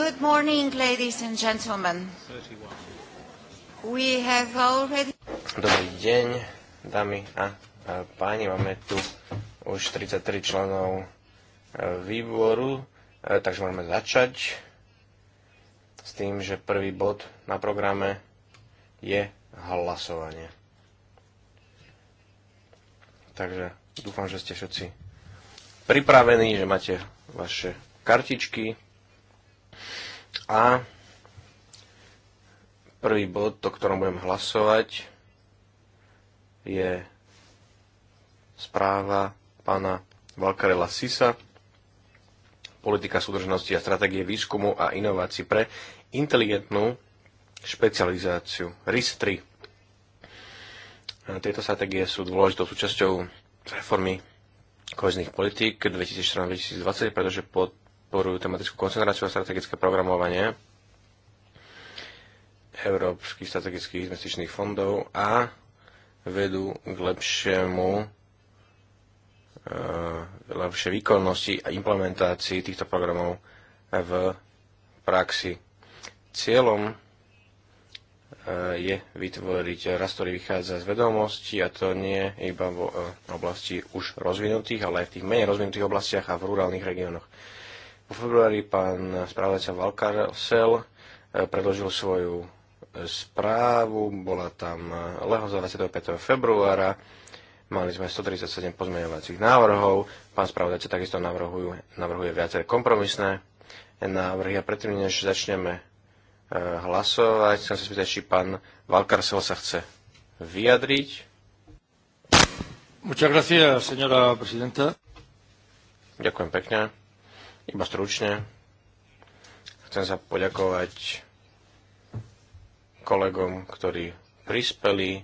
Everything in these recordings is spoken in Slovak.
Good morning, ladies and gentlemen. We have already... Dobrý deň, dámy a páni. Máme tu už 33 členov e, výboru, e, takže môžeme začať s tým, že prvý bod na programe je hlasovanie. Takže dúfam, že ste všetci pripravení, že máte vaše kartičky. A prvý bod, o ktorom budem hlasovať, je správa pána Valkarela Sisa, politika súdržnosti a stratégie výskumu a inovácií pre inteligentnú špecializáciu RIS 3. Tieto stratégie sú dôležitou súčasťou reformy kohezných politík 2014-2020, pretože pod podporujú tematickú koncentráciu a strategické programovanie európskych strategických investičných fondov a vedú k lepšiemu e, lepšie výkonnosti a implementácii týchto programov v praxi. Cieľom e, je vytvoriť rast, ktorý vychádza z vedomostí a to nie iba v e, oblasti už rozvinutých, ale aj v tých menej rozvinutých oblastiach a v rurálnych regiónoch. Po februári pán správca Sel e, predložil svoju správu, bola tam e, za 25. februára, mali sme 137 pozmeňovacích návrhov, pán spravodajca takisto navrhuje, navrhuje viaceré kompromisné návrhy a predtým, než začneme e, hlasovať, chcem sa spýtať, či pán Valkarsel sa chce vyjadriť. Muchas gracias, señora presidenta. Ďakujem pekne. Iba stručne. Chcem sa poďakovať kolegom, ktorí prispeli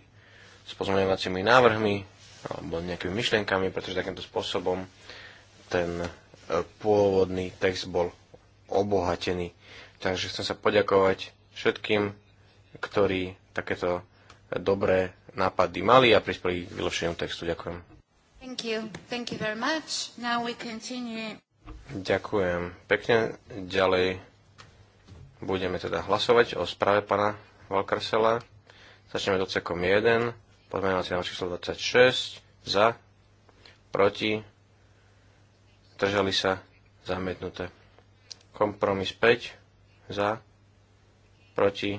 s pozmeňovacími návrhmi alebo nejakými myšlienkami, pretože takýmto spôsobom ten e, pôvodný text bol obohatený. Takže chcem sa poďakovať všetkým, ktorí takéto dobré nápady mali a prispeli k vyloženiu textu. Ďakujem. Thank you. Thank you very much. Now we continue. Ďakujem pekne. Ďalej budeme teda hlasovať o správe pána Valkarsela. Začneme cekom 1, pozmeňovací návrh číslo 26, za, proti, držali sa, zamietnuté. Kompromis 5, za, proti,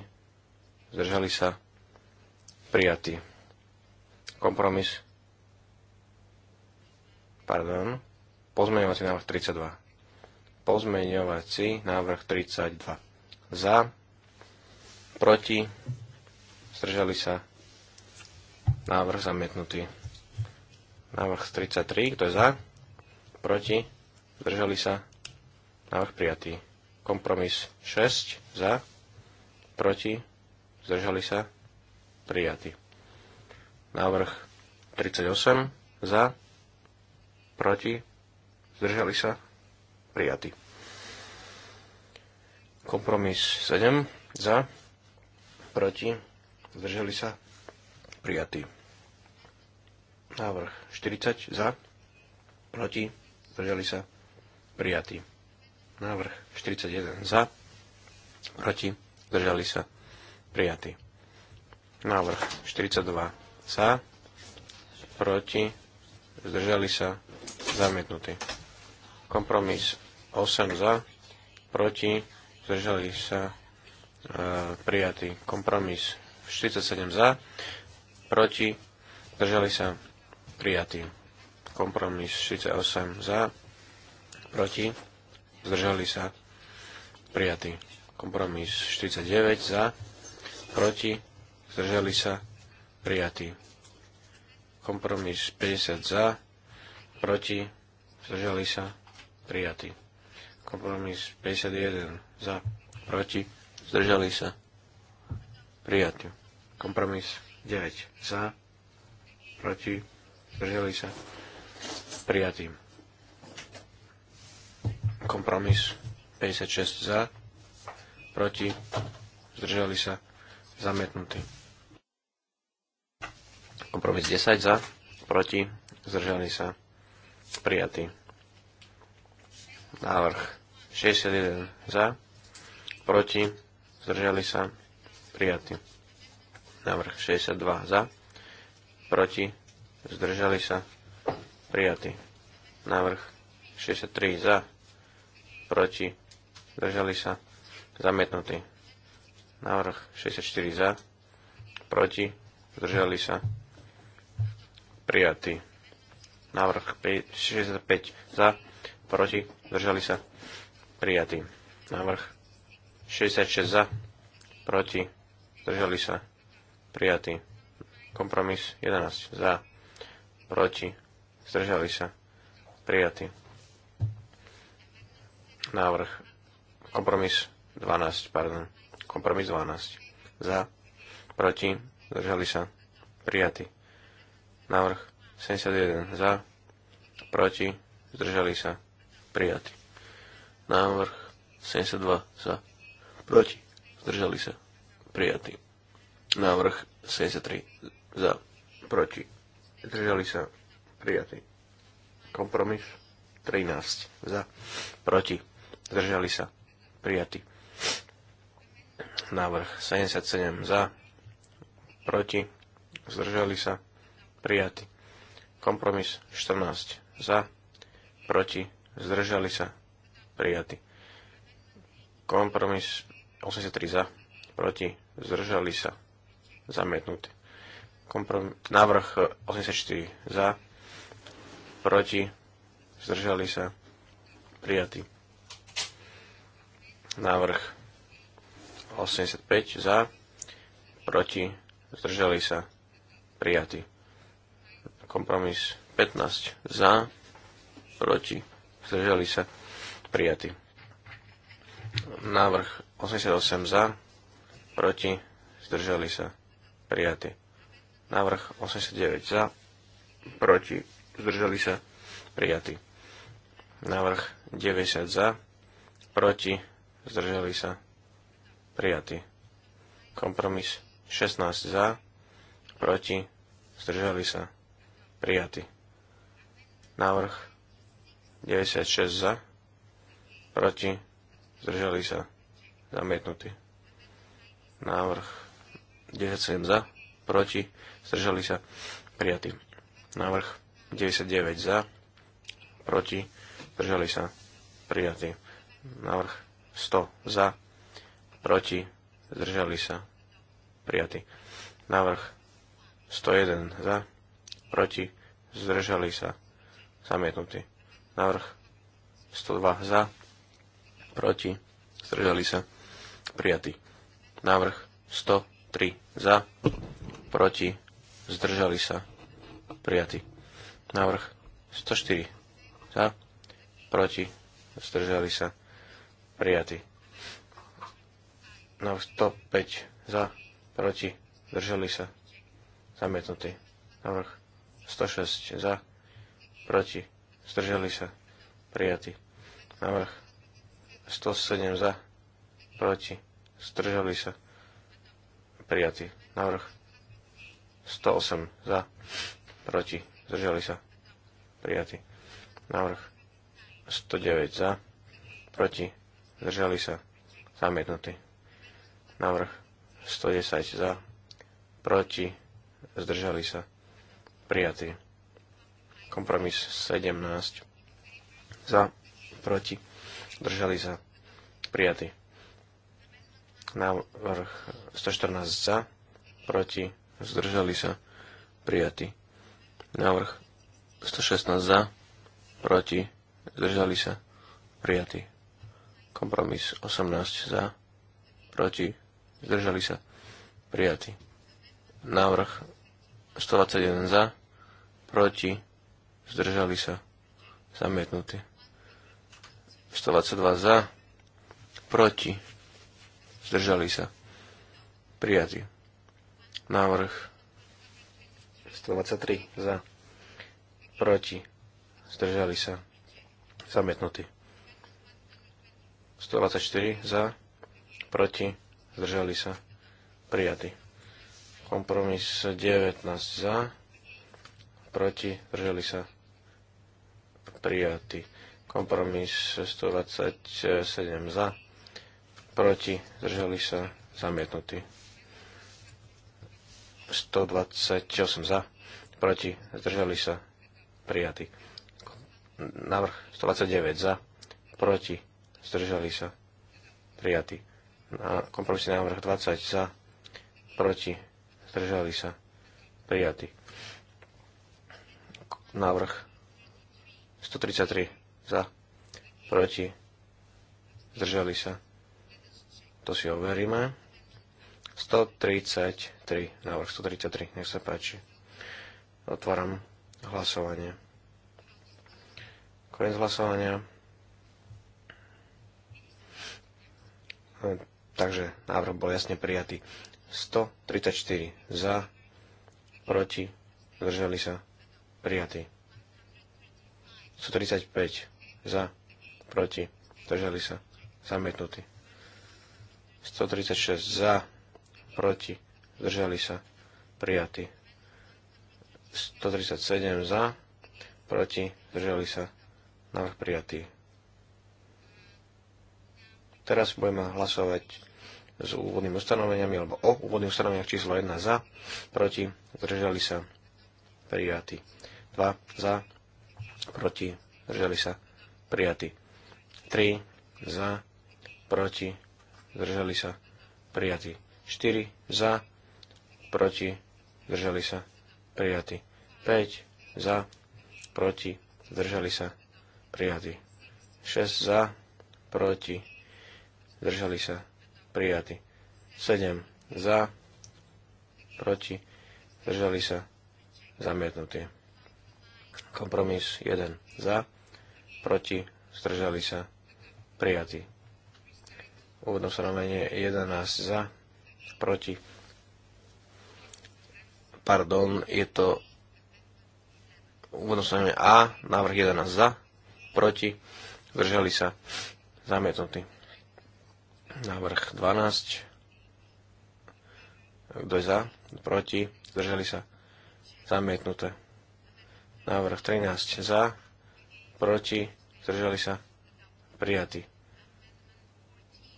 zdržali sa, prijatý. Kompromis, pardon, Pozmeňovací návrh 32. Pozmeňovací návrh 32. Za. Proti. Zdržali sa. Návrh zamietnutý. Návrh 33. Kto je za? Proti. Zdržali sa. Návrh prijatý. Kompromis 6. Za. Proti. Zdržali sa. Prijatý. Návrh 38. Za. Proti zdržali sa, prijatý. Kompromis 7, za, proti, zdržali sa, prijatý. Návrh 40, za, proti, zdržali sa, prijatý. Návrh 41, za, proti, zdržali sa, prijatý. Návrh 42, za, proti, zdržali sa, zamietnutý. Kompromis 8 e, za, proti, zdržali sa prijatý. Kompromis 47 za, proti, zdržali sa prijatý. Kompromis 48 za, proti, zdržali sa prijatý. Kompromis 49 za, proti, zdržali sa prijatý. Kompromis 50 za, proti, zdržali sa prijatý prijatý. Kompromis 51 za, proti, zdržali sa, prijatý. Kompromis 9 za, proti, zdržali sa, prijatý. Kompromis 56 za, proti, zdržali sa, zamietnutý. Kompromis 10 za, proti, zdržali sa, prijatý Návrh 61 za, proti, zdržali sa, prijatý. Návrh 62 za, proti, zdržali sa, prijatý. Návrh 63 za, proti, zdržali sa, zamietnutý. Návrh 64 za, proti, zdržali sa, prijatý. Návrh 65 za, proti, zdržali sa, prijatý. Návrh 66 za, proti, zdržali sa, prijatý. Kompromis 11 za, proti, zdržali sa, prijatý. Návrh, kompromis 12, pardon, kompromis 12 za, proti, zdržali sa, prijatý. Návrh 71 za, proti, zdržali sa, prijatý. Návrh 72 za, proti, zdržali sa, prijatý. Návrh 73 za, proti, zdržali sa, prijatý. Kompromis 13 za, proti, zdržali sa, prijatý. Návrh 77 za, proti, zdržali sa, prijatý. Kompromis 14 za, proti, zdržali sa, prijatý. Kompromis 83 za, proti, zdržali sa, zamietnutý. Komprom- návrh 84 za, proti, zdržali sa, prijatý. Návrh 85 za, proti, zdržali sa, prijatý. Kompromis 15 za, proti, zdržali sa, prijatý. Návrh 88 za, proti, zdržali sa, prijatý. Návrh 89 za, proti, zdržali sa, prijatý. Návrh 90 za, proti, zdržali sa, prijatý. Kompromis 16 za, proti, zdržali sa, prijatý. Návrh 96 za, proti, zdržali sa, zamietnutý. Návrh 97 za, proti, zdržali sa, prijatý. Návrh 99 za, proti, zdržali sa, prijatý. Návrh 100 za, proti, zdržali sa, prijatý. Návrh 101 za, proti, zdržali sa, zamietnutý. Návrh 102 za, proti, zdržali sa, prijatý. Návrh 103 za, proti, zdržali sa, prijatý. Návrh 104 za, proti, zdržali sa, prijatý. Návrh 105 za, proti, zdržali sa, zamietnutý. Návrh 106 za, proti, zdržali sa, prijatý. Návrh 107 za, proti, zdržali sa, prijatý. Návrh 108 za, proti, zdržali sa, prijatý. Návrh 109 za, proti, zdržali sa, zamietnutý. Návrh 110 za, proti, zdržali sa, prijatý. Kompromis 17. Za, proti, držali sa, prijatý. Návrh 114 za, proti, zdržali sa, prijatý. Návrh 116 za, proti, zdržali sa, prijatý. Kompromis 18 za, proti, zdržali sa, prijatý. Návrh 121 za, proti, zdržali sa, zamietnutí. 122 za, proti, zdržali sa, prijatí. Návrh 123 za, proti, zdržali sa, zamietnutí. 124 za, proti, zdržali sa, prijatí. Kompromis 19 za, proti, zdržali sa, prijatý. Kompromis 127 za, proti, zdržali sa, zamietnutý. 128 za, proti, zdržali sa, prijatý. Návrh 129 za, proti, zdržali sa, prijatý. Na kompromisný návrh 20 za, proti, zdržali sa, prijatý. Návrh 133 za, proti, zdržali sa. To si overíme. 133, návrh 133, nech sa páči. Otváram hlasovanie. Koniec hlasovania. Takže návrh bol jasne prijatý. 134 za, proti, zdržali sa, prijatý. 135 za, proti, zdržali sa, zamietnutí. 136 za, proti, zdržali sa, prijatí. 137 za, proti, zdržali sa, návrh prijatý. Teraz budeme hlasovať s úvodnými ustanoveniami, alebo o úvodných ustanoveniach číslo 1 za, proti, zdržali sa, prijatí. 2 za, proti, zdržali sa, prijatý. 3 za, proti, zdržali sa, prijatý. 4 za, proti, zdržali sa, prijatý. 5 za, proti, zdržali sa, prijatý. 6 za, proti, zdržali sa, prijatý. 7 za, proti, zdržali sa, zamietnutí. Kompromis 1 za, proti, zdržali sa, prijatý. Úvodné ustanovenie 11 za, proti. Pardon, je to úvodné ustanovenie A, návrh 11 za, proti, zdržali sa, zamietnutý. Návrh 12. Kto je za? Proti? Zdržali sa? Zamietnuté. Návrh 13 za, proti, zdržali sa, prijatý.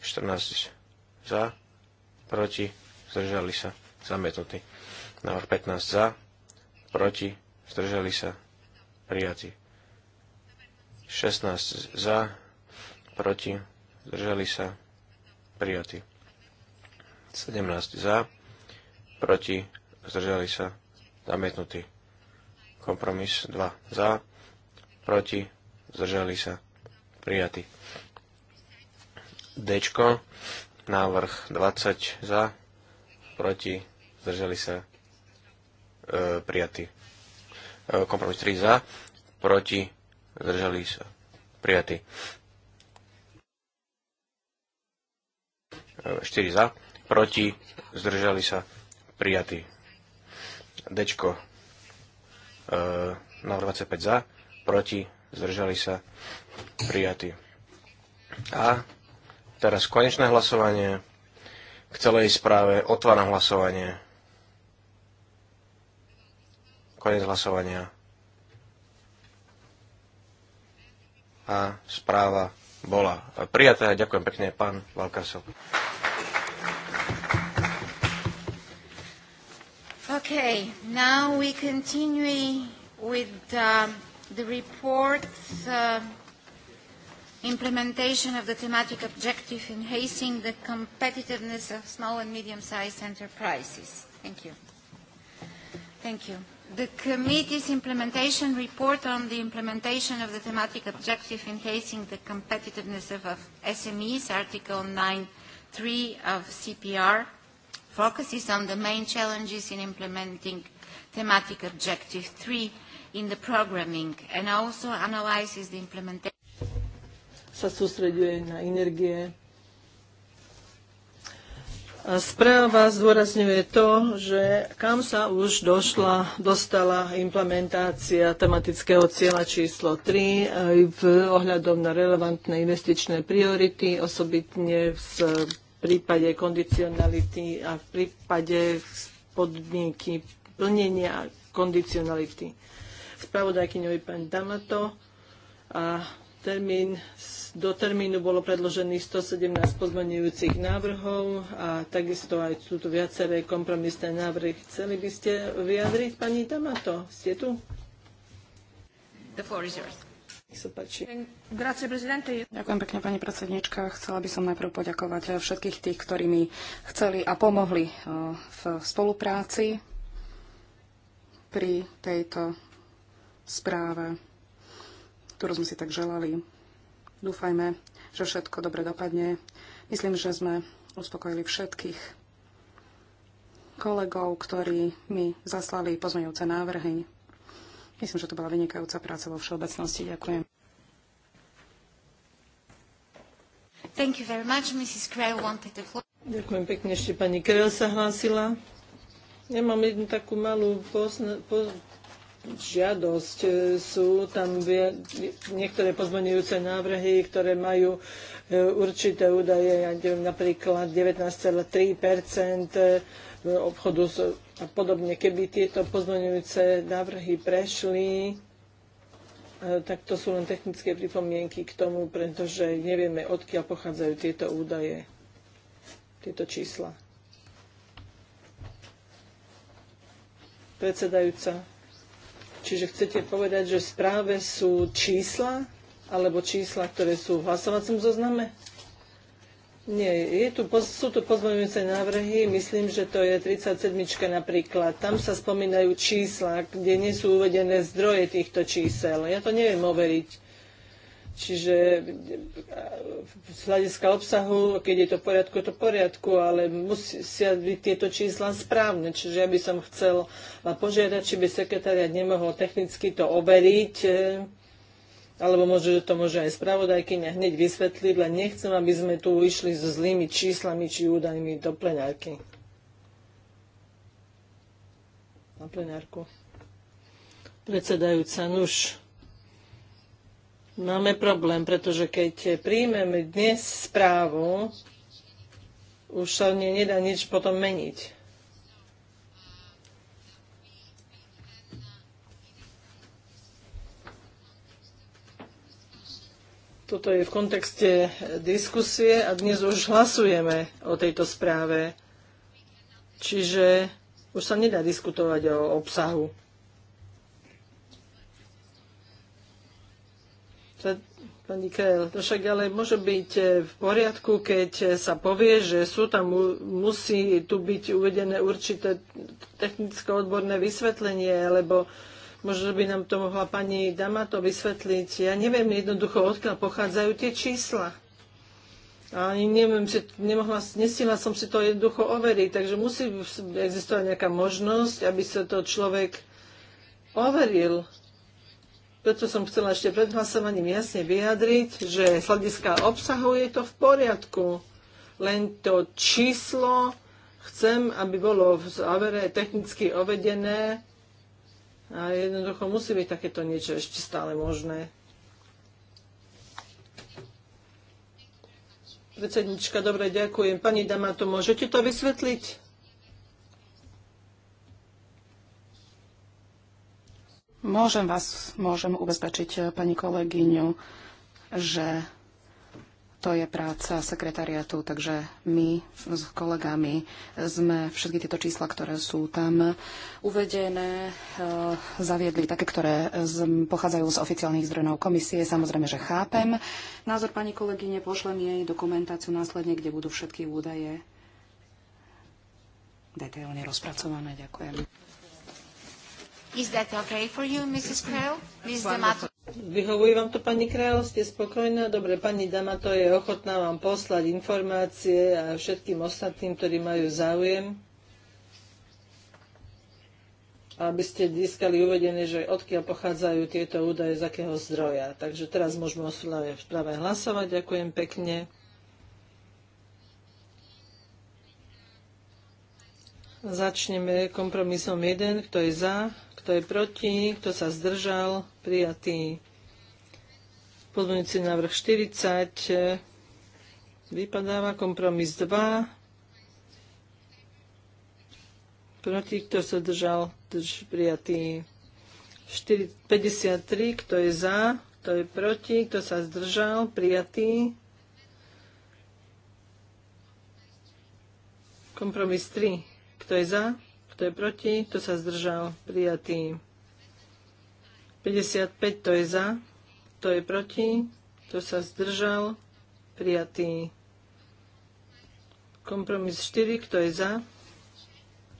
14 za, proti, zdržali sa, zamietnutý. Návrh 15 za, proti, zdržali sa, prijatý. 16 za, proti, zdržali sa, prijatý. 17 za, proti, zdržali sa, zamietnutý. Kompromis 2 za, proti, zdržali sa, prijatý. D, návrh 20 za, proti, zdržali sa, e, prijatý. E, kompromis 3 za, proti, zdržali sa, prijatý. 4 e, za, proti, zdržali sa, prijatý. Dečko, E, na 25 za, proti, zdržali sa, prijatí. A teraz konečné hlasovanie k celej správe. Otváram hlasovanie. Konec hlasovania. A správa bola prijatá. Ďakujem pekne, pán Valkasov. Okay, now we continue with uh, the report uh, um, implementation of the thematic objective enhancing the competitiveness of small and medium-sized enterprises. Thank you. Thank you. The committee's implementation report on the implementation of the thematic objective enhancing the competitiveness of, of SMEs, Article 9.3 of CPR, focuses on the main challenges in implementing thematic objective 3 in the programming and also analyzes the implementation A správa zdôrazňuje to, že kam sa už došla, dostala implementácia tematického cieľa číslo 3 aj v ohľadom na relevantné investičné priority, osobitne v prípade kondicionality a v prípade podmienky plnenia kondicionality. Spravodajkyňovi pani Damato a termín, do termínu bolo predložených 117 pozmenujúcich návrhov a takisto aj sú tu viaceré kompromisné návrhy. Chceli by ste vyjadriť, pani Damato? Ste tu? The floor is yours. Ďakujem pekne, pani predsednička. Chcela by som najprv poďakovať eh, všetkých tých, ktorí mi chceli a pomohli eh, v spolupráci pri tejto správe, ktorú sme si tak želali. Dúfajme, že všetko dobre dopadne. Myslím, že sme uspokojili všetkých kolegov, ktorí mi zaslali pozmeňujúce návrhy Myslím, že to bola vynikajúca práca vo všeobecnosti. Ďakujem. Thank you very much. Mrs. wanted Ďakujem pekne, ešte pani Krell sa hlásila. Ja mám jednu takú malú pozna- žiadosť. E, sú tam niektoré pozmenujúce návrhy, ktoré majú e, určité údaje, ja neviem, napríklad 19,3 obchodu a podobne. Keby tieto pozmeňujúce návrhy prešli, e, tak to sú len technické pripomienky k tomu, pretože nevieme, odkiaľ pochádzajú tieto údaje, tieto čísla. Predsedajúca, čiže chcete povedať, že v správe sú čísla, alebo čísla, ktoré sú v hlasovacom zozname? Nie, je tu, sú tu pozmeňujúce návrhy, myslím, že to je 37 napríklad. Tam sa spomínajú čísla, kde nie sú uvedené zdroje týchto čísel. Ja to neviem overiť. Čiže e, z hľadiska obsahu, keď je to v poriadku, je to v poriadku, ale musia byť tieto čísla správne. Čiže ja by som chcel požiadať, či by sekretariat nemohol technicky to overiť, e, alebo že to môže aj spravodajkyňa hneď vysvetliť, len nechcem, aby sme tu išli so zlými číslami či údajmi do plenárky. Na plenárku. Predsedajúca, nuž. No máme problém, pretože keď príjmeme dnes správu, už sa nedá nič potom meniť. Toto je v kontexte eh, diskusie a dnes už hlasujeme o tejto správe. Čiže už sa nedá diskutovať o obsahu. Pani Krell, to však ale môže byť eh, v poriadku, keď eh, sa povie, že sú tam, musí tu byť uvedené určité technicko-odborné vysvetlenie, alebo Možno by nám to mohla pani Dama to vysvetliť. Ja neviem jednoducho, odkiaľ pochádzajú tie čísla. A neviem, že nemohla, nestihla som si to jednoducho overiť, takže musí existovať nejaká možnosť, aby sa to človek overil. Preto som chcela ešte pred hlasovaním jasne vyjadriť, že sladiska obsahu je to v poriadku. Len to číslo chcem, aby bolo v závere technicky ovedené, a jednoducho musí byť takéto niečo ešte stále možné. Predsednička, dobre, ďakujem. Pani Damato, môžete to vysvetliť? Môžem vás, môžem ubezpečiť eh, pani kolegyňu, že to je práca sekretariatu, takže my s kolegami sme všetky tieto čísla, ktoré sú tam uvedené, eh, zaviedli také, ktoré pochádzajú z oficiálnych zdrojov komisie. Samozrejme, že chápem názor pani kolegyne, pošlem jej dokumentáciu následne, kde budú všetky údaje detailne rozpracované. Ďakujem. Is that okay for you, Mrs. Krell? Mrs. Damato. Vyhovuje vám to, pani Krell? Ste spokojná? Dobre, pani Damato je ochotná vám poslať informácie a všetkým ostatným, ktorí majú záujem aby ste získali uvedené, že odkiaľ pochádzajú tieto údaje, z akého zdroja. Takže teraz môžeme o správe hlasovať. Ďakujem pekne. Začneme kompromisom 1, kto je za, kto je proti, kto sa zdržal, prijatý. Pozmeňujúci návrh 40, eh, vypadáva kompromis 2, proti, kto sa držal, drž prijatý. 4, 53, kto je za, kto je proti, kto sa zdržal, prijatý. Kompromis 3. Kto je za? Kto je proti? Kto sa zdržal? Prijatý. 55. To je za? Kto je proti? Kto sa zdržal? Prijatý. Kompromis 4. Kto je za?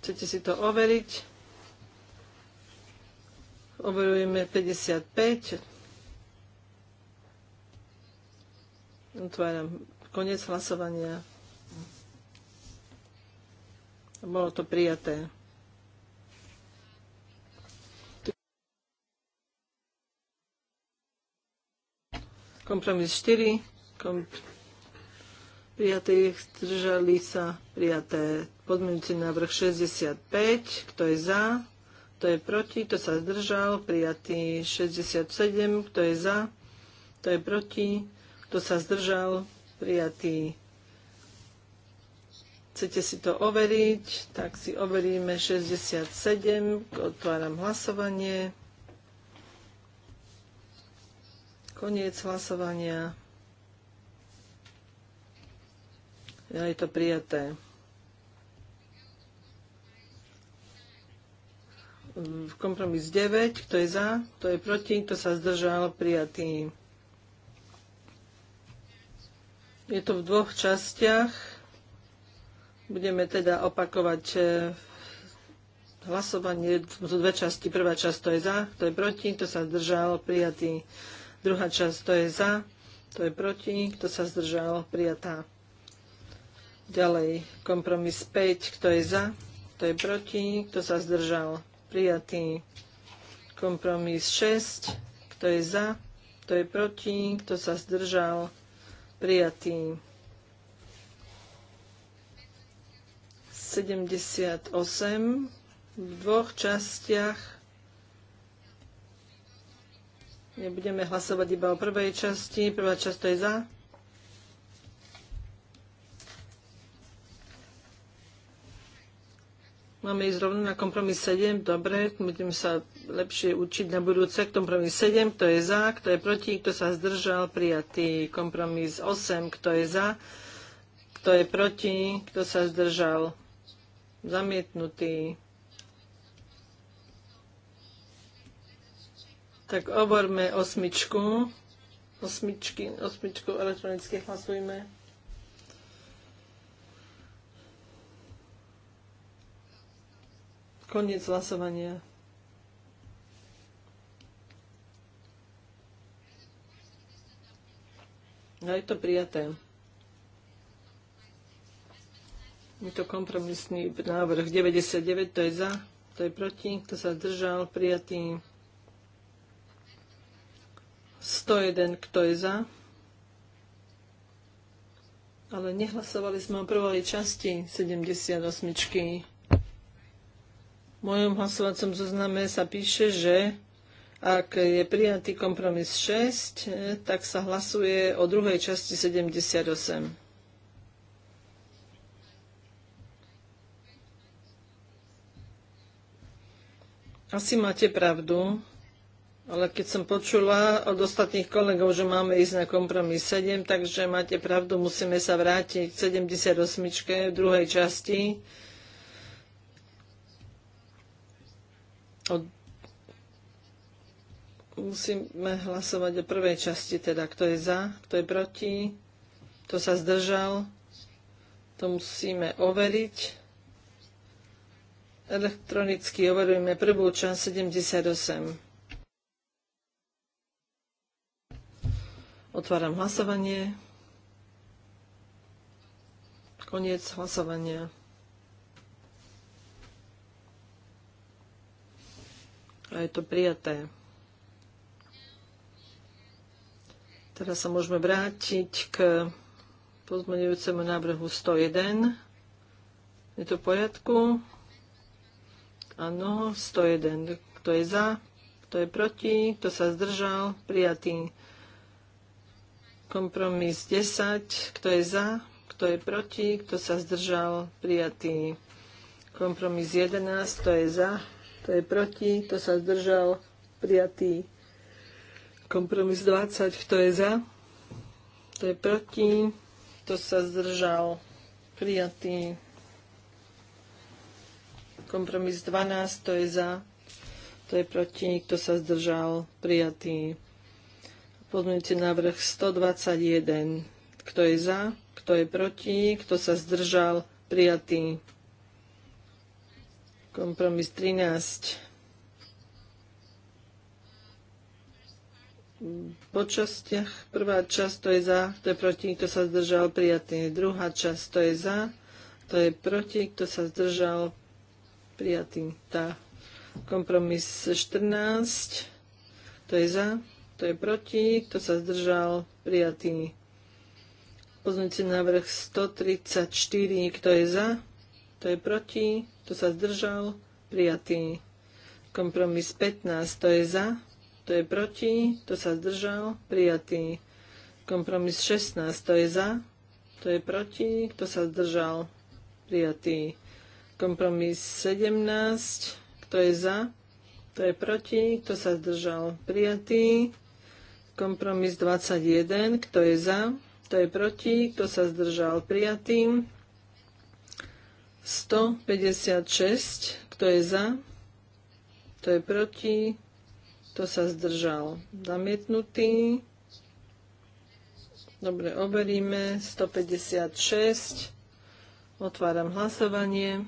Chcete si to overiť? Overujeme 55. Otváram koniec hlasovania. Bolo to prijaté. Kompromis 4. Komp- Prijaté, zdržali sa. Prijaté. Podmienujúci návrh 65. Kto je za? Kto je proti? Kto sa zdržal? Prijatý 67. Kto je za? Kto je proti? Kto sa zdržal? Prijatý Chcete si to overiť? Tak si overíme 67. Otváram hlasovanie. Koniec hlasovania. Ja je to prijaté. Kompromis 9. Kto je za? Kto je proti? Kto sa zdržal? Prijatý. Je to v dvoch častiach. Budeme teda opakovať e, hlasovanie. Sú dve časti. Prvá časť to je za, to je proti, kto sa zdržal, prijatý. Druhá časť to je za, to je proti, kto sa zdržal, prijatá. Ďalej, kompromis 5, kto je za, kto je proti, kto sa zdržal, prijatý. Kompromis 6, kto je za, kto je proti, kto sa zdržal, prijatý. 78? v dvoch častiach. Nebudeme hlasovať iba o prvej časti. Prvá časť to je za. Máme ísť rovno na kompromis 7, dobre, budeme sa lepšie učiť na budúce. Kompromis 7, kto je za, kto je proti, kto sa zdržal, prijatý. Kompromis 8, kto je za, kto je proti, kto sa zdržal, zamietnutý. Tak oborme osmičku. Osmičky, osmičku elektronicky hlasujme. Koniec hlasovania. No je to prijaté. Je to kompromisný návrh 99, to je za, to je proti, kto sa zdržal, prijatý. 101, kto je za. Ale nehlasovali sme o prvej časti 78. V mojom hlasovacom zozname sa píše, že ak je prijatý kompromis 6, tak sa hlasuje o druhej časti 78. Asi máte pravdu, ale keď som počula od ostatných kolegov, že máme ísť na kompromis 7, takže máte pravdu, musíme sa vrátiť k 78. v druhej časti. Od... Musíme hlasovať o prvej časti, teda kto je za, kto je proti, kto sa zdržal. To musíme overiť. Elektronicky overujeme prvú časť 78. Otváram hlasovanie. Koniec hlasovania. A je to prijaté. Teraz sa môžeme vrátiť k pozmeňujúcemu návrhu 101. Je to v poriadku? Áno, 101. Kto je za? Kto je proti? Kto sa zdržal? Prijatý. Kompromis 10. Kto je za? Kto je proti? Kto sa zdržal? Prijatý. Kompromis 11. Kto je za? Kto je proti? Kto sa zdržal? Prijatý. Kompromis 20. Kto je za? Kto je proti? Kto sa zdržal? Prijatý. Kompromis 12, to je za, to je proti, kto sa zdržal, prijatý. Pozmeňujúci návrh 121, kto je za, kto je proti, kto sa zdržal, prijatý. Kompromis 13. Po častiach prvá časť to je za, kto je proti, kto sa zdržal, prijatý. Druhá časť to je za, to je proti, kto sa zdržal, prijatý. Tá kompromis 14, to je za, to je proti, kto sa zdržal, prijatý. poznúci návrh 134, kto je za, to je proti, kto sa zdržal, prijatý. Kompromis 15, to je za, to je proti, to sa zdržal, prijatý. Kompromis 16, to je za, to je proti, kto sa zdržal, prijatý. Kompromis 17. Kto je za? Kto je proti? Kto sa zdržal? Prijatý. Kompromis 21. Kto je za? Kto je proti? Kto sa zdržal? Prijatý. 156. Kto je za? Kto je proti? Kto sa zdržal? Zamietnutý. Dobre, overíme. 156. Otváram hlasovanie.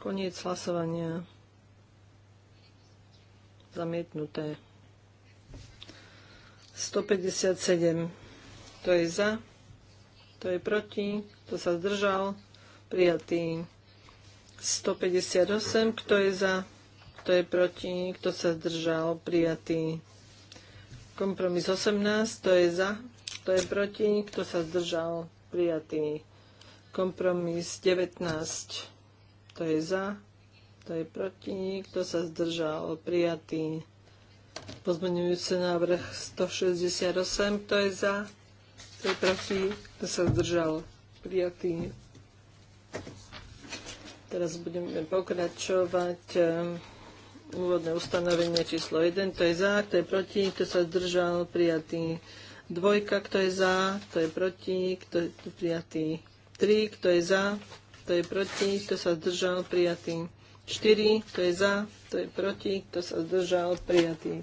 Koniec hlasovania. Zamietnuté. 157. To je za. To je proti. To sa zdržal. Prijatý. 158. Kto je za? Kto je proti? Kto sa zdržal? Prijatý. Kompromis 18. To je za. Kto je proti? Kto sa zdržal? Prijatý. Kompromis 19 kto je za? Kto je proti? Kto sa zdržal? Prijatý. Pozmeňujúci návrh 168. Kto je za? Kto je proti? Kto sa zdržal? Prijatý. Teraz budeme pokračovať úvodné ustanovenie číslo 1. Kto je za? Kto je proti? Kto sa zdržal? Prijatý. Dvojka, kto je za, kto je proti, kto je prijatý. 3, kto je za, kto je proti, kto sa zdržal, prijatý. 4, kto je za, kto je proti, kto sa zdržal, prijatý.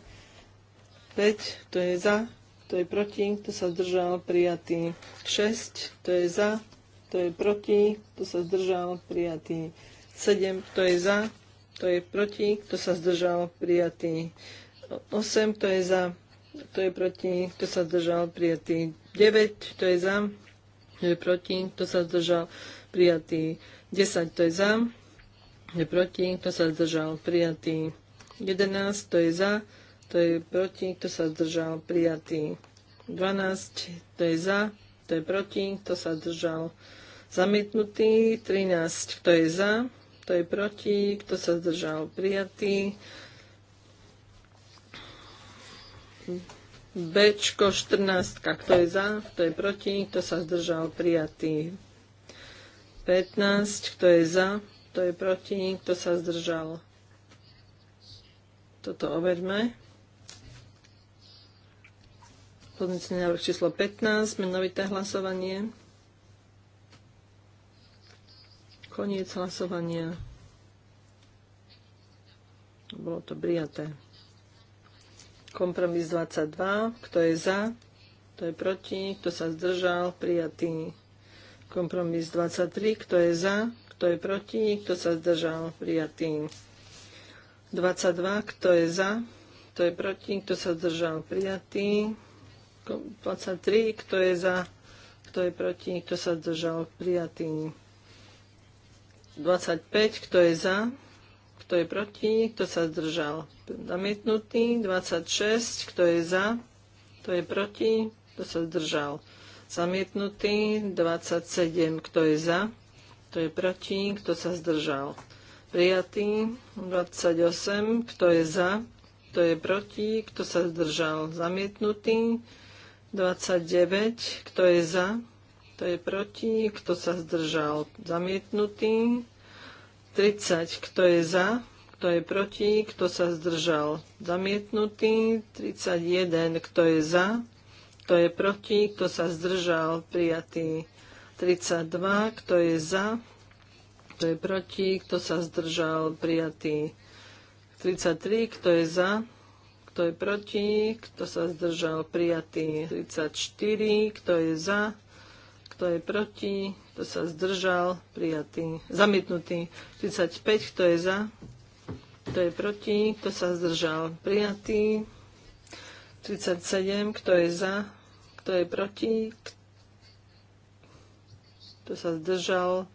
5, kto je za, kto je proti, kto sa zdržal, prijatý. 6, kto je za, kto je proti, kto sa zdržal, prijatý. 7, kto je za, kto je proti, kto sa zdržal, prijatý. 8, kto je za, kto je proti, kto sa zdržal, prijatý. 9, kto je za, kto je proti, kto sa zdržal, prijatý prijatý 10, to je za, je proti, kto sa zdržal, prijatý 11, to je za, to je proti, kto sa zdržal, prijatý 12, to je za, to je proti, kto sa zdržal, zamietnutý 13, kto je za, to je proti, kto sa zdržal, prijatý Bčko 14, kto je za, kto je proti, kto sa zdržal, prijatý 15, kto je za, kto je proti, kto sa zdržal. Toto overme. Pozmeňujúci návrh číslo 15, menovité hlasovanie. Koniec hlasovania. Bolo to prijaté. Kompromis 22. Kto je za? Kto je proti? Kto sa zdržal? Prijatý. Kompromis 23, kto je za, kto je proti, kto sa zdržal, prijatý. 22, kto je za, kto je proti, kto sa zdržal, prijatý. 23, kto je za, kto je proti, kto sa zdržal, prijatý. 25, kto je za, kto je proti, kto sa zdržal, zamietnutý. 26, kto je za, kto je proti, kto sa zdržal, prijatý zamietnutý, 27, kto je za, kto je proti, kto sa zdržal. Prijatý, 28, kto je za, kto je proti, kto sa zdržal. Zamietnutý, 29, kto je za, kto je proti, kto sa zdržal. Zamietnutý, 30, kto je za, kto je proti, kto sa zdržal. Zamietnutý, 31, kto je za, kto je proti? Kto sa zdržal? Prijatý 32. Kto je za? Kto je proti? Kto sa zdržal? Prijatý 33. Kto je za? Kto je proti? Kto sa zdržal? Prijatý 34. Kto je za? Kto je proti? Kto sa zdržal? Prijatý. Zamietnutý. 35. Kto je za? Kto je proti? Kto sa zdržal? Prijatý. 37. Kto je za? Kto je proti? Kto sa zdržal?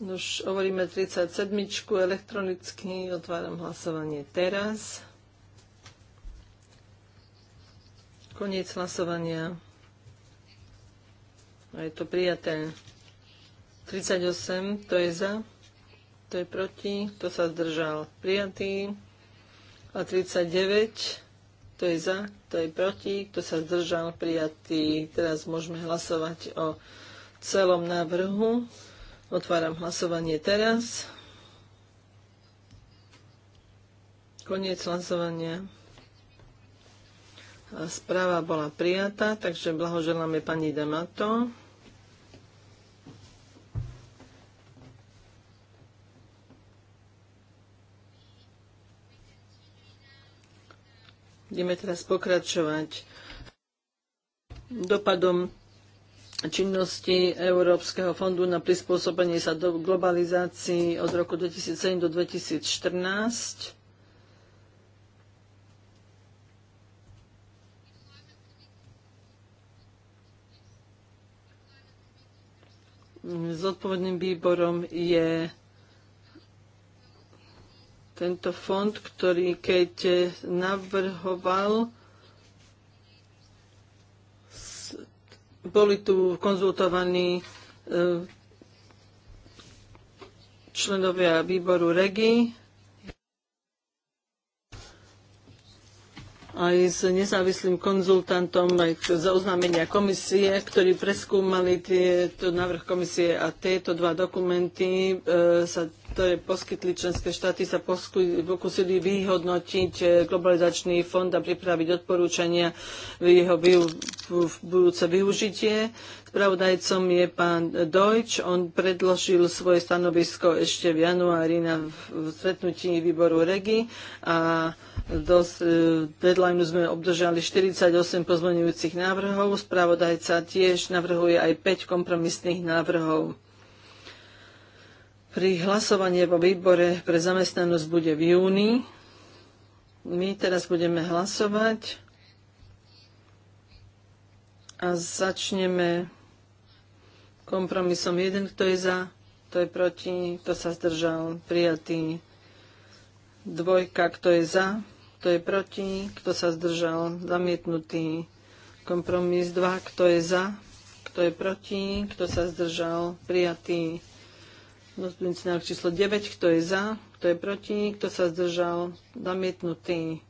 Už hovoríme 37. elektronicky. Otváram hlasovanie teraz. Koniec hlasovania. A je to prijaté. 38, to je za, to je proti, to sa zdržal. Prijatý. A 39, kto je za, kto je proti, kto sa zdržal, prijatý. Teraz môžeme hlasovať o celom návrhu. Otváram hlasovanie teraz. Koniec hlasovania. Správa bola prijatá, takže blahoželáme pani Damato. Ideme teraz pokračovať dopadom činnosti Európskeho fondu na prispôsobenie sa do globalizácii od roku 2007 do 2014. Zodpovedným výborom je tento fond, ktorý keď navrhoval, boli tu konzultovaní e, členovia výboru REGI aj s nezávislým konzultantom aj za oznámenia komisie, ktorí preskúmali tieto návrh komisie a tieto dva dokumenty e, sa ktoré poskytli členské štáty, sa pokúsili vyhodnotiť e, globalizačný fond a pripraviť odporúčania v jeho budúce využitie. Spravodajcom je pán Dojč. On predložil svoje stanovisko ešte v januári na stretnutí výboru REGI a do e, deadline sme obdržali 48 pozmenujúcich návrhov. Spravodajca tiež navrhuje aj 5 kompromisných návrhov. Pri hlasovanie vo výbore pre zamestnanosť bude v júni. My teraz budeme hlasovať a začneme kompromisom 1, kto je za, kto je proti, kto sa zdržal, prijatý. Dvojka, kto je za, kto je proti, kto sa zdržal, zamietnutý. Kompromis 2, kto je za, kto je proti, kto sa zdržal, prijatý. Rozbudujúci návrh číslo 9. Kto je za? Kto je proti? Kto sa zdržal? Zamietnutý.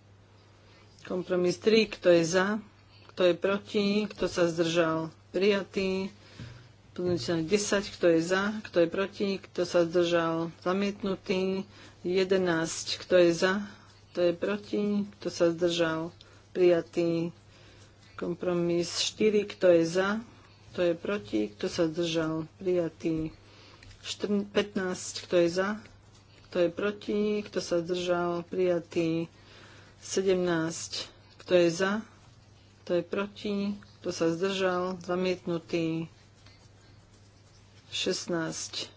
Kompromis 3. Kto je za? Kto je proti? Kto sa zdržal? Prijatý. Pozmeňujúci návrh 10. Kto je za? Kto je proti? Kto sa zdržal? Zamietnutý. 11. Kto je za? Kto je proti? Kto sa zdržal? Prijatý. Kompromis 4. Kto je za? Kto je proti? Kto sa zdržal? Prijatý. 15, kto je za, kto je proti, kto sa zdržal, prijatý. 17, kto je za, kto je proti, kto sa zdržal, zamietnutý. 16,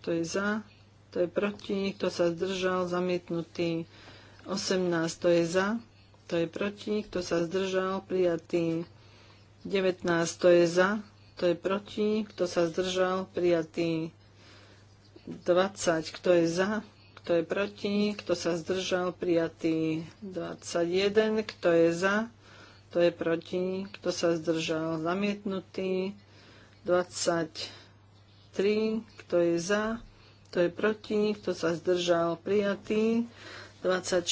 kto je za, kto je proti, kto sa zdržal, zamietnutý. 18, kto je za, kto je proti, kto sa zdržal, prijatý. 19, kto je za, kto je proti, kto sa zdržal, prijatý 20, kto je za, kto je proti, kto sa zdržal, prijatý 21, kto je za, kto je proti, kto sa zdržal, zamietnutý 23, kto je za, kto je proti, kto sa zdržal, prijatý 24,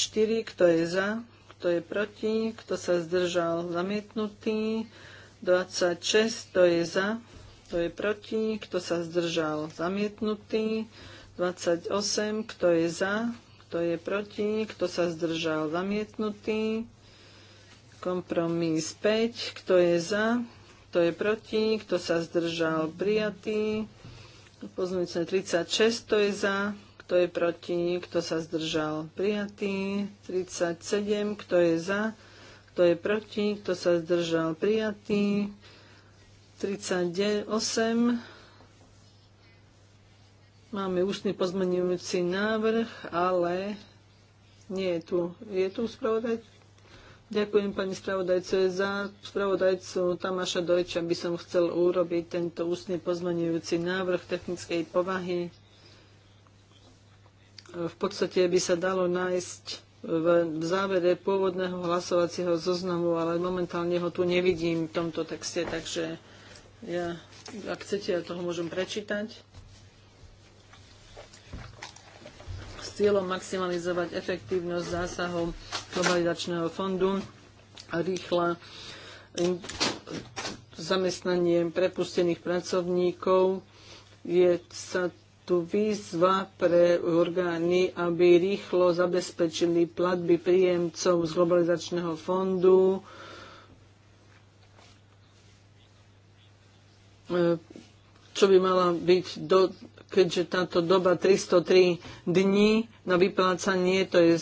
kto je za, kto je proti, kto sa zdržal, zamietnutý 26, to je za, to je proti, kto sa zdržal, zamietnutý. 28, kto je za, kto je proti, kto sa zdržal, zamietnutý. Kompromis 5, kto je za, kto je proti, kto sa zdržal, prijatý. Pozmeňujúce 36, kto je za, kto je proti, kto sa zdržal, prijatý. 37, kto je za, kto je proti? Kto sa zdržal? Prijatý. 38. Máme ústny pozmenujúci návrh, ale nie je tu. Je tu spravodaj? Ďakujem pani spravodajcu za spravodajcu Tamáša Dojča by som chcel urobiť tento ústny pozmenujúci návrh technickej povahy. V podstate by sa dalo nájsť v závere pôvodného hlasovacieho zoznamu, ale momentálne ho tu nevidím v tomto texte, takže ja, ak chcete, ja toho môžem prečítať. S cieľom maximalizovať efektívnosť zásahov globalizačného fondu a rýchla zamestnanie prepustených pracovníkov je sa tu výzva pre orgány, aby rýchlo zabezpečili platby príjemcov z globalizačného fondu. E, čo by mala byť do, keďže táto doba 303 dní na vyplácanie, to je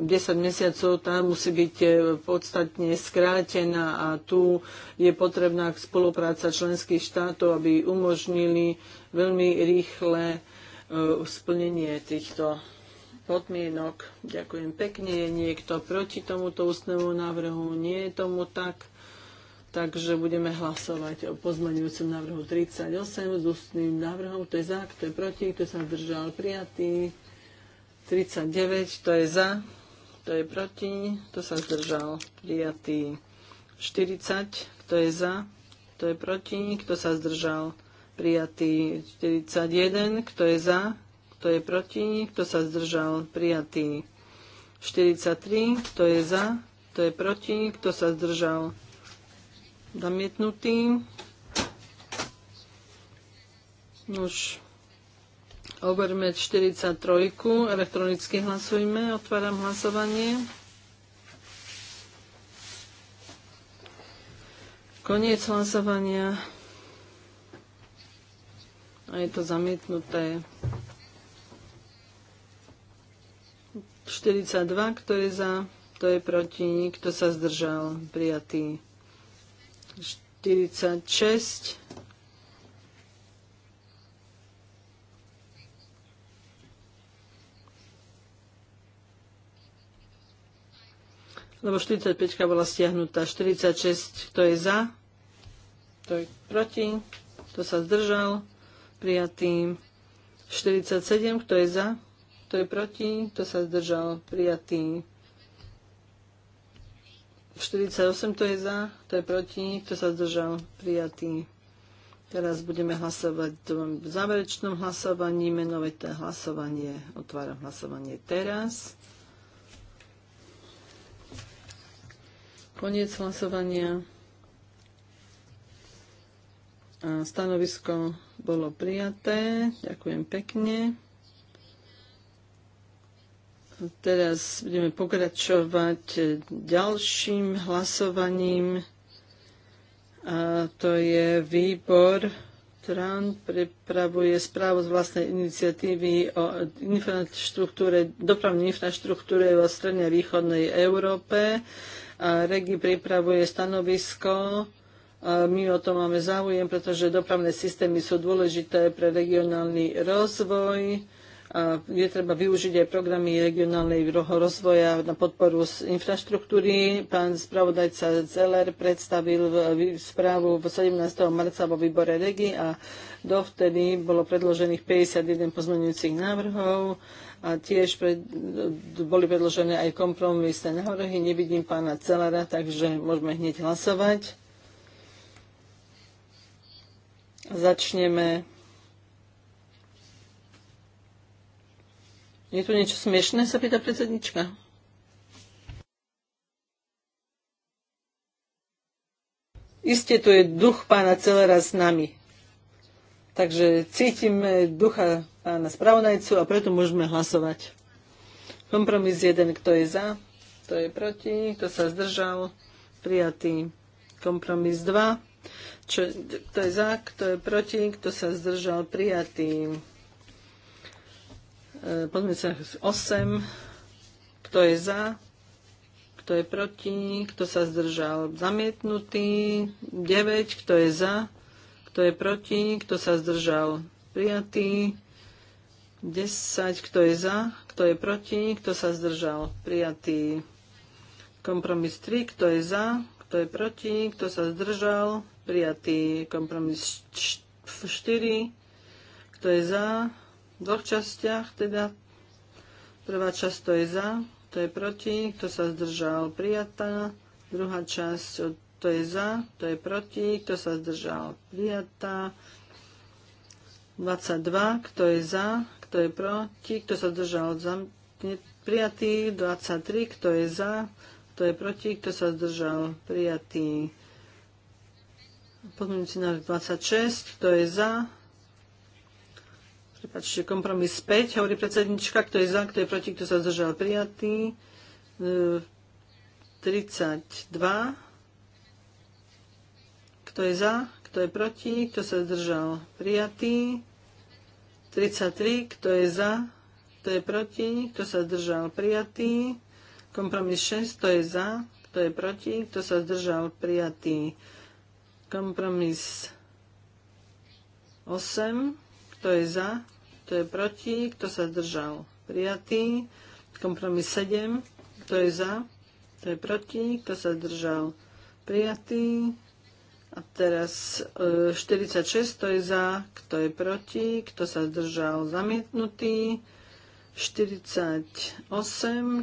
10 e, mesiacov, tá musí byť e, podstatne skrátená a tu je potrebná spolupráca členských štátov, aby umožnili veľmi rýchle e, splnenie týchto podmienok. Ďakujem pekne. Je niekto proti tomuto ústnemu návrhu? Nie je tomu tak. Takže budeme hlasovať o pozmeňujúcom návrhu 38 s ústnym návrhom. Kto je za, kto je proti, kto sa zdržal prijatý. 39, to je za, kto je proti, kto sa zdržal prijatý. 40, kto je za, kto je proti, kto sa zdržal prijatý. 41, kto je za, kto je proti, kto sa zdržal prijatý. 43, kto je za, kto je proti, kto sa zdržal prijatý zamietnutý. Už overme 43, elektronicky hlasujme, otváram hlasovanie. Koniec hlasovania. A je to zamietnuté. 42, kto je za, kto je proti, nikto sa zdržal, prijatý. 46. Lebo 45 bola stiahnutá. 46, kto je za? Kto je proti? Kto sa zdržal? Prijatý. 47, kto je za? Kto je proti? Kto sa zdržal? Prijatý. 48 to je za, to je proti, kto sa zdržal, prijatý. Teraz budeme hlasovať v záverečnom hlasovaní, menovité hlasovanie. Otváram hlasovanie teraz. Koniec hlasovania. A stanovisko bolo prijaté. Ďakujem pekne. Teraz budeme pokračovať eh, ďalším hlasovaním. A to je výbor Trán pripravuje správu z vlastnej iniciatívy o infraštruktúre, dopravnej infraštruktúre vo strednej východnej Európe. A Regi pripravuje stanovisko. A my o tom máme záujem, pretože dopravné systémy sú dôležité pre regionálny rozvoj kde treba využiť aj programy regionálnej rozvoja na podporu z infraštruktúry. Pán spravodajca Zeller predstavil správu 17. marca vo výbore REGI a dovtedy bolo predložených 51 pozmeňujúcich návrhov a tiež pred, boli predložené aj kompromisné návrhy. Nevidím pána Celera, takže môžeme hneď hlasovať. Začneme Je tu niečo smiešné, sa pýta predsednička. Isté tu je duch pána celé raz s nami. Takže cítime ducha pána spravodajcu a preto môžeme hlasovať. Kompromis 1, kto je za, kto je proti, kto sa zdržal, prijatý. Kompromis 2, čo, kto je za, kto je proti, kto sa zdržal, prijatý sa 8. Kto je za? Kto je proti? Kto sa zdržal? Zamietnutý. 9. Kto je za? Kto je proti? Kto sa zdržal? Prijatý. 10. Kto je za? Kto je proti? Kto sa zdržal? Prijatý. Kompromis 3. Kto je za? Kto je proti? Kto sa zdržal? Prijatý. Kompromis 4. Kto je za? v dvoch častiach, teda prvá časť to je za, to je proti, kto sa zdržal prijatá, druhá časť to je za, to je proti, kto sa zdržal prijatá, 22, kto je za, kto je proti, kto sa zdržal prijatý, 23, kto je za, kto je proti, kto sa zdržal prijatý. Pozmeňujúci na 26, kto je za, Prepačte, kompromis 5, hovorí predsednička, kto je za, kto je proti, kto sa zdržal prijatý. 32. E, kto je za, kto je proti, kto sa zdržal prijatý. 33. Kto je za, kto je proti, kto sa zdržal prijatý. Kompromis 6, kto je za, kto je proti, kto sa zdržal prijatý. Kompromis 8. Kto je za? Kto je proti? Kto sa zdržal? Prijatý. Kompromis 7. Kto je za? Kto je proti? Kto sa zdržal? Prijatý. A teraz e, 46, to je za, kto je proti, kto sa zdržal zamietnutý. 48,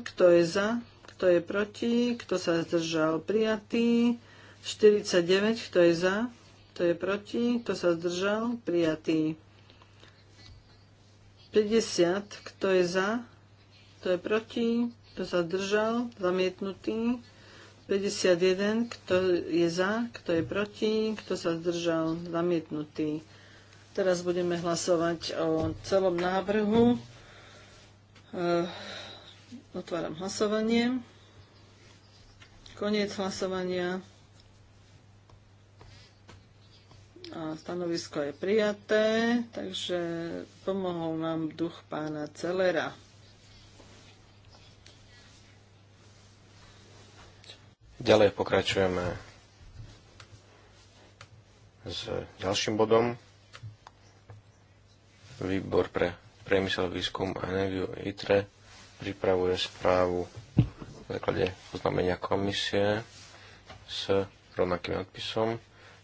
kto je za, kto je proti, kto sa zdržal prijatý. 49, kto je za, kto je proti, kto sa zdržal prijatý. 50, kto je za, kto je proti, kto sa držal, zamietnutý. 51, kto je za, kto je proti, kto sa zdržal, zamietnutý. Teraz budeme hlasovať o celom návrhu. Eh, otváram hlasovanie. Koniec hlasovania. a stanovisko je prijaté, takže pomohol nám duch pána Celera. Ďalej pokračujeme s ďalším bodom. Výbor pre priemysel, výskum a energiu ITRE pripravuje správu v základe oznámenia komisie s rovnakým odpisom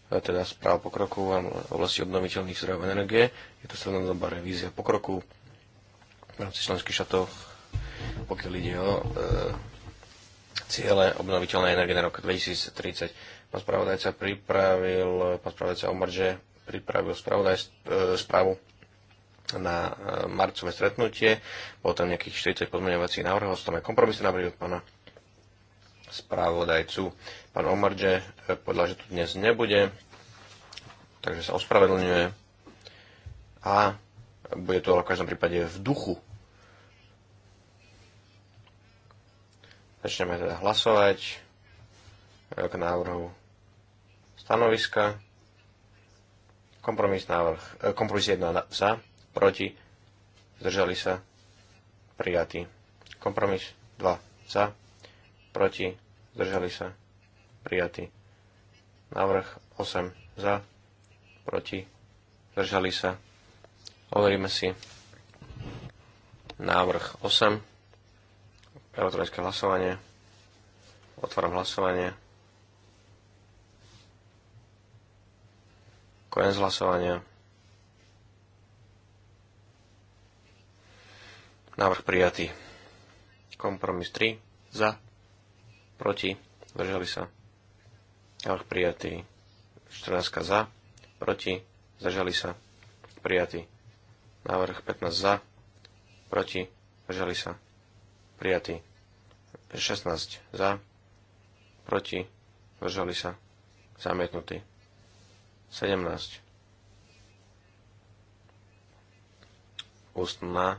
teda správ pokroku v oblasti obnoviteľných zdrojov energie. Je to strednodobá revízia pokroku v rámci členských šatov, pokiaľ ide o e, ciele obnoviteľnej energie na rok 2030. Pán spravodajca pripravil, pán spravodajca Omarže pripravil spravodaj, e, správu na e, marcové stretnutie, bolo tam nejakých 40 pozmeňovacích návrhov, z tom aj kompromisy návrh od pána spravodajcu. Pán Omarže povedal, že tu dnes nebude, takže sa ospravedlňuje a bude to v každom prípade v duchu. Začneme teda hlasovať e, k návrhu stanoviska. Kompromis, návrh, e, kompromis 1 za, proti, zdržali sa, prijatý. Kompromis 2 za, proti, zdržali sa, prijatý. Návrh 8 za, proti, držali sa. Overíme si návrh 8, elektronické hlasovanie, otváram hlasovanie, koniec hlasovania, návrh prijatý, kompromis 3, za, proti, zdržali sa, Ach, prijatý. 14 za, proti, zažali sa, prijatý. Návrh 15 za, proti, zažali sa, prijatý. 16 za, proti, zažali sa, zamietnutý. 17. Ústna e,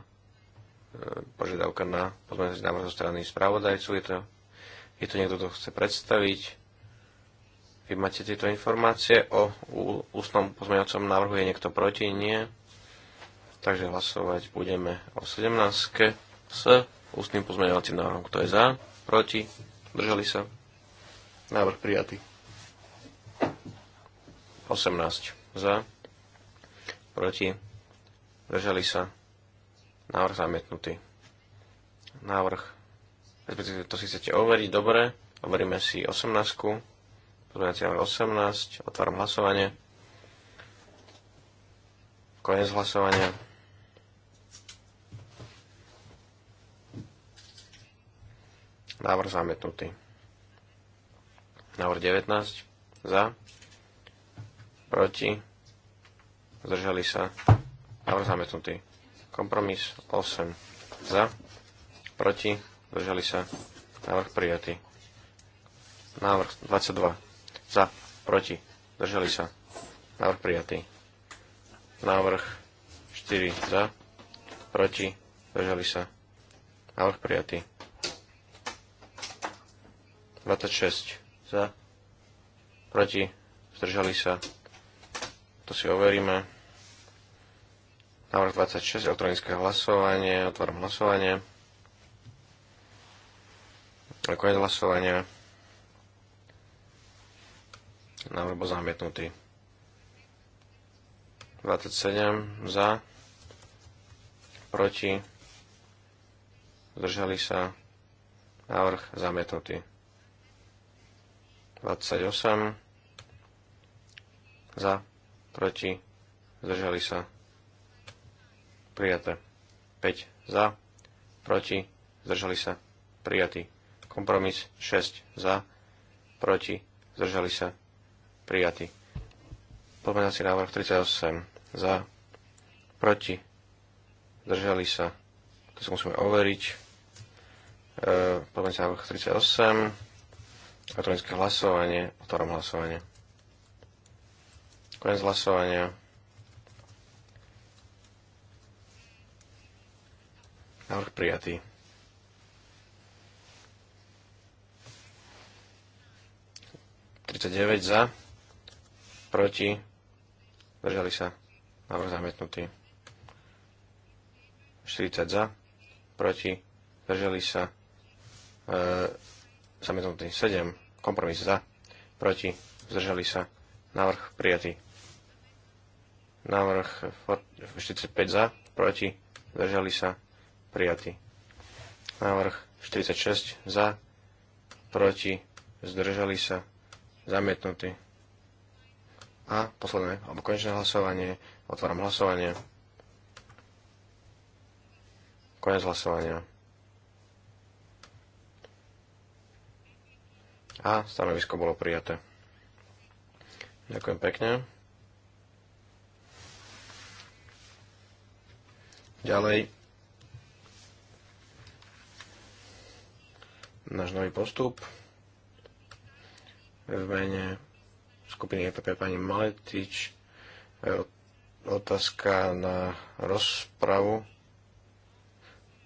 požiadavka na pozmeňovací návrh zo strany spravodajcu. Je to, je to niekto, kto chce predstaviť. Vy máte tieto informácie o ústnom pozmeňovacom návrhu. Je niekto proti? Nie. Takže hlasovať budeme o 17 s ústnym pozmeňovacím návrhom. Kto je za? Proti? Držali sa? Návrh prijatý. 18 za. Proti? Držali sa? Návrh zamietnutý. Návrh. to si chcete overiť. Dobre. Overíme si 18. Pozmeňovací 18. Otváram hlasovanie. Konec hlasovania. Návrh zamietnutý. Návrh 19. Za. Proti. Zdržali sa. Návrh zamietnutý. Kompromis 8. Za. Proti. Zdržali sa. Návrh prijatý. Návrh 22 za. Proti. Zdržali sa. Návrh prijatý. Návrh 4. Za. Proti. Zdržali sa. Návrh prijatý. 26. Za. Proti. Zdržali sa. To si overíme. Návrh 26. Elektronické hlasovanie. Otváram hlasovanie. Koniec hlasovania. Návrh bol zamietnutý. 27 za, proti, zdržali sa, návrh zamietnutý. 28 za, proti, zdržali sa, prijaté. 5 za, proti, zdržali sa, prijatý. Kompromis 6 za, proti, zdržali sa, prijatý. Pozmeňovací návrh 38 za, proti, zdržali sa, to si musíme overiť. E, Pozmeňovací návrh 38, elektronické hlasovanie, otváram hlasovanie. Konec hlasovania. Návrh prijatý. Tridsaťdeväť za proti, zdržali sa, návrh zamietnutý. 40 za, proti, zdržali sa, e, zamietnutý 7, kompromis za, proti, zdržali sa, návrh prijatý. Návrh 45 za, proti, zdržali sa, prijatý. Návrh 46 za, proti, zdržali sa, zamietnutý. A posledné, alebo konečné hlasovanie. Otváram hlasovanie. Konec hlasovania. A stanovisko bolo prijaté. Ďakujem pekne. Ďalej. Náš nový postup v mene skupiny EPP pani Maletič. E, otázka na rozpravu.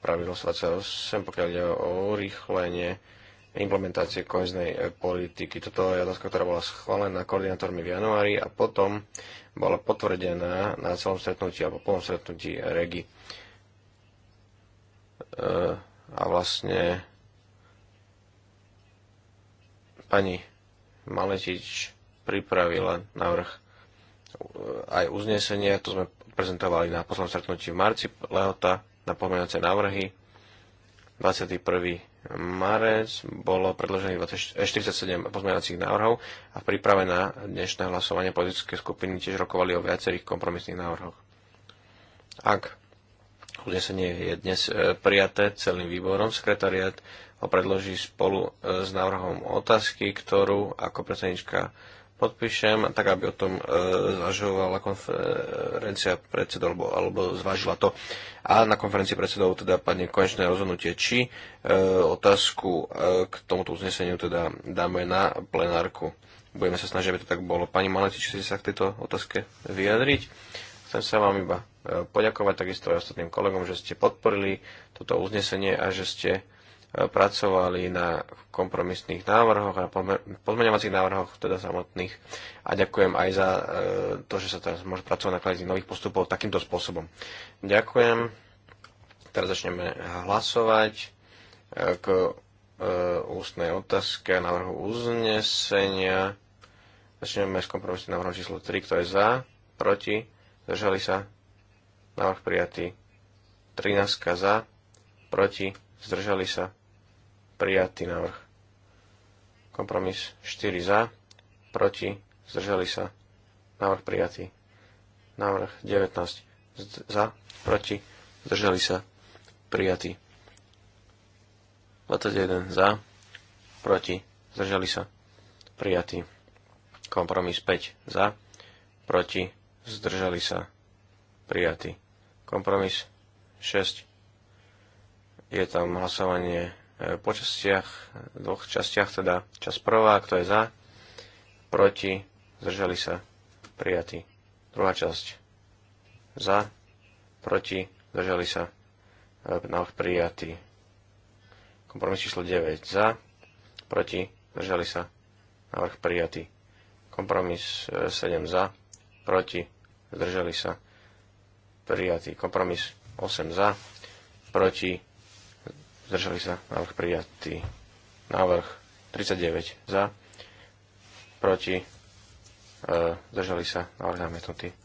Pravidlo 28, pokiaľ ide o urýchlenie implementácie koheznej e, politiky. Toto je otázka, ktorá bola schválená koordinátormi v januári a potom bola potvrdená na celom stretnutí alebo plnom stretnutí REGI. E, a vlastne pani Maletič pripravila návrh eh, aj uznesenia, to sme prezentovali na poslednom stretnutí v marci, lehota na pomenacie návrhy. 21. marec bolo predložených 47 eh, pozmeňovacích návrhov a v príprave na dnešné hlasovanie politické skupiny tiež rokovali o viacerých kompromisných návrhoch. Ak uznesenie je dnes eh, prijaté celým výborom, sekretariat ho predloží spolu s návrhom otázky, ktorú ako predsednička podpíšem, tak aby o tom e, zvažovala konferencia predsedov alebo, alebo zvažila to. A na konferencii predsedov teda padne konečné rozhodnutie, či e, otázku e, k tomuto uzneseniu teda dáme na plenárku. Budeme sa snažiť, aby to tak bolo. Pani Maleti, či ste sa k tejto otázke vyjadriť? Chcem sa vám iba e, poďakovať takisto aj ostatným kolegom, že ste podporili toto uznesenie a že ste pracovali na kompromisných návrhoch a pozmeňovacích návrhoch, teda samotných. A ďakujem aj za e, to, že sa teraz môže pracovať na kvalite nových postupov takýmto spôsobom. Ďakujem. Teraz začneme hlasovať e, k e, ústnej otázke a návrhu uznesenia. Začneme s kompromisným návrhom číslo 3. Kto je za? Proti? Zdržali sa? Návrh prijatý. 13 za? Proti? Zdržali sa? prijatý návrh. Kompromis 4 za, proti, zdržali sa, návrh prijatý. Návrh 19 za, proti, zdržali sa, prijatý. 21 za, proti, zdržali sa, prijatý. Kompromis 5 za, proti, zdržali sa, prijatý. Kompromis 6. Je tam hlasovanie E, po častiach, dvoch častiach, teda čas prvá, kto je za, proti, zdržali sa, prijatý. Druhá časť, e, za, proti, zdržali sa, návrh prijatý. Kompromis číslo 9, za, proti, zdržali sa, návrh prijatý. Kompromis 7 za, proti, zdržali sa, prijatý. Kompromis 8 za, proti, zdržali sa, návrh prijatý. Návrh 39 za, proti, e, zdržali sa, návrh zamietnutý. E,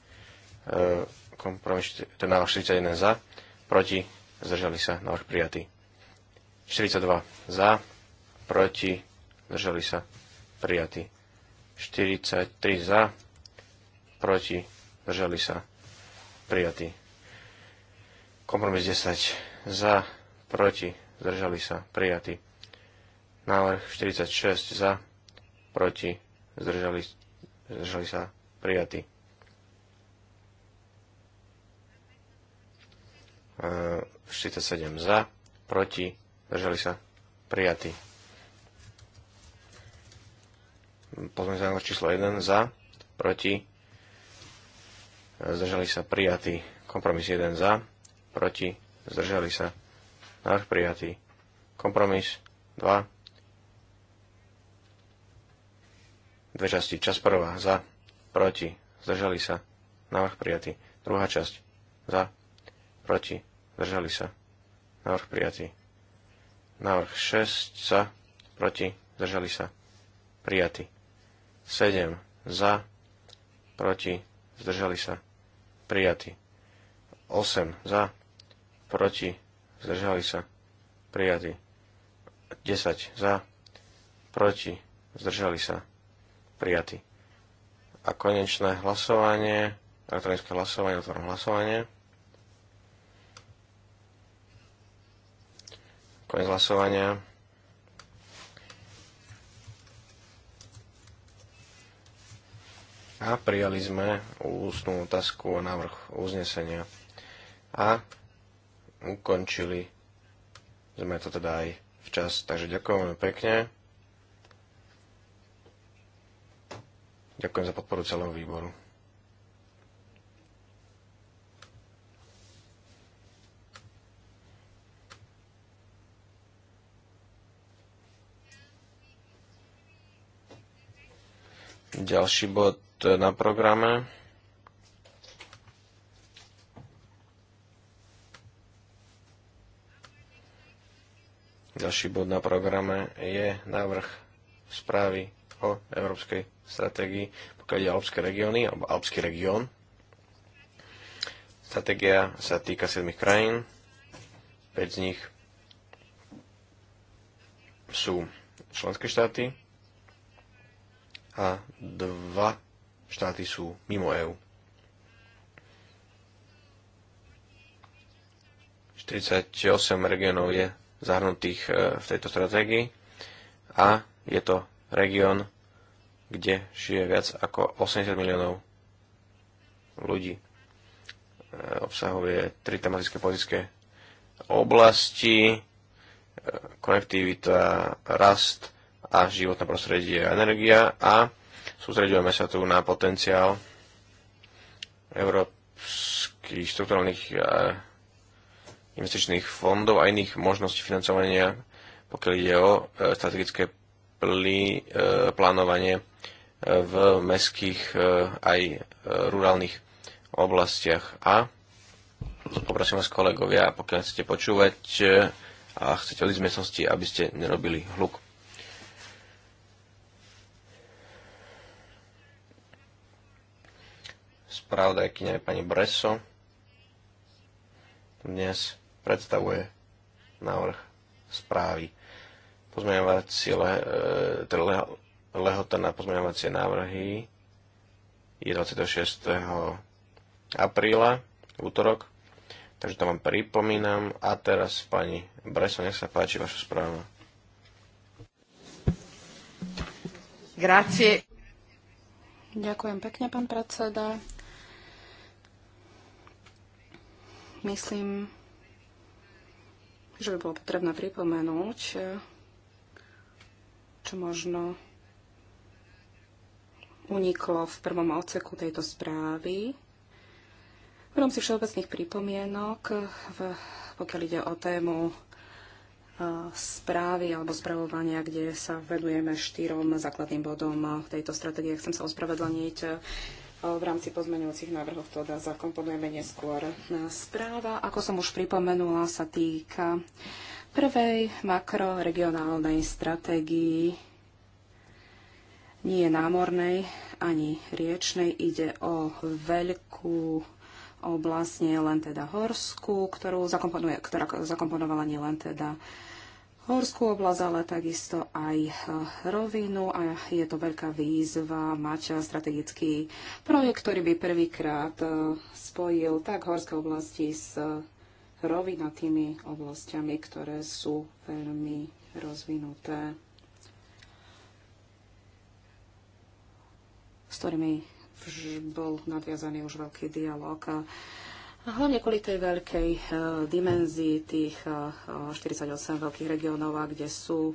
kompromis, návrh 41 za, proti, zdržali sa, návrh prijatý. 42 za, proti, zdržali sa, prijatý. 43 za, proti, zdržali sa, prijatý. Kompromis 10 za, proti, zdržali sa, prijatý. Návrh 46 za, proti, zdržali, zdržali sa, prijatý. E, 47 za, proti, zdržali sa, prijatý. sa návrh číslo 1 za, proti, zdržali sa, prijatý. Kompromis 1 za, proti, zdržali sa, Návrh prijatý. Kompromis 2. Dve časti. Čas prvá. Za. Proti. Zdržali sa. Návrh prijatý. Druhá časť. Za. Proti. Zdržali sa. Návrh prijatý. Návrh 6. Za. Proti. Zdržali sa. Prijatý. 7. Za. Proti. Zdržali sa. Prijatý. 8. Za. Proti zdržali sa, prijatí. 10 za, proti, zdržali sa, prijatí. A konečné hlasovanie, elektronické hlasovanie, otvorom hlasovanie. Konec hlasovania. A prijali sme ústnú otázku o návrh uznesenia. A ukončili. Sme to teda aj včas, takže ďakujem pekne. Ďakujem za podporu celému výboru. Ďalší bod na programe. Ďalší bod na programe je návrh správy o európskej stratégii, pokiaľ ide alpské regióny, alebo alpský región. Stratégia sa týka 7 krajín, 5 z nich sú členské štáty a dva štáty sú mimo EÚ. 48 regionov je zahrnutých e, v tejto stratégii a je to región, kde žije viac ako 80 miliónov ľudí. E, obsahuje tri tematické politické oblasti, e, konektivita, rast a životné prostredie a energia a sústredujeme sa tu na potenciál európskych štruktúrnych investičných fondov a iných možností financovania, pokiaľ ide o e, strategické plí, e, plánovanie e, v mestských aj rurálnych oblastiach. A poprosím vás kolegovia, pokiaľ chcete počúvať a chcete odísť z miestnosti, aby ste nerobili hluk. Spravodajkyňa je pani Breso dnes predstavuje návrh správy. Pozmeňovacie le, e, teda le, lehota na pozmeňovacie návrhy je 26. apríla, útorok. Takže to vám pripomínam. A teraz pani Breso, nech sa páči vaša správa. Grazie. Ďakujem pekne, pán predseda. Myslím, že by bolo potrebné pripomenúť, čo možno uniklo v prvom odseku tejto správy. V rámci všeobecných pripomienok, v, pokiaľ ide o tému e, správy alebo spravovania, kde sa vedujeme štyrom základným bodom tejto stratégie. Chcem sa ospravedlniť Eh, v rámci pozmeňujúcich návrhov to teda zakomponujeme neskôr. Eh, správa, ako som už pripomenula, sa týka prvej makroregionálnej stratégii nie námornej ani riečnej. Ide o veľkú oblasť, nie len teda horskú, ktorú zakomponuje, ktorá zakomponovala nie len teda horskú oblasť, ale takisto aj eh, rovinu a je to veľká výzva mať eh, strategický projekt, ktorý by prvýkrát eh, spojil tak horské oblasti s rovinatými oblastiami, ktoré sú veľmi rozvinuté, s ktorými bol nadviazaný už veľký dialog. Hlavne kvôli tej veľkej eh, dimenzii tých 48 eh, veľkých regiónov, kde sú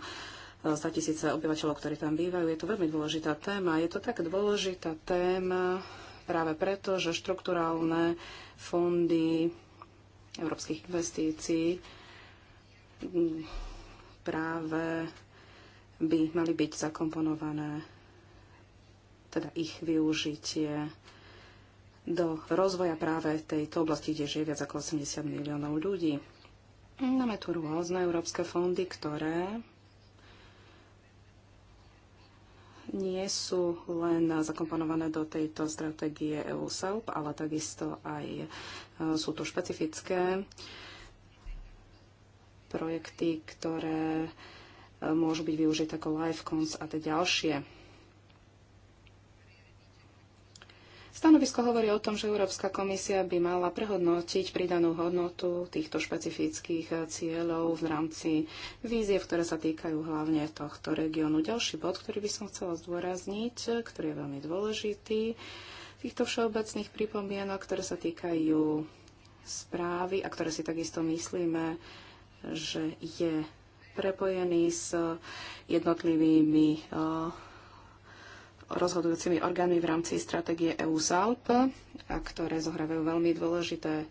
100 eh, tisíce obyvateľov, ktorí tam bývajú. Je to veľmi dôležitá téma. Je to tak dôležitá téma práve preto, že štrukturálne fondy európskych investícií mm, práve by mali byť zakomponované, teda ich využitie do rozvoja práve tejto oblasti, kde žije viac ako 80 miliónov ľudí. Máme tu rôzne európske fondy, ktoré nie sú len zakomponované do tejto stratégie EU-SAUP, ale takisto aj e, sú tu špecifické projekty, ktoré e, môžu byť využité ako LifeCons a tie ďalšie. Stanovisko hovorí o tom, že Európska komisia by mala prehodnotiť pridanú hodnotu týchto špecifických eh, cieľov v rámci víziev, ktoré sa týkajú hlavne tohto regiónu. Ďalší bod, ktorý by som chcela zdôrazniť, eh, ktorý je veľmi dôležitý, týchto všeobecných pripomienok, ktoré sa týkajú správy a ktoré si takisto myslíme, že je prepojený s jednotlivými eh, rozhodujúcimi orgánmi v rámci stratégie EU-ZALP, ktoré zohrávajú veľmi dôležité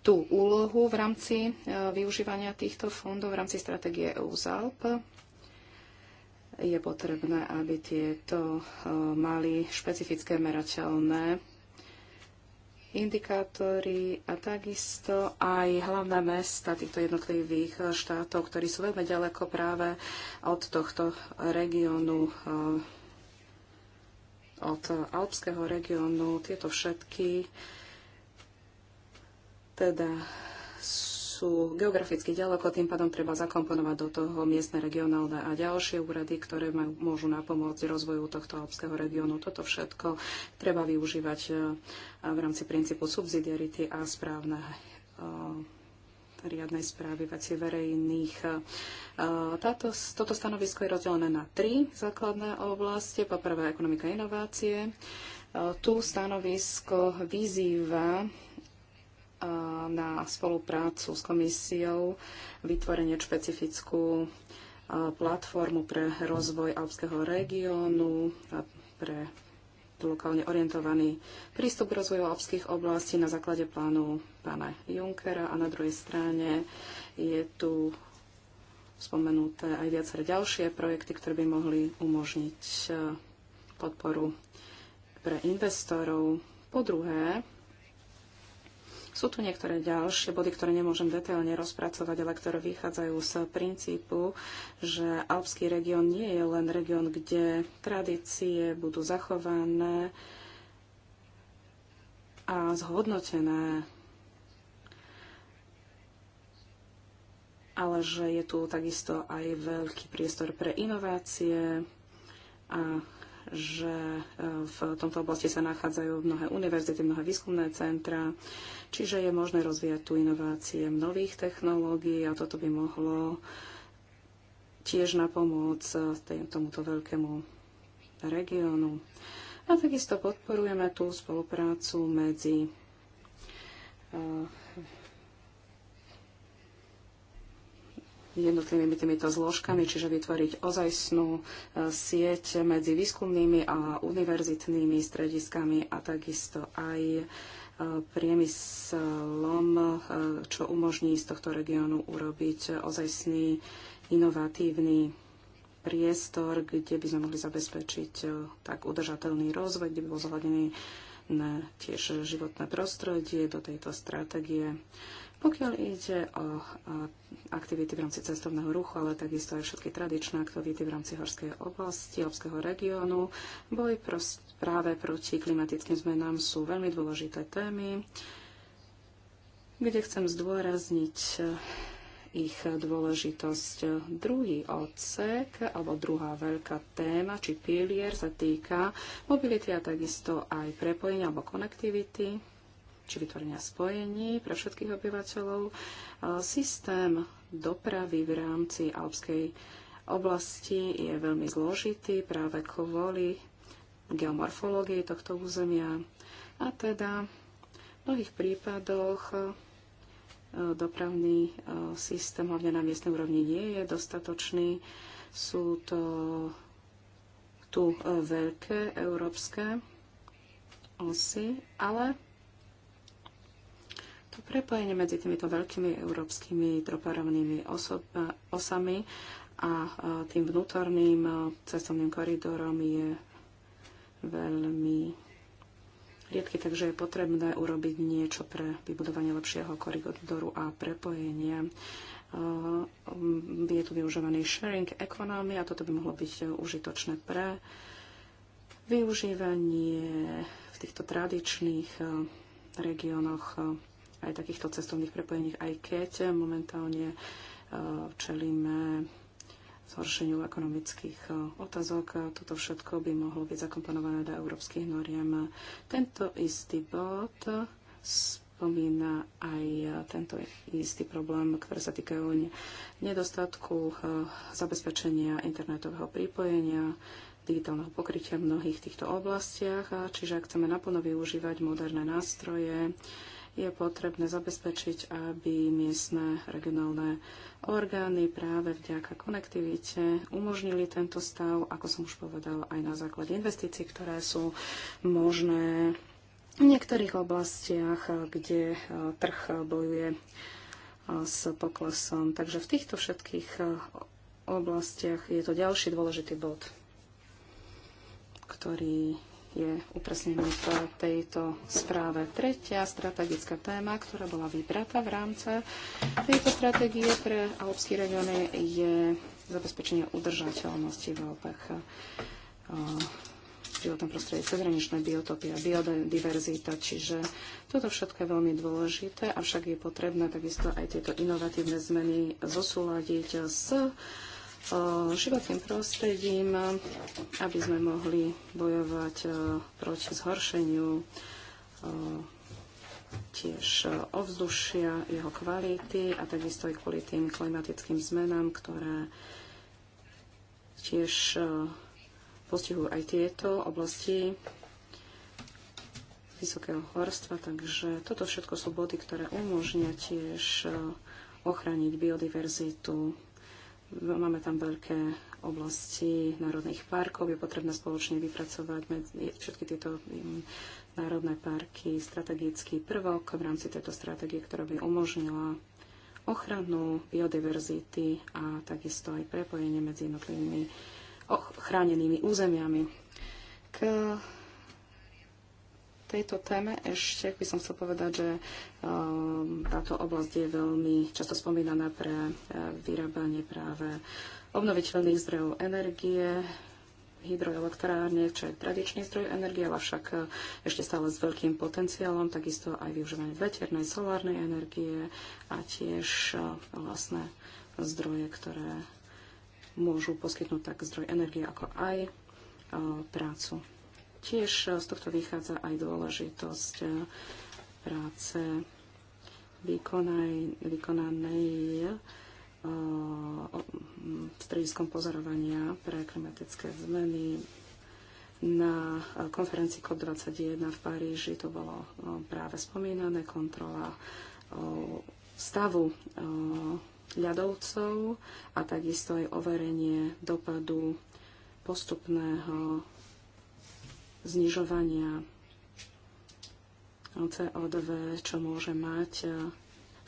tú úlohu v rámci e, využívania týchto fondov v rámci stratégie e SALP. Je potrebné, aby tieto e, mali špecifické merateľné indikátory a takisto aj hlavné mesta týchto jednotlivých štátov, ktorí sú veľmi ďaleko práve od tohto regiónu od alpského regiónu. Tieto všetky teda sú geograficky ďaleko, tým pádom treba zakomponovať do toho miestne, regionálne a ďalšie úrady, ktoré majú, môžu napomôcť rozvoju tohto alpského regiónu. Toto všetko treba využívať eh, v rámci princípu subsidiarity a správneho eh, riadnej správy veci verejných. E, táto, toto stanovisko je rozdelené na tri základné oblasti. Po prvé ekonomika inovácie. E, tu stanovisko vyzýva e, na spoluprácu s komisiou vytvorenie špecifickú platformu pre rozvoj alpského regiónu, pre lokálne orientovaný prístup k rozvoju obských oblastí na základe plánu pána Junckera a na druhej strane je tu spomenuté aj viaceré ďalšie projekty, ktoré by mohli umožniť eh, podporu pre investorov. Po druhé, sú tu niektoré ďalšie body, ktoré nemôžem detailne rozpracovať, ale ktoré vychádzajú z princípu, že alpský región nie je len región, kde tradície budú zachované a zhodnotené ale že je tu takisto aj veľký priestor pre inovácie a že eh, v tomto oblasti sa nachádzajú mnohé univerzity, mnohé výskumné centra, Čiže je možné rozvíjať tu inovácie nových technológií a toto by mohlo tiež na pomoc tomuto veľkému regiónu. A takisto podporujeme tú spoluprácu medzi eh, jednotlivými týmito zložkami, čiže vytvoriť ozajstnú eh, sieť medzi výskumnými a univerzitnými strediskami a takisto aj priemyslom, e, čo umožní z tohto regiónu urobiť ozajstný inovatívny priestor, kde by sme mohli zabezpečiť e, tak udržateľný rozvoj, kde by bol zohľadený na tiež životné prostredie do tejto stratégie. Pokiaľ ide o e, aktivity v rámci cestovného ruchu, ale takisto aj všetky tradičné aktivity v rámci horskej oblasti, obského regiónu, boj proste práve proti klimatickým zmenám sú veľmi dôležité témy, kde chcem zdôrazniť eh, ich dôležitosť. Druhý odsek, alebo druhá veľká téma, či pilier sa týka mobility a takisto aj prepojenia alebo konektivity, či vytvorenia spojení pre všetkých obyvateľov. Eh, systém dopravy v rámci Alpskej oblasti je veľmi zložitý práve kvôli geomorfológie tohto územia. A teda v mnohých prípadoch e, dopravný e, systém, hlavne na miestnej úrovni, nie je dostatočný. Sú to tu e, veľké európske osy, ale to prepojenie medzi týmito veľkými európskymi troparovnými osami a tým vnútorným cestovným koridorom je veľmi riedky, takže je potrebné urobiť niečo pre vybudovanie lepšieho koridoru a prepojenia. Uh, um, je tu využívaný sharing economy a toto by mohlo byť užitočné pre využívanie v týchto tradičných uh, regiónoch uh, aj takýchto cestovných prepojení, aj keď momentálne čelíme zhoršeniu ekonomických e, otázok. E, toto všetko by mohlo byť zakomponované do európskych noriem. Tento istý bod spomína aj e, tento istý problém, ktoré sa týkajú nedostatku zabezpečenia internetového pripojenia, digitálneho pokrytia v mnohých týchto oblastiach. Čiže ak chceme naplno využívať moderné nástroje, je potrebné zabezpečiť, aby miestne regionálne orgány práve vďaka konektivite umožnili tento stav, ako som už povedal, aj na základe investícií, ktoré sú možné v niektorých oblastiach, kde e, trh bojuje e, s poklesom. Takže v týchto všetkých e, oblastiach je to ďalší dôležitý bod, ktorý je upresnený v tejto správe. Tretia strategická téma, ktorá bola vybratá v rámci tejto stratégie pre alpský region je zabezpečenie udržateľnosti v Alpách životnom prostredí, cezhraničné biotopy a biodiverzita. Čiže toto všetko je veľmi dôležité, avšak je potrebné takisto aj tieto inovatívne zmeny zosúľadiť s E, životným prostredím, aby sme mohli bojovať e, proti zhoršeniu e, tiež ovzdušia, jeho kvality a takisto aj kvôli tým klimatickým zmenám, ktoré tiež postihujú aj tieto oblasti vysokého horstva, takže toto všetko sú body, ktoré umožnia tiež ochrániť biodiverzitu Máme tam veľké oblasti národných parkov. Je potrebné spoločne vypracovať medzi všetky tieto um, národné parky strategický prvok v rámci tejto stratégie, ktorá by umožnila ochranu biodiverzity a takisto aj prepojenie medzi jednotlivými chránenými územiami. K tejto téme ešte by som chcel povedať, že um, táto oblasť je veľmi často spomínaná pre uh, vyrábanie práve obnoviteľných zdrojov energie, hydroelektrárne, čo je tradičný zdroj energie, ale však e, ešte stále s veľkým potenciálom, takisto aj využívanie veternej, solárnej energie a tiež e, vlastné zdroje, ktoré môžu poskytnúť tak zdroj energie, ako aj prácu Tiež z tohto vychádza aj dôležitosť eh, práce vykonaj, vykonanej eh, strediskom pozorovania pre klimatické zmeny na eh, konferencii COP21 v Paríži. To bolo práve spomínané kontrola stavu ľadovcov a takisto aj overenie dopadu postupného znižovania CO2, čo môže mať e,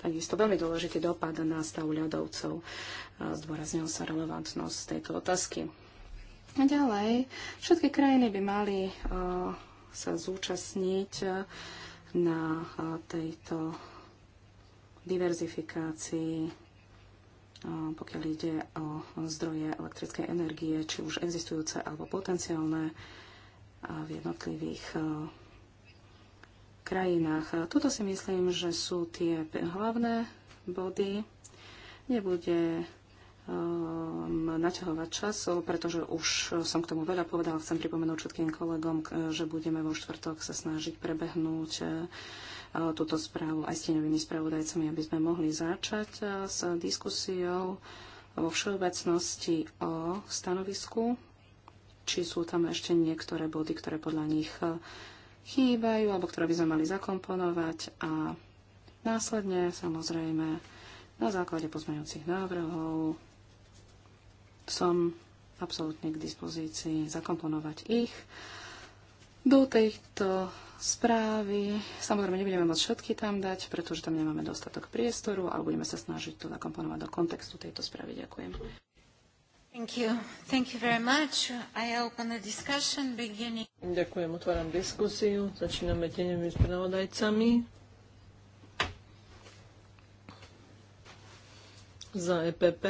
takisto veľmi dôležitý dopad na stav ľadovcov. E, Zdôraznil sa relevantnosť tejto otázky. A ďalej, všetky krajiny by mali e, sa zúčastniť na tejto diverzifikácii, pokiaľ ide o zdroje elektrickej energie, či už existujúce alebo potenciálne v jednotlivých e, krajinách. Toto si myslím, že sú tie hlavné body. Nebude e, naťahovať čas, pretože už som k tomu veľa povedala. Chcem pripomenúť všetkým kolegom, že budeme vo štvrtok sa snažiť prebehnúť e, túto správu aj s tieňovými spravodajcami, aby sme mohli začať s diskusiou vo všeobecnosti o stanovisku či sú tam ešte niektoré body, ktoré podľa nich eh, chýbajú alebo ktoré by sme mali zakomponovať a následne samozrejme na základe pozmeňujúcich návrhov som absolútne k dispozícii zakomponovať ich do tejto správy. Samozrejme, nebudeme môcť všetky tam dať, pretože tam nemáme dostatok priestoru, ale budeme sa snažiť to zakomponovať do kontextu tejto správy. Ďakujem. Thank you. Thank you very much. I open the discussion beginning. Ďakujem, otváram diskusiu. Začíname tenemi spravodajcami. Za EPP.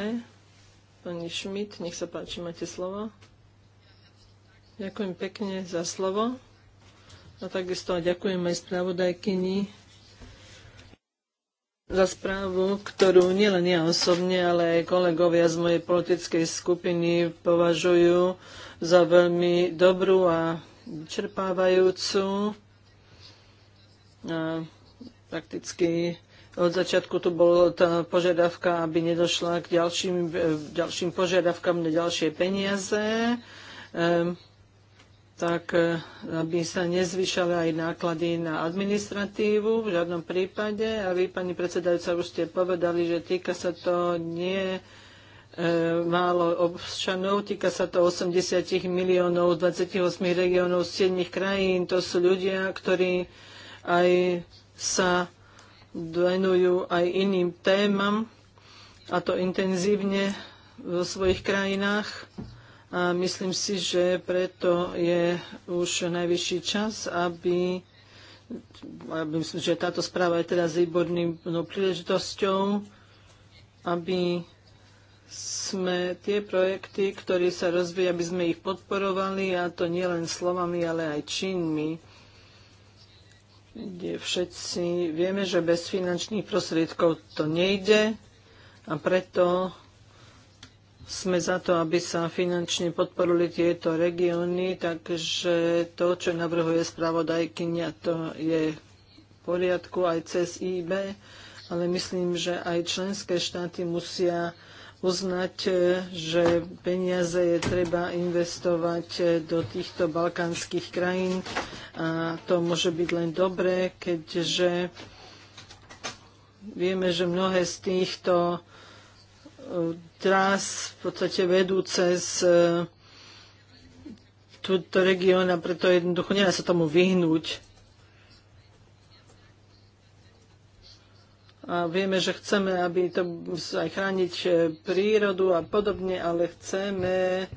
Pani Schmidt, nech sa páči, máte slovo. Ďakujem pekne za slovo. A takisto ďakujem aj spravodajkyni za správu, ktorú nielen ja osobne, ale aj kolegovia z mojej politickej skupiny považujú za veľmi dobrú a čerpávajúcu. A prakticky od začiatku tu bola tá požiadavka, aby nedošla k ďalším, e, ďalším požiadavkám na ďalšie peniaze. Ehm tak e, aby sa nezvyšali aj náklady na administratívu v žiadnom prípade. A vy, pani predsedajúca, už ste povedali, že týka sa to nie e, málo občanov, týka sa to 80 miliónov 28 regiónov z 7 krajín. To sú ľudia, ktorí aj sa venujú aj iným témam, a to intenzívne vo svojich krajinách. A myslím si, že preto je už najvyšší čas, aby a myslím, že táto správa je teraz výborným no, príležitosťou, aby sme tie projekty, ktoré sa rozvíjajú, aby sme ich podporovali, a to nielen slovami, ale aj činmi. Kde všetci vieme, že bez finančných prostriedkov to nejde a preto sme za to, aby sa finančne podporili tieto regióny, takže to, čo navrhuje spravodajkynia, to je v poriadku aj cez IB, ale myslím, že aj členské štáty musia uznať, e, že peniaze je treba investovať e, do týchto balkánskych krajín a to môže byť len dobré, keďže vieme, že mnohé z týchto tras v podstate vedú cez e, túto región a preto jednoducho nedá sa tomu vyhnúť. A vieme, že chceme, aby to aj chrániť e, prírodu a podobne, ale chceme,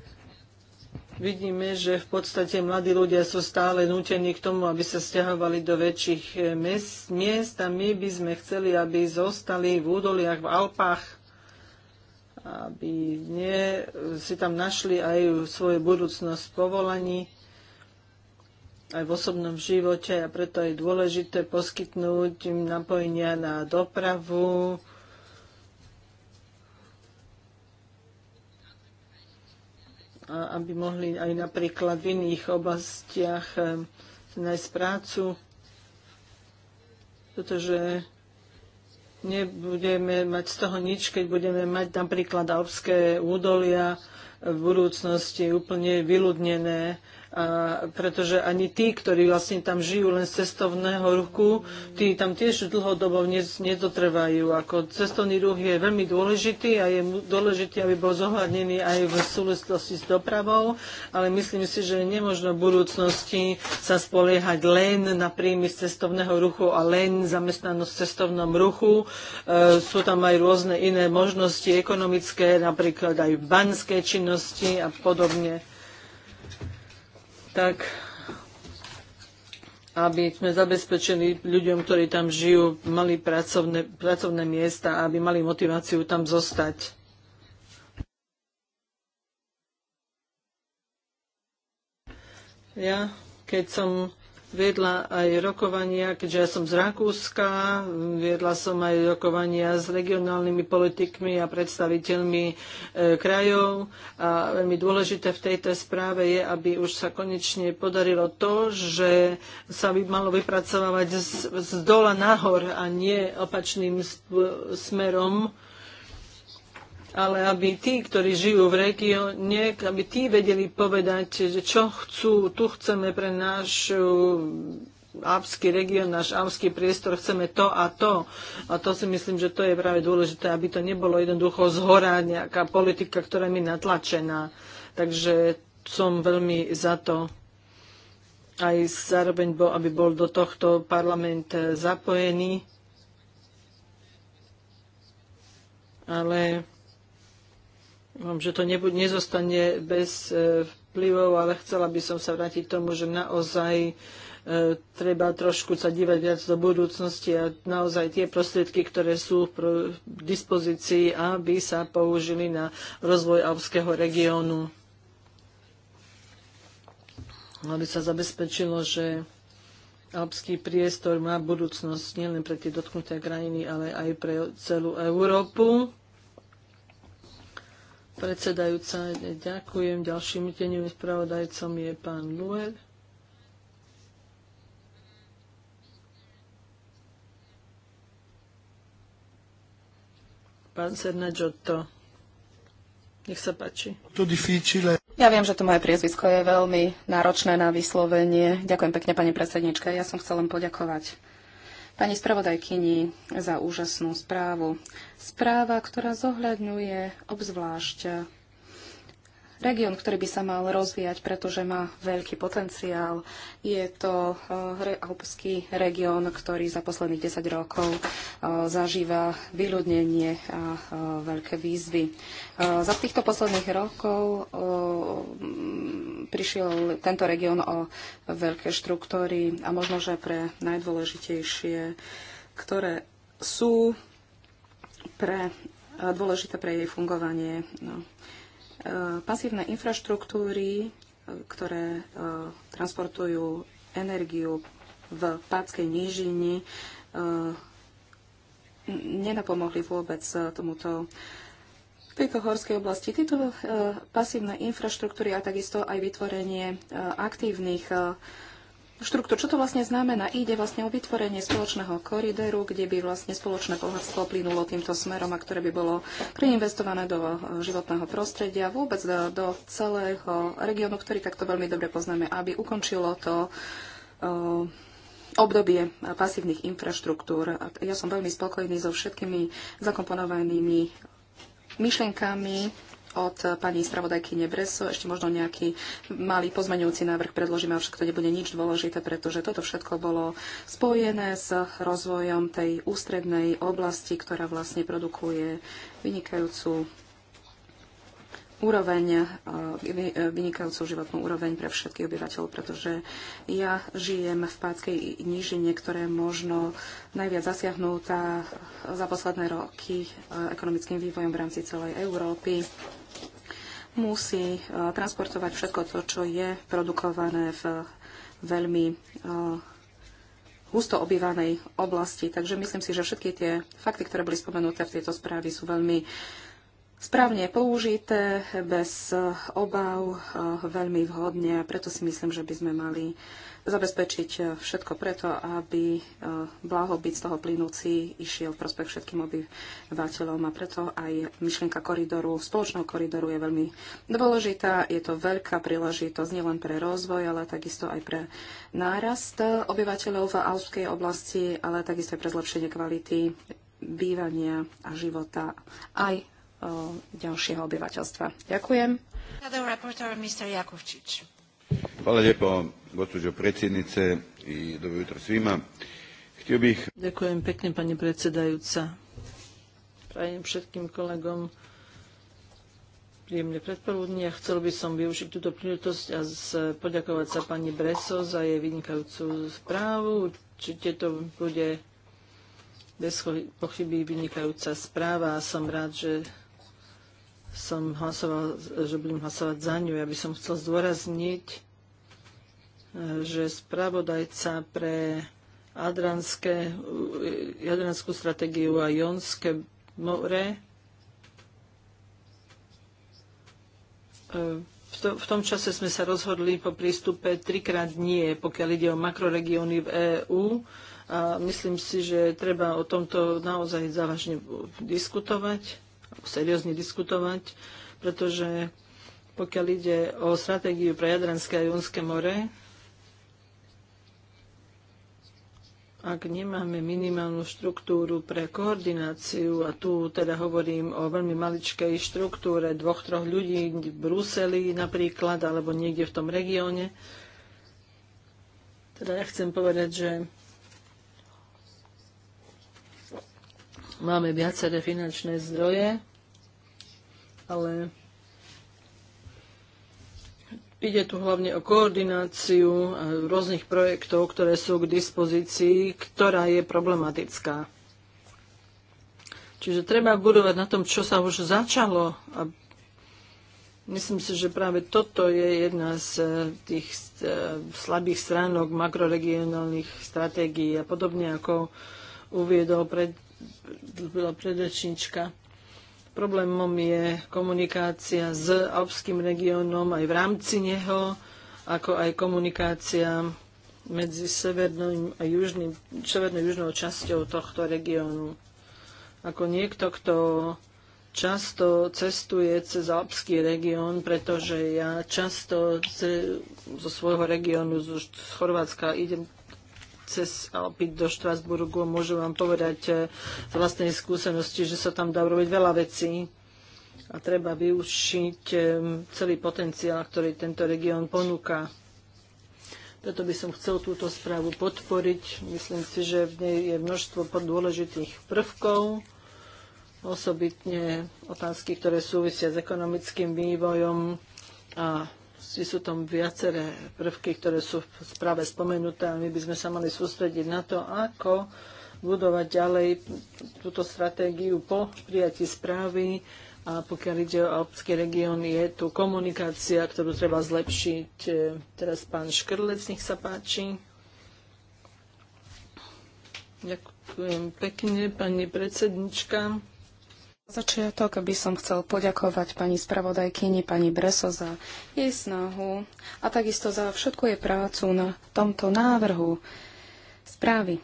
vidíme, že v podstate mladí ľudia sú stále nútení k tomu, aby sa stiahovali do väčších e, miest a my by sme chceli, aby zostali v údoliach, v Alpách, aby nie, si tam našli aj svoju budúcnosť v povolaní, aj v osobnom živote a preto je dôležité poskytnúť im napojenia na dopravu, aby mohli aj napríklad v iných oblastiach eh, nájsť prácu, pretože nebudeme mať z toho nič, keď budeme mať napríklad alpské údolia v budúcnosti úplne vyľudnené a pretože ani tí, ktorí vlastne tam žijú len z cestovného ruchu, tí tam tiež dlhodobo nedotrvajú. Ako cestovný ruch je veľmi dôležitý a je dôležitý, aby bol zohľadnený aj v súvislosti s dopravou, ale myslím si, že nemožno v budúcnosti sa spoliehať len na príjmy z cestovného ruchu a len zamestnanosť v cestovnom ruchu. E, sú tam aj rôzne iné možnosti ekonomické, napríklad aj banské činnosti a podobne tak aby sme zabezpečili ľuďom, ktorí tam žijú, mali pracovné, pracovné miesta, aby mali motiváciu tam zostať. Ja, keď som viedla aj rokovania, keďže ja som z Rakúska, viedla som aj rokovania s regionálnymi politikmi a predstaviteľmi e, krajov. A veľmi dôležité v tejto správe je, aby už sa konečne podarilo to, že sa by malo vypracovať z, z dola nahor a nie opačným smerom ale aby tí, ktorí žijú v regióne, aby tí vedeli povedať, že čo chcú, tu chceme pre náš uh, alpský región, náš alpský priestor, chceme to a to. A to si myslím, že to je práve dôležité, aby to nebolo jednoducho zhora nejaká politika, ktorá mi natlačená. Takže som veľmi za to, aj zároveň bol, aby bol do tohto parlament eh, zapojený. Ale že to nebu- nezostane bez e, vplyvov, ale chcela by som sa vrátiť tomu, že naozaj e, treba trošku sa dívať viac do budúcnosti a naozaj tie prostriedky, ktoré sú v dispozícii, aby sa použili na rozvoj alpského regiónu. Aby sa zabezpečilo, že alpský priestor má budúcnosť nielen pre tie dotknuté krajiny, ale aj pre celú Európu. Predsedajúca, ďakujem. Ďalším tenivým spravodajcom je pán Luer. Pán Sernagiotto, nech sa páči. To difficile. Ja viem, že to moje priezvisko je veľmi náročné na vyslovenie. Ďakujem pekne, pani predsednička. Ja som chcel len poďakovať pani spravodajkyni za úžasnú správu. Správa, ktorá zohľadňuje obzvlášť región, ktorý by sa mal rozvíjať, pretože má veľký potenciál. Je to eh, alpský región, ktorý za posledných 10 rokov eh, zažíva vyľudnenie a eh, veľké výzvy. Za týchto posledných rokov prišiel tento región o veľké štruktúry a možno, že pre najdôležitejšie, ktoré sú pre, eh, dôležité pre jej fungovanie. No. Eh, pasívne infraštruktúry, eh, ktoré transportujú energiu v Pátskej nížini, nenapomohli vôbec tomuto tejto horskej oblasti. Tieto e, pasívne infraštruktúry a takisto aj vytvorenie e, aktívnych e, štruktúr. Čo to vlastne znamená? Ide vlastne o vytvorenie spoločného koridoru, kde by vlastne spoločné bohatstvo plynulo týmto smerom a ktoré by bolo preinvestované do životného prostredia, vôbec do, do celého regiónu, ktorý takto veľmi dobre poznáme, aby ukončilo to obdobie pasívnych infraštruktúr. Ja som veľmi spokojný so všetkými zakomponovanými myšlenkami od pani spravodajky Nebreso. Ešte možno nejaký malý pozmeňujúci návrh predložím, avšak to nebude nič dôležité, pretože toto všetko bolo spojené s rozvojom tej ústrednej oblasti, ktorá vlastne produkuje vynikajúcu úroveň, e, e, vynikajúcu životnú úroveň pre všetkých obyvateľov, pretože ja žijem v Pátskej nížine, ktoré je možno najviac zasiahnutá za posledné roky e, ekonomickým vývojom v rámci celej Európy musí transportovať všetko to, čo je produkované v veľmi husto obývanej oblasti. Takže myslím si, že všetky tie fakty, ktoré boli spomenuté v tejto správe, sú veľmi uh, správne použité, bez obav, eh, veľmi vhodne. A preto si myslím, že by sme mali zabezpečiť eh, všetko preto, aby eh, blahobyt z toho plynúci išiel v prospech všetkým obyvateľom a preto aj myšlienka koridoru, spoločného koridoru je veľmi dôležitá. Je to veľká príležitosť nielen pre rozvoj, ale takisto aj pre nárast obyvateľov v Alpskej oblasti, ale takisto aj pre zlepšenie kvality bývania a života aj Eh, ďalšieho obyvateľstva. Ďakujem. Hvala lijepo, gospođo predsjednice i dobro jutro svima. Htio bih... Ďakujem pekne, pani predsedajúca. Prajem všetkým kolegom príjemne predporúdne predpoludnie. Chcel by som využiť túto príležitosť a poďakovať sa pani Breso za jej vynikajúcu správu. Určite to bude bez pochyby vynikajúca správa a som rád, že som hlasoval, že budem hlasovať za ňu. Ja by som chcel zdôrazniť, že spravodajca pre Adranské, Jadranskú stratégiu a Jonské more v, to, v tom čase sme sa rozhodli po prístupe trikrát nie, pokiaľ ide o makroregióny v EÚ. A myslím si, že treba o tomto naozaj závažne diskutovať seriózne diskutovať, pretože pokiaľ ide o stratégiu pre Jadranské a Jonské more, ak nemáme minimálnu štruktúru pre koordináciu, a tu teda hovorím o veľmi maličkej štruktúre dvoch, troch ľudí v Bruseli napríklad, alebo niekde v tom regióne, teda ja chcem povedať, že Máme viaceré finančné zdroje, ale Ide tu hlavne o koordináciu rôznych projektov, ktoré sú k dispozícii, ktorá je problematická. Čiže treba budovať na tom, čo sa už začalo. A myslím si, že práve toto je jedna z eh, tých eh, slabých stránok makroregionálnych stratégií a podobne ako uviedol pred predrečnička. Problémom je komunikácia s alpským regiónom aj v rámci neho, ako aj komunikácia medzi severnou a južným, severnou južnou časťou tohto regiónu. Ako niekto, kto často cestuje cez alpský región, pretože ja často zo svojho regiónu, z Chorvátska, idem cez Alpy do Štrasburgu. Môžem vám povedať e, z vlastnej skúsenosti, že sa tam dá robiť veľa vecí a treba využiť e, celý potenciál, ktorý tento región ponúka. Preto by som chcel túto správu podporiť. Myslím si, že v nej je množstvo dôležitých prvkov, osobitne otázky, ktoré súvisia s ekonomickým vývojom a sú tam viaceré prvky, ktoré sú v správe spomenuté a my by sme sa mali sústrediť na to, ako budovať ďalej túto stratégiu po prijatí správy. A pokiaľ ide o obský región, je tu komunikácia, ktorú treba zlepšiť. E, teraz pán Škrlec, nech sa páči. Ďakujem pekne, pani predsednička. Začiatok by som chcel poďakovať pani spravodajkyni, pani Breso za jej snahu a takisto za všetku jej prácu na tomto návrhu správy.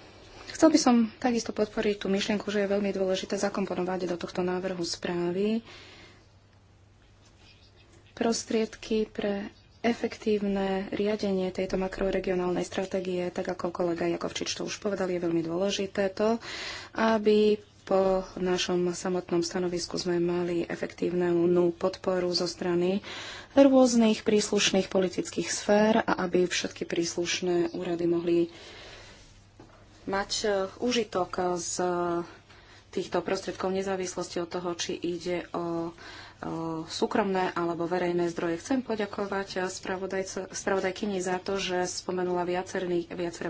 Chcel by som takisto podporiť tú myšlienku, že je veľmi dôležité zakomponovať do tohto návrhu správy prostriedky pre efektívne riadenie tejto makroregionálnej stratégie, tak ako kolega Jakovčič to už povedal, je veľmi dôležité to, aby po našom samotnom stanovisku sme mali efektívnu podporu zo strany rôznych príslušných politických sfér a aby všetky príslušné úrady mohli mať užitok e, z týchto prostriedkov nezávislosti od toho, či ide o E, súkromné alebo verejné zdroje. Chcem poďakovať spravodajkyni za to, že spomenula viaceré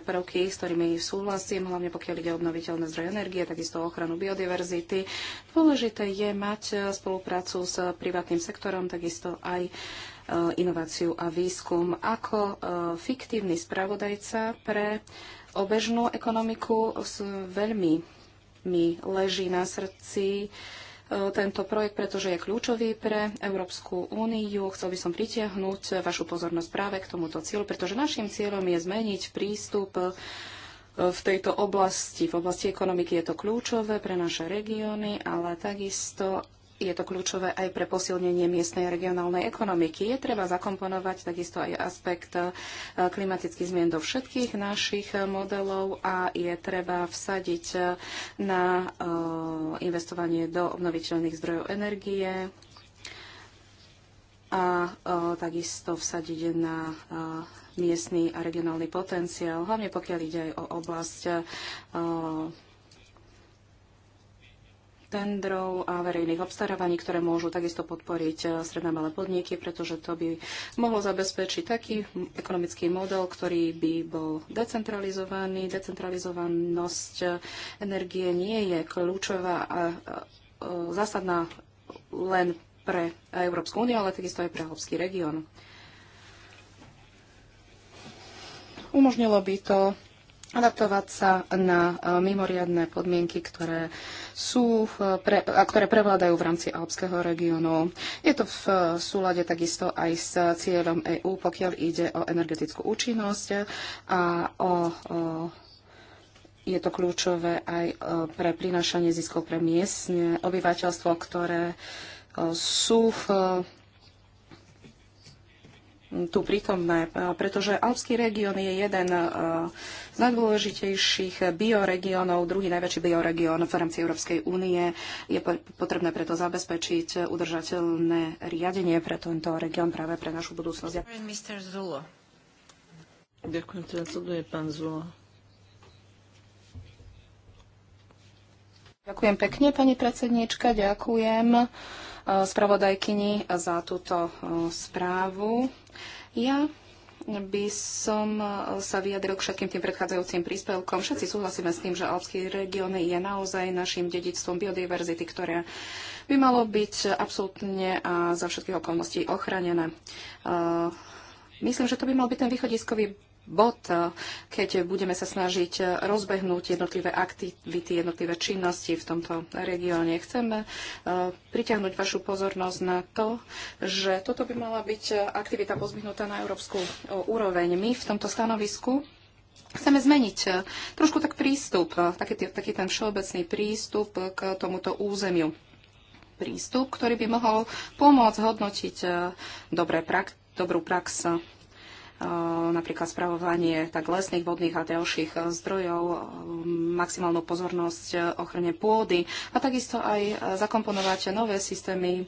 prvky, s ktorými súhlasím, hlavne pokiaľ ide o obnoviteľné zdroje energie, takisto o ochranu biodiverzity. Dôležité je mať e, spoluprácu s privátnym sektorom, takisto aj e, inováciu a výskum. Ako fiktívny spravodajca pre obežnú ekonomiku veľmi mi leží na srdci tento projekt, pretože je kľúčový pre Európsku úniu. Chcel by som pritiahnuť vašu pozornosť práve k tomuto cieľu, pretože našim cieľom je zmeniť prístup e, v tejto oblasti. V oblasti ekonomiky je to kľúčové pre naše regióny, ale takisto je to kľúčové aj pre posilnenie miestnej regionálnej ekonomiky. Je treba zakomponovať takisto aj aspekt e, klimatických zmien do všetkých našich e, modelov a je treba vsadiť e, na investovanie do obnoviteľných zdrojov energie a takisto vsadiť na miestny a regionálny potenciál, hlavne pokiaľ ide aj o oblasť tendrov a verejných obstarávaní, ktoré môžu takisto podporiť eh, stredné malé podniky, pretože to by mohlo zabezpečiť taký ekonomický model, ktorý by bol decentralizovaný. Decentralizovanosť eh, energie nie je kľúčová a eh, zásadná len pre Európsku úniu, ale takisto aj pre Európsky región. Umožnilo by to adaptovať sa na eh, mimoriadne podmienky, ktoré, sú pre, a ktoré prevládajú v rámci alpského regiónu. Je to v eh, súlade takisto aj s cieľom EÚ, pokiaľ ide o energetickú účinnosť a o, o je to kľúčové aj eh, pre prinášanie ziskov pre miestne obyvateľstvo, ktoré sú v tu prítomné, e, pretože Alpský región je jeden e, z najdôležitejších bioregiónov, druhý najväčší bioregión v rámci Európskej únie. Je potrebné preto zabezpečiť udržateľné riadenie pre tento región práve pre našu budúcnosť. Ďakujem, teda sleduje pán Zulo. Ďakujem pekne, pani predsedníčka, ďakujem e, spravodajkyni za túto správu ja by som e, sa vyjadril k všetkým tým predchádzajúcim príspevkom. Všetci súhlasíme s tým, že Alpský región je naozaj našim dedičstvom biodiverzity, ktoré by malo byť absolútne a za všetkých okolností ochránené. E, myslím, že to by mal byť ten východiskový bod, e, keď budeme sa snažiť rozbehnúť jednotlivé aktivity, jednotlivé činnosti v tomto regióne. Chceme e, priťahnuť vašu pozornosť na to, že toto by mala byť aktivita pozbyhnutá na európsku e, úroveň. My v tomto stanovisku Chceme zmeniť trošku tak prístup, taký, taký ten všeobecný prístup k tomuto územiu. Prístup, ktorý by mohol pomôcť hodnotiť dobré prak- dobrú prax napríklad spravovanie tak lesných, vodných a ďalších e, zdrojov, e, maximálnu pozornosť e, ochrane pôdy a takisto aj zakomponovať nové systémy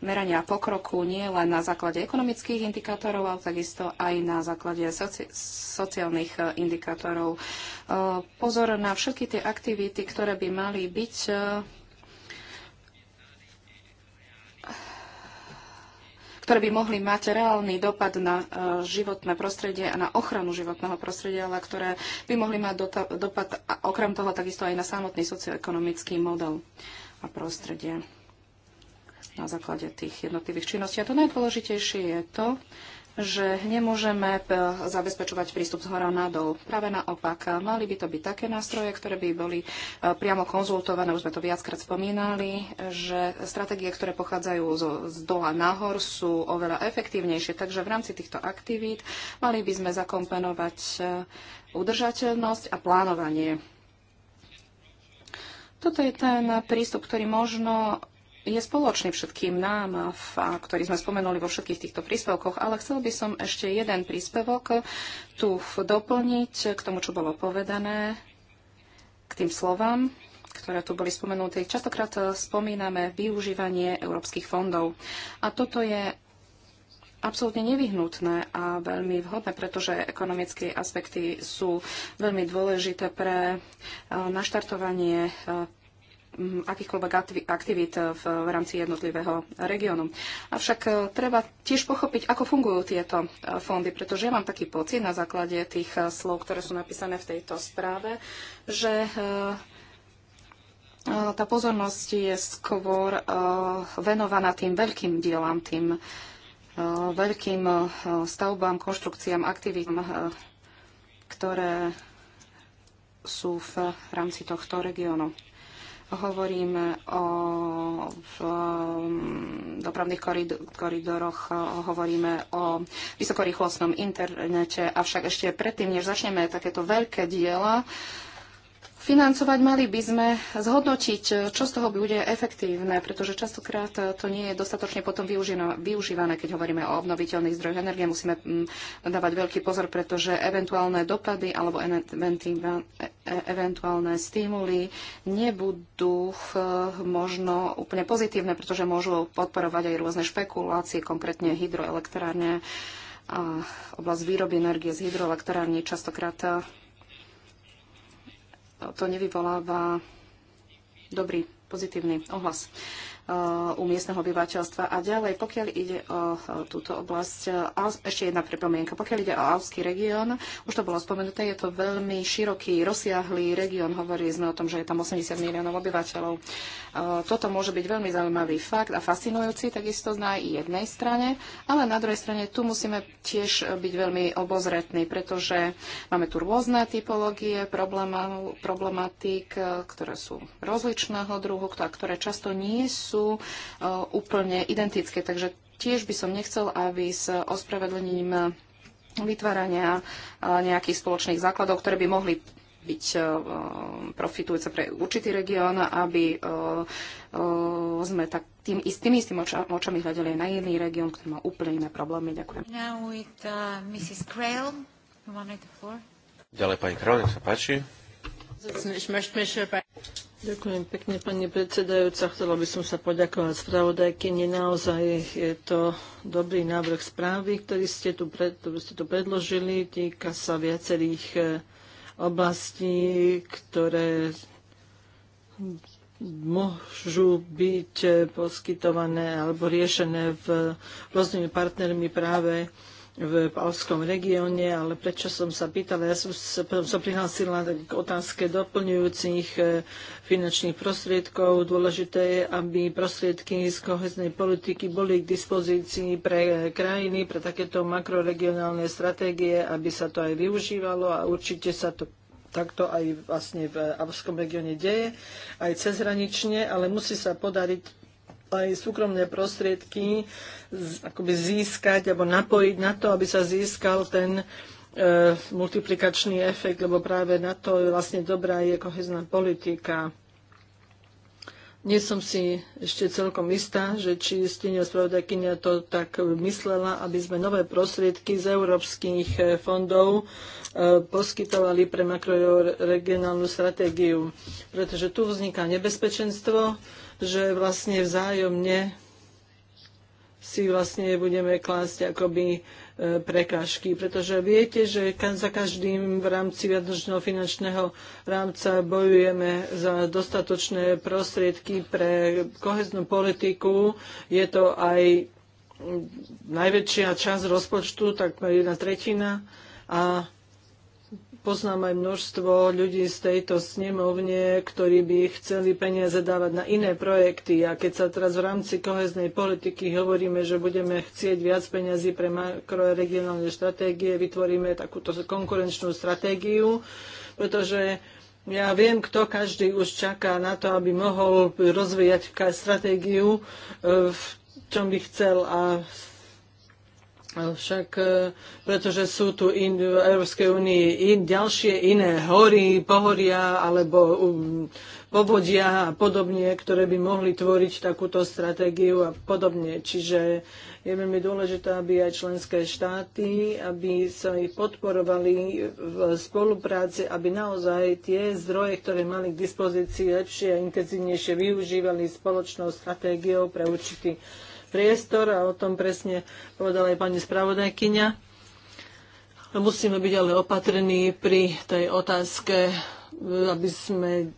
merania pokroku nie len na základe ekonomických indikátorov, ale takisto aj na základe soci- sociálnych indikátorov. Pozor na všetky tie aktivity, ktoré by mali byť ktoré by mohli mať reálny dopad na e, životné prostredie a na ochranu životného prostredia, ale ktoré by mohli mať dopad a okrem toho takisto aj na samotný socioekonomický model a prostredie na základe tých jednotlivých činností. A to najdôležitejšie je to, že nemôžeme zabezpečovať prístup z hora dol. Práve naopak, mali by to byť také nástroje, ktoré by boli e, priamo konzultované, už sme to viackrát spomínali, že stratégie, ktoré pochádzajú z, z dola nahor, sú oveľa efektívnejšie. Takže v rámci týchto aktivít mali by sme zakomponovať e, udržateľnosť a plánovanie. Toto je ten prístup, ktorý možno je spoločný všetkým nám, ktorý sme spomenuli vo všetkých týchto príspevkoch, ale chcel by som ešte jeden príspevok tu doplniť k tomu, čo bolo povedané, k tým slovám, ktoré tu boli spomenuté. Častokrát e, spomíname využívanie európskych fondov. A toto je absolútne nevyhnutné a veľmi vhodné, pretože ekonomické aspekty sú veľmi dôležité pre e, naštartovanie e, Mm, akýchkoľvek aktivít eh, v, rámci jednotlivého regiónu. Avšak eh, treba tiež pochopiť, ako fungujú tieto eh, fondy, pretože ja mám taký pocit na základe tých slov, ktoré sú napísané v tejto správe, že tá pozornosť je skôr venovaná tým veľkým dielám, tým veľkým stavbám, konštrukciám, aktivitám, ktoré sú v rámci tohto regiónu hovoríme o v, mm, dopravných koridoroch, hovoríme o vysokorýchlostnom internete, avšak ešte predtým, než začneme takéto veľké diela, uh, financovať, mali by sme zhodnotiť, čo z toho bude efektívne, pretože častokrát to nie je dostatočne potom využívané, keď hovoríme o obnoviteľných zdrojoch energie. Musíme mm, dávať veľký pozor, pretože eventuálne dopady alebo e- e- eventuálne stimuly nebudú eh, možno úplne pozitívne, pretože môžu podporovať aj rôzne špekulácie, konkrétne hydroelektrárne a oblasť výroby energie z hydroelektrárne častokrát eh, to nevyvoláva dobrý, pozitívny ohlas. Eh, u miestneho obyvateľstva a ďalej. Pokiaľ ide o eh, túto oblasť, eh, ešte jedna pripomienka. Pokiaľ ide o Alpský región, už to bolo spomenuté, je to veľmi široký, rozsiahlý región. Hovorili sme o tom, že je tam 80 miliónov obyvateľov. Toto môže byť veľmi zaujímavý fakt a fascinujúci, takisto na jednej strane, ale na druhej strane tu musíme tiež byť veľmi obozretní, pretože máme tu rôzne typológie problematík, ktoré sú rozličného druhu, ktoré často nie sú sú e, úplne identické. Takže tiež by som nechcel, aby s ospravedlením vytvárania e, nejakých spoločných základov, ktoré by mohli byť e, profitujúce pre určitý región, aby sme tak tým istým, istým oča, očami hľadeli aj na iný región, ktorý má úplne iné problémy. Ďakujem. With, uh, Ďalej pani Krell, nech sa páči. Ďakujem pekne, pani predsedajúca. Chcela by som sa poďakovať spravodajkyni. Naozaj je to dobrý návrh správy, ktorý ste tu, pred, ktorý ste tu predložili. Týka sa viacerých e, oblastí, ktoré môžu byť e, poskytované alebo riešené v rôznymi partnermi práve v Alskom regióne, ale prečo som sa pýtala, ja som sa, potom sa prihlásila k otázke doplňujúcich e, finančných prostriedkov. Dôležité je, aby prostriedky z koheznej politiky boli k dispozícii pre krajiny, pre takéto makroregionálne stratégie, aby sa to aj využívalo a určite sa to takto aj vlastne v Avskom regióne deje, aj cezhranične, ale musí sa podariť aj súkromné prostriedky akoby získať alebo napojiť na to, aby sa získal ten e, multiplikačný efekt, lebo práve na to je vlastne dobrá je kohezná politika. Nie som si ešte celkom istá, že či stenia spravodajkynia to tak myslela, aby sme nové prostriedky z európskych e, fondov e, poskytovali pre makroregionálnu stratégiu. Pretože tu vzniká nebezpečenstvo, že vlastne vzájomne si vlastne budeme klásť akoby e, prekážky, pretože viete, že za každým v rámci viadočného finančného rámca bojujeme za dostatočné prostriedky pre koheznú politiku. Je to aj najväčšia časť rozpočtu, tak jedna tretina. A poznám aj množstvo ľudí z tejto snemovne, ktorí by chceli peniaze dávať na iné projekty. A keď sa teraz v rámci koheznej politiky hovoríme, že budeme chcieť viac peniazy pre makroregionálne stratégie, vytvoríme takúto konkurenčnú stratégiu, pretože ja viem, kto každý už čaká na to, aby mohol rozvíjať stratégiu e, v čom by chcel a však e, pretože sú tu in, v Európskej únii in, ďalšie iné hory, pohoria alebo um, povodia a podobne, ktoré by mohli tvoriť takúto stratégiu a podobne. Čiže je veľmi dôležité, aby aj členské štáty, aby sa ich podporovali v spolupráci, aby naozaj tie zdroje, ktoré mali k dispozícii, lepšie a intenzívnejšie využívali spoločnou stratégiou pre určitý priestor a o tom presne povedala aj pani spravodajkyňa. Musíme byť ale opatrní pri tej otázke, aby sme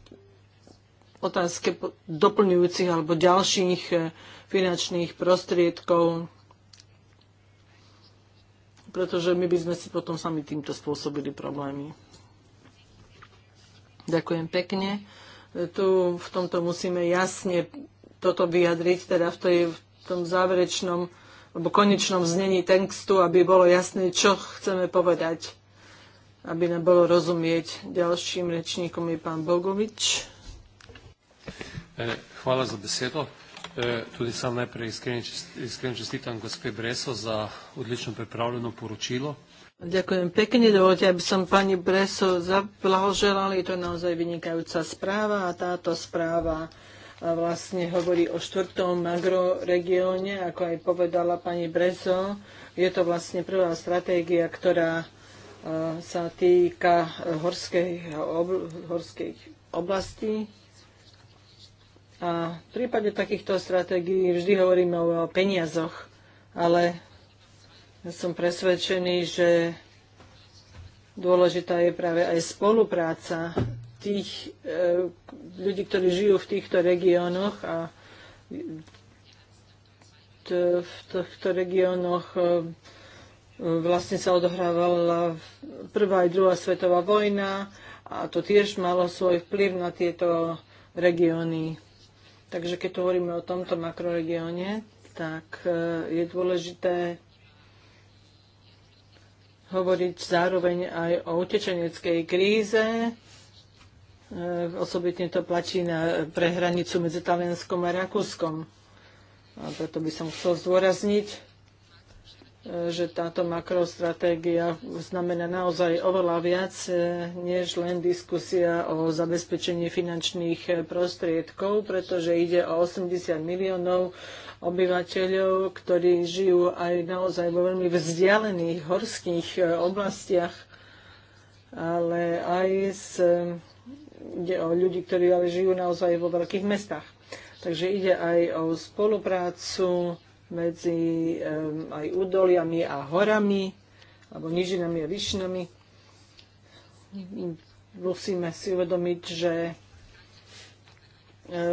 otázke doplňujúcich alebo ďalších eh, finančných prostriedkov, pretože my by sme si potom sami týmto spôsobili problémy. Ďakujem pekne. Tu v tomto musíme jasne toto vyjadriť, teda v tej, v tom záverečnom alebo konečnom znení textu, aby bolo jasné, čo chceme povedať, aby nám bolo rozumieť. Ďalším rečníkom je pán Bogovič. Eh, hvala za besedo. Eh, tudi sam najprej iskreno čestitam gospe Breso za odlično pripravljeno poročilo. Ďakujem pekne, dovolte, aby som pani Breso zablahoželal. Je to naozaj vynikajúca správa a táto správa vlastne hovorí o štvrtom agroregióne, ako aj povedala pani Brezo. Je to vlastne prvá stratégia, ktorá e, sa týka e, horskej, obl- horskej oblasti. A v prípade takýchto stratégií vždy hovoríme o peniazoch, ale som presvedčený, že dôležitá je práve aj spolupráca tých e, ľudí, ktorí žijú v týchto regiónoch a t, v týchto regiónoch e, vlastne sa odohrávala prvá aj druhá svetová vojna a to tiež malo svoj vplyv na tieto regióny. Takže keď hovoríme o tomto makroregióne, tak e, je dôležité hovoriť zároveň aj o utečeneckej kríze, E, osobitne to platí na, prehranicu medzi Talianskom a Rakúskom. A preto by som chcel zdôrazniť, e, že táto makrostratégia znamená naozaj oveľa viac, e, než len diskusia o zabezpečení finančných prostriedkov, pretože ide o 80 miliónov obyvateľov, ktorí žijú aj naozaj vo veľmi vzdialených horských oblastiach, ale aj s ide o ľudí, ktorí ale žijú naozaj vo veľkých mestách. Takže ide aj o spoluprácu medzi um, aj údoliami a horami, alebo nížinami a vyšinami. Musíme si uvedomiť, že e,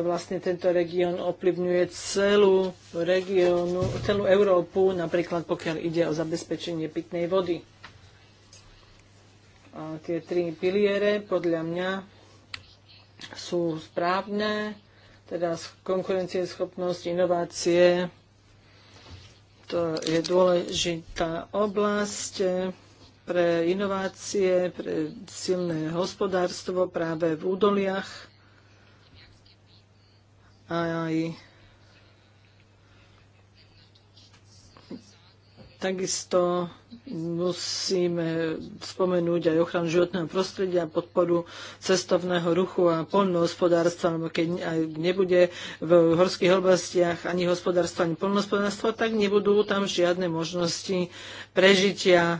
vlastne tento región ovplyvňuje celú regiónu, celú Európu, napríklad pokiaľ ide o zabezpečenie pitnej vody. A tie tri piliere podľa mňa sú správne, teda konkurencieschopnosť, inovácie, to je dôležitá oblasť pre inovácie, pre silné hospodárstvo práve v údoliach. A aj Takisto musíme spomenúť aj ochranu životného prostredia, podporu cestovného ruchu a poľnohospodárstva, lebo keď aj nebude v horských oblastiach ani hospodárstva, ani poľnohospodárstva, tak nebudú tam žiadne možnosti prežitia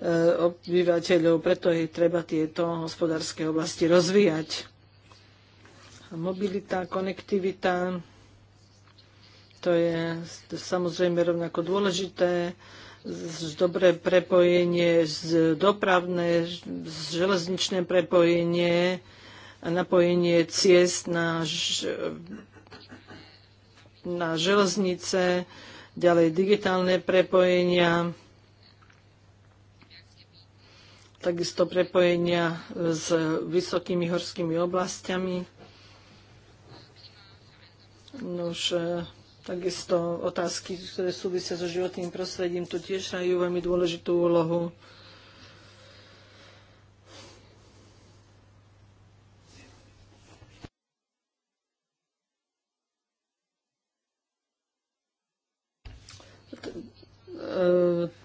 e, obyvateľov, preto je treba tieto hospodárske oblasti rozvíjať. Mobilita, konektivita, to je samozrejme rovnako dôležité. Dobré prepojenie, dopravné, železničné prepojenie a napojenie ciest na, na železnice, ďalej digitálne prepojenia, takisto prepojenia s vysokými horskými oblastiami. Nož, eh, Takisto otázky, ktoré súvisia so životným prostredím, tu tiež majú veľmi dôležitú úlohu.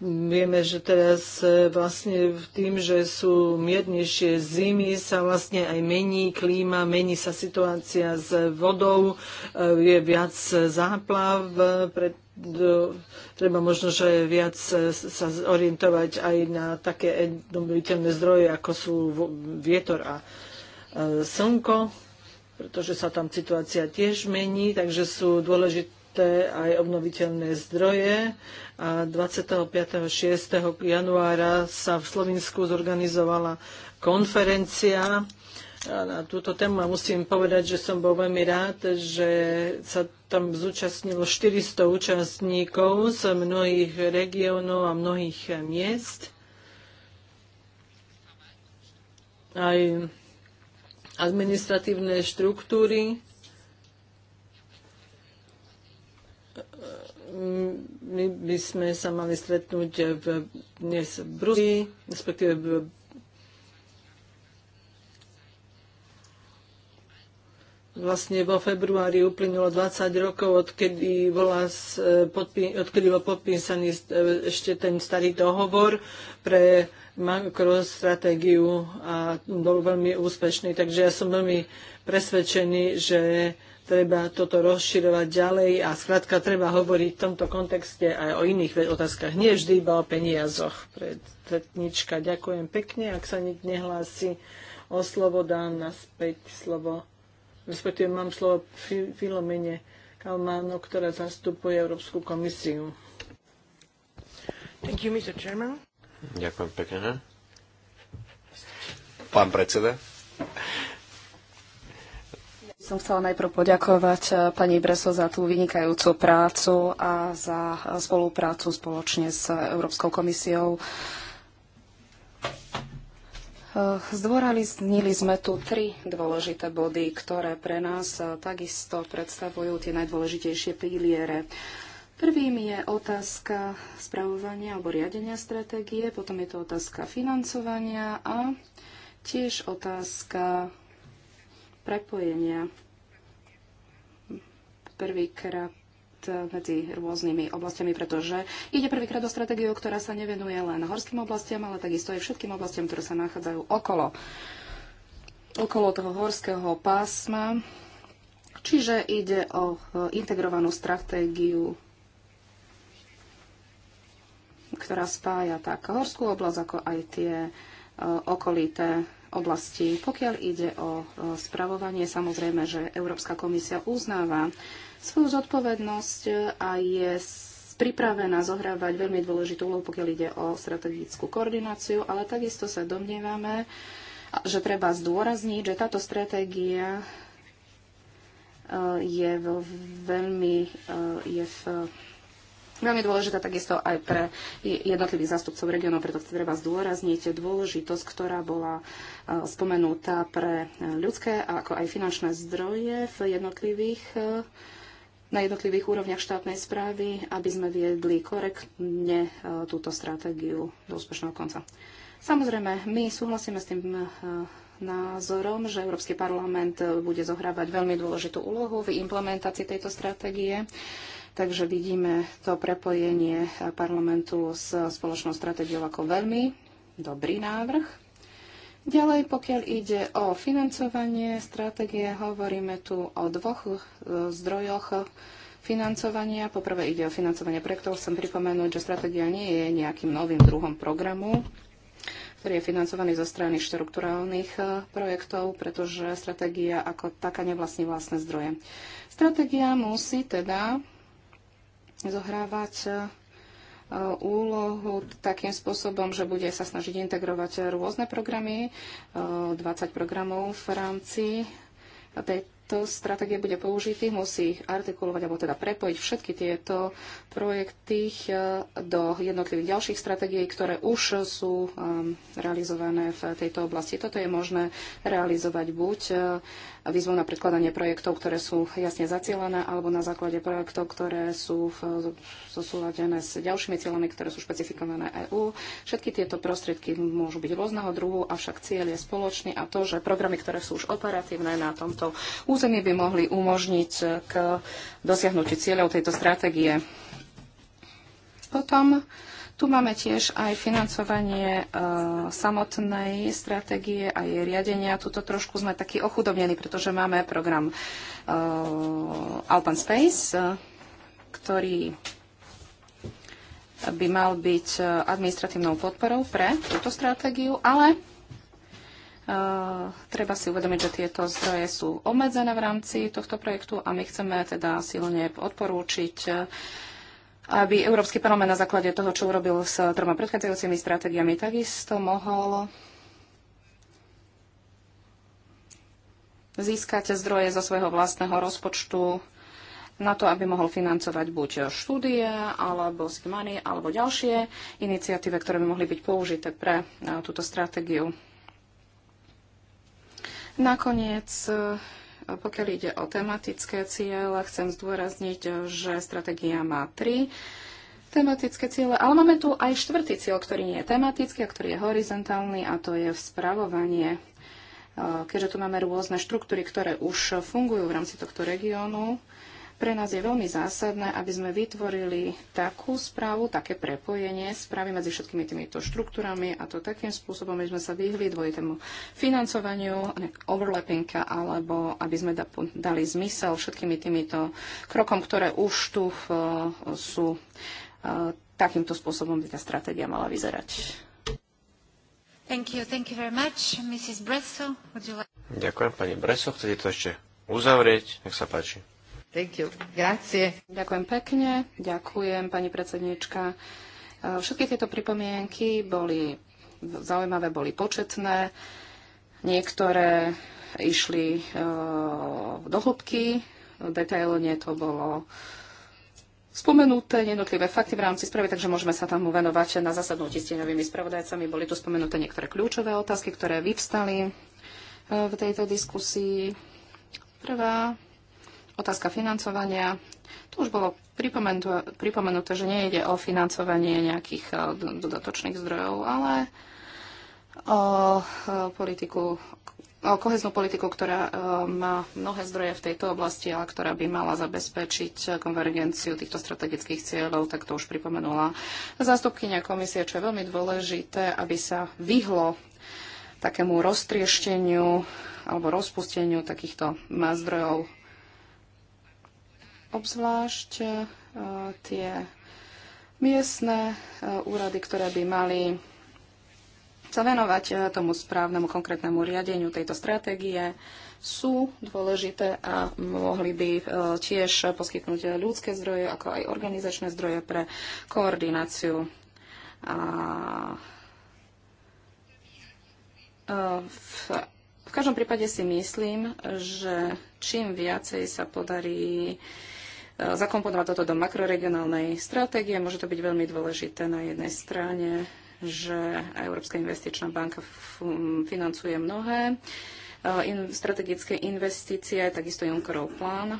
Vieme, že teraz e, vlastne tým, že sú miernejšie zimy, sa vlastne aj mení klíma, mení sa situácia s vodou, e, je viac záplav, e, pred, treba možno, že viac sa orientovať aj na také obnoviteľné zdroje, ako sú vietor a slnko, pretože sa tam situácia tiež mení, takže sú dôležité dôležité aj obnoviteľné zdroje. A 25. 6. januára sa v Slovensku zorganizovala konferencia na túto tému a musím povedať, že som bol veľmi rád, že sa tam zúčastnilo 400 účastníkov z mnohých regiónov a mnohých miest. Aj administratívne štruktúry my by sme sa mali stretnúť v, dnes v Bruseli, respektíve v Vlastne vo februári uplynulo 20 rokov, odkedy, bola, e, odkedy bol podpísaný e, ešte ten starý dohovor pre makrostratégiu a bol veľmi úspešný. Takže ja som veľmi presvedčený, že treba toto rozširovať ďalej a skrátka treba hovoriť v tomto kontexte aj o iných otázkach, nie vždy iba o peniazoch. Predtnička, ďakujem pekne, ak sa nik nehlási o slovo, dám naspäť slovo, respektíve mám slovo Filomene Kalmáno, ktorá zastupuje Európsku komisiu. Thank you, Mr. Chairman. Ďakujem pekne. Pán predseda. Som chcela najprv poďakovať eh, pani Breso za tú vynikajúcu prácu a za eh, spoluprácu spoločne s eh, Európskou komisiou. Zdôraznili sme tu tri dôležité body, ktoré pre nás takisto predstavujú tie najdôležitejšie piliere. Prvým je otázka spravovania alebo riadenia stratégie, potom je to otázka financovania a tiež otázka prepojenia prvýkrát medzi rôznymi oblastiami, pretože ide prvýkrát o stratégiu, ktorá sa nevenuje len horským oblastiam, ale takisto aj všetkým oblastiam, ktoré sa nachádzajú okolo, okolo toho horského pásma. Čiže ide o e, integrovanú stratégiu ktorá spája tak horskú oblasť, ako aj tie e, okolité oblasti. Pokiaľ ide o spravovanie, samozrejme, že Európska komisia uznáva svoju zodpovednosť a je pripravená zohrávať veľmi dôležitú úlohu, pokiaľ ide o strategickú koordináciu, ale takisto sa domnievame, že treba zdôrazniť, že táto stratégia e, je v, veľmi e, je v veľmi dôležitá takisto aj pre jednotlivých zástupcov regionov, preto treba zdôrazniť dôležitosť, ktorá bola e, spomenutá pre ľudské ako aj finančné zdroje v jednotlivých e, na jednotlivých úrovniach štátnej správy, aby sme viedli korektne e, túto stratégiu do úspešného konca. Samozrejme, my súhlasíme s tým názorom, že Európsky parlament bude zohrávať veľmi dôležitú úlohu v implementácii tejto stratégie Takže vidíme to prepojenie parlamentu s spoločnou stratégiou ako veľmi dobrý návrh. Ďalej, pokiaľ ide o financovanie stratégie, hovoríme tu o dvoch e, zdrojoch financovania. Poprvé ide o financovanie projektov. Chcem pripomenúť, že stratégia nie je nejakým novým druhom programu, ktorý je financovaný zo strany štrukturálnych e, projektov, pretože stratégia ako taká nevlastní vlastné zdroje. Stratégia musí teda zohrávať e, úlohu takým spôsobom, že bude sa snažiť integrovať rôzne programy, 20 e, programov v rámci tej, projekt stratégie bude použitý, musí artikulovať alebo teda prepojiť všetky tieto projekty eh, do jednotlivých ďalších stratégií, ktoré už sú ehm, realizované v tejto oblasti. Toto je možné realizovať buď eh, výzvou na predkladanie projektov, ktoré sú jasne zacielené, alebo na základe projektov, ktoré sú zosúladené s ďalšími cieľami, ktoré sú špecifikované EÚ. Všetky tieto prostriedky môžu byť rôzneho druhu, avšak cieľ je spoločný a to, že programy, ktoré sú už operatívne na tomto území, územie by mohli umožniť e, k dosiahnutiu cieľov tejto stratégie. Potom tu máme tiež aj financovanie e, samotnej stratégie a jej riadenia. Tuto trošku sme takí ochudobnení, pretože máme program e, Alpan Space, e, ktorý by mal byť e, administratívnou podporou pre túto stratégiu, ale Eh, treba si uvedomiť, že tieto zdroje sú obmedzené v rámci tohto projektu a my chceme teda silne odporúčiť eh, aby Európsky parlament na základe toho, čo urobil s troma predchádzajúcimi stratégiami, takisto mohol získať zdroje zo svojho vlastného rozpočtu na to, aby mohol financovať buď štúdie, alebo skimany, alebo ďalšie iniciatíve, ktoré by mohli byť použité pre eh, túto stratégiu. Nakoniec, eh, pokiaľ ide o tematické ciele, chcem zdôrazniť, eh, že stratégia má tri tematické ciele, ale máme tu aj štvrtý cieľ, ktorý nie je tematický a ktorý je horizontálny a to je spravovanie. Eh, Keďže tu máme rôzne štruktúry, ktoré už fungujú v rámci tohto regiónu, pre nás je veľmi zásadné, aby sme vytvorili takú správu, také prepojenie správy medzi všetkými týmito štruktúrami a to takým spôsobom, aby sme sa vyhli dvojitému financovaniu, overlappinga, alebo aby sme dali zmysel všetkými týmito krokom, ktoré už tu eh, sú. Eh, takýmto spôsobom by tá stratégia mala vyzerať. Thank you, thank you very much. Mrs. Bresso, would you like... Ďakujem, pani Bresso. Chcete to ešte uzavrieť? Nech sa páči. Thank you. Grazie. Ďakujem pekne. Ďakujem, pani predsednička. E, všetky tieto pripomienky boli zaujímavé, boli početné. Niektoré išli e, do hĺbky, detailne to bolo spomenuté jednotlivé fakty v rámci správy, takže môžeme sa tam venovať na zasadnutí s tieňovými spravodajcami. Boli tu spomenuté niektoré kľúčové otázky, ktoré vyvstali e, v tejto diskusii. Prvá otázka financovania. Tu už bolo pripomenuté, že nejde o financovanie nejakých e, dodatočných zdrojov, ale o e, politiku o koheznú politiku, ktorá e, má mnohé zdroje v tejto oblasti, ale ktorá by mala zabezpečiť konvergenciu týchto strategických cieľov, tak to už pripomenula zástupkynia komisie, čo je veľmi dôležité, aby sa vyhlo takému roztriešteniu alebo rozpusteniu takýchto zdrojov obzvlášť e, tie miestne e, úrady, ktoré by mali sa venovať e, tomu správnemu konkrétnemu riadeniu tejto stratégie sú dôležité a mohli by tiež poskytnúť ľudské zdroje, ako aj organizačné zdroje pre koordináciu a v každom prípade si myslím, že čím viacej sa podarí E, zakomponovať toto do makroregionálnej stratégie. Môže to byť veľmi dôležité na jednej strane, že Európska investičná banka financuje mnohé e, in, strategické investície, takisto Junckerov plán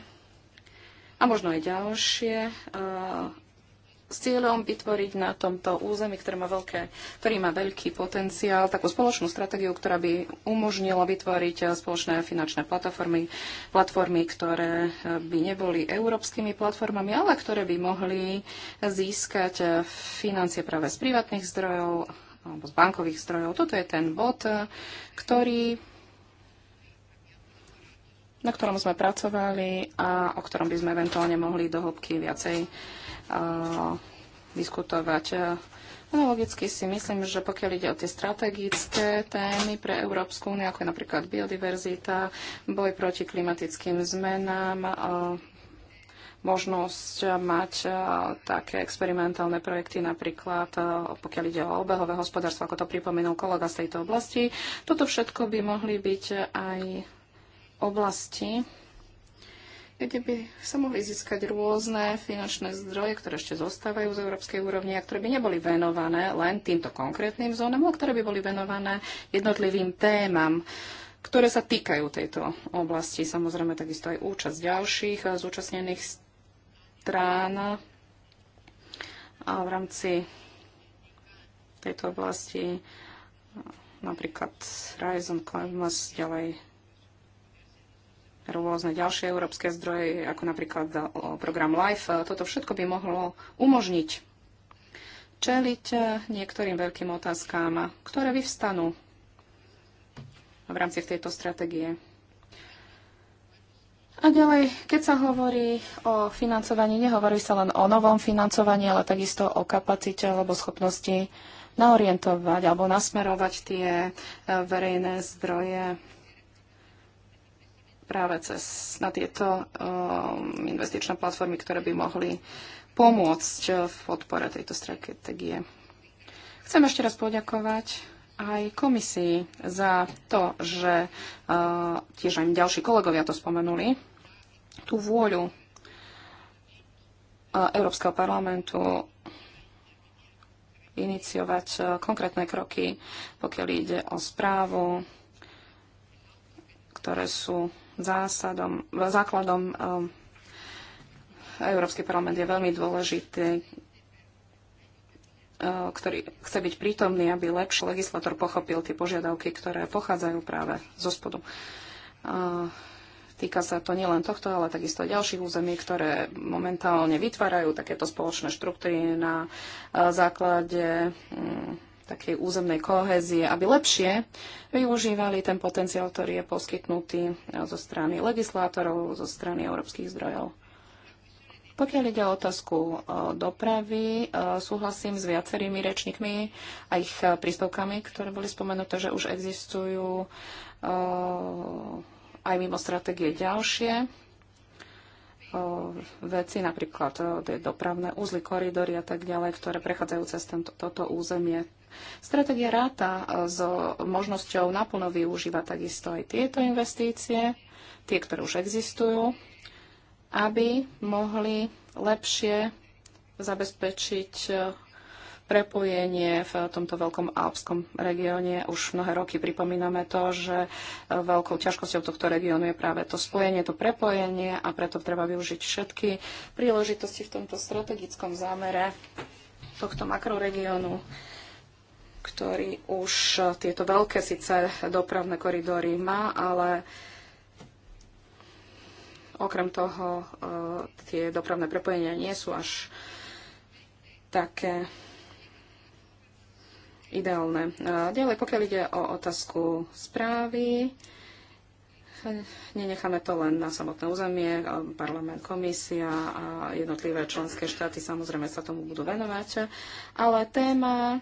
a možno aj ďalšie. E, s cieľom vytvoriť na tomto území, ktoré má, veľké, ktorý má veľký potenciál, takú spoločnú stratégiu, ktorá by umožnila vytvoriť eh, spoločné finančné platformy, platformy, ktoré eh, by neboli európskymi platformami, ale ktoré by mohli získať eh, financie práve z privátnych zdrojov alebo z bankových zdrojov. Toto je ten bod, ktorý na ktorom sme pracovali a o ktorom by sme eventuálne mohli do hĺbky viacej uh, diskutovať. Analogicky si myslím, že pokiaľ ide o tie strategické témy pre Európsku úniu, ako je napríklad biodiverzita, boj proti klimatickým zmenám, uh, možnosť mať uh, také experimentálne projekty, napríklad uh, pokiaľ ide o obehové hospodárstvo, ako to pripomenul kolega z tejto oblasti. Toto všetko by mohli byť aj oblasti, kde by sa mohli získať rôzne finančné zdroje, ktoré ešte zostávajú z európskej úrovne a ktoré by neboli venované len týmto konkrétnym zónam, ale ktoré by boli venované jednotlivým témam ktoré sa týkajú tejto oblasti. Samozrejme takisto aj účasť ďalších eh, zúčastnených strán a v rámci tejto oblasti eh, napríklad Horizon Climate ďalej rôzne ďalšie európske zdroje, ako napríklad eh, program LIFE. Eh, toto všetko by mohlo umožniť čeliť eh, niektorým veľkým otázkám, ktoré vyvstanú v rámci tejto stratégie. A ďalej, keď sa hovorí o financovaní, nehovorí sa len o novom financovaní, ale takisto o kapacite alebo schopnosti naorientovať alebo nasmerovať tie verejné zdroje práve cez, na tieto um, investičné platformy, ktoré by mohli pomôcť v podpore tejto stratégie. Chcem ešte raz poďakovať aj komisii za to, že uh, tiež aj ďalší kolegovia to spomenuli, tú vôľu uh, Európskeho parlamentu iniciovať uh, konkrétne kroky, pokiaľ ide o správu, ktoré sú zásadom, základom um, Európsky parlament je veľmi dôležitý, uh, ktorý chce byť prítomný, aby lepšie legislator pochopil tie požiadavky, ktoré pochádzajú práve zo spodu. Uh, týka sa to nielen tohto, ale takisto ďalších území, ktoré momentálne vytvárajú takéto spoločné štruktúry na uh, základe um, takej územnej kohézie, aby lepšie využívali ten potenciál, ktorý je poskytnutý eh, zo strany legislátorov, zo strany európskych zdrojov. Pokiaľ ide o otázku eh, dopravy, eh, súhlasím s viacerými rečníkmi a ich príspevkami, ktoré boli spomenuté, že už existujú aj mimo stratégie ďalšie veci, napríklad dopravné úzly, koridory a tak ďalej, ktoré prechádzajú cez tento, toto územie. Stratégia ráta e, s možnosťou naplno využívať takisto aj tieto investície, tie, ktoré už existujú, aby mohli lepšie zabezpečiť e, prepojenie v tomto veľkom alpskom regióne. Už mnohé roky pripomíname to, že e, veľkou ťažkosťou tohto regiónu je práve to spojenie, to prepojenie a preto treba využiť všetky príležitosti v tomto strategickom zámere tohto makroregiónu ktorý už eh, tieto veľké síce dopravné koridory má, ale okrem toho eh, tie dopravné prepojenia nie sú až také ideálne. Eh, ďalej, pokiaľ ide o otázku správy, nenecháme to len na samotné územie, parlament, komisia a jednotlivé členské štáty samozrejme sa tomu budú venovať, ale téma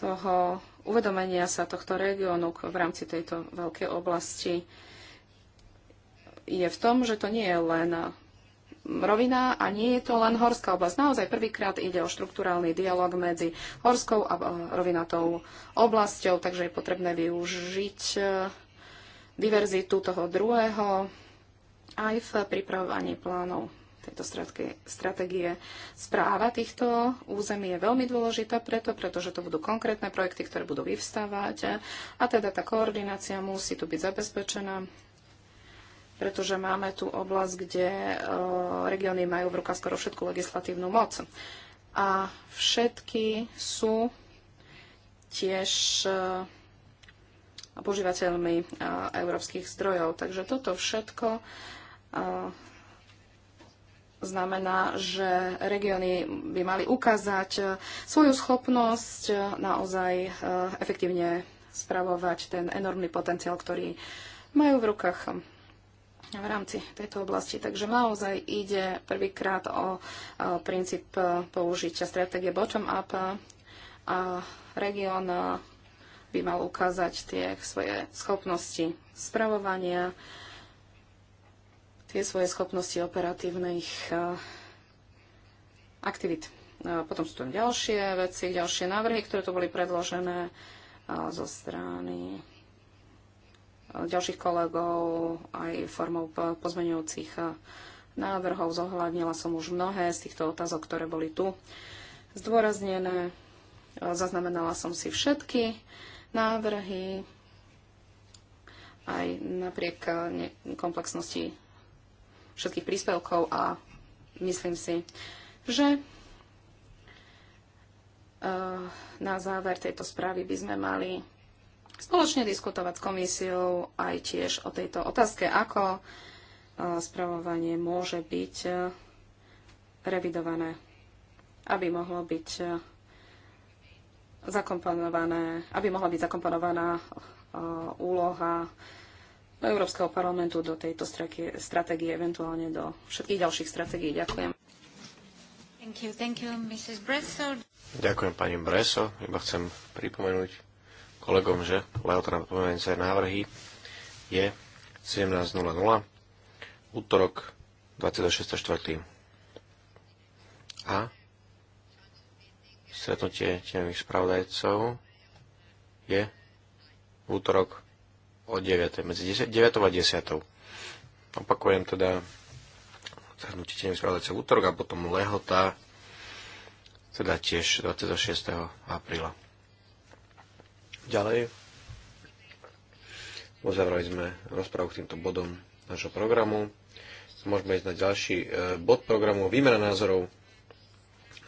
toho uvedomenia sa tohto regiónu v rámci tejto veľkej oblasti je v tom, že to nie je len rovina a nie je to len horská oblasť. Naozaj prvýkrát ide o štruktúrálny dialog medzi horskou a rovinatou oblasťou, takže je potrebné využiť e, diverzitu toho druhého aj v pripravovaní plánov tejto stratégie. Správa týchto území je veľmi dôležitá preto, pretože to budú konkrétne projekty, ktoré budú vyvstávať a teda tá koordinácia musí tu byť zabezpečená pretože máme tu oblasť, kde eh, regióny majú v rukách skoro všetku legislatívnu moc. A všetky sú tiež eh, požívateľmi eh, európskych zdrojov. Takže toto všetko znamená, že regióny by mali ukázať e, svoju schopnosť e, naozaj e, efektívne spravovať ten enormný potenciál, ktorý majú v rukách v rámci tejto oblasti. Takže naozaj ide prvýkrát o, princíp použitia stratégie bottom-up a región by mal ukázať tie svoje schopnosti spravovania tie svoje schopnosti operatívnych e, aktivít. E, potom sú tam ďalšie veci, ďalšie návrhy, ktoré tu boli predložené e, zo strany ďalších kolegov aj formou pozmeňujúcich návrhov. Zohľadnila som už mnohé z týchto otázok, ktoré boli tu zdôraznené. Zaznamenala som si všetky návrhy aj napriek komplexnosti všetkých príspevkov a myslím si, že eh, na záver tejto správy by sme mali spoločne diskutovať s komisiou aj tiež o tejto otázke, ako eh, spravovanie môže byť eh, revidované, aby mohlo byť zakomponované, aby mohla byť zakomponovaná úloha Európskeho parlamentu do tejto stratégie, eventuálne do všetkých ďalších stratégií. Ďakujem. Thank you, thank you, Mrs. Ďakujem pani Breso. Iba chcem pripomenúť kolegom, že lehota na pomenujúce návrhy je 17.00 útorok 26.4. A stretnutie tieňových spravodajcov je útorok o 9. medzi 10, 9. a 10. Opakujem teda zahrnutie tieňových spravodajcov útorok a potom lehota teda tiež 26. apríla. Ďalej uzavrali sme rozprávu k týmto bodom nášho programu. Môžeme ísť na ďalší e, bod programu Výmena názorov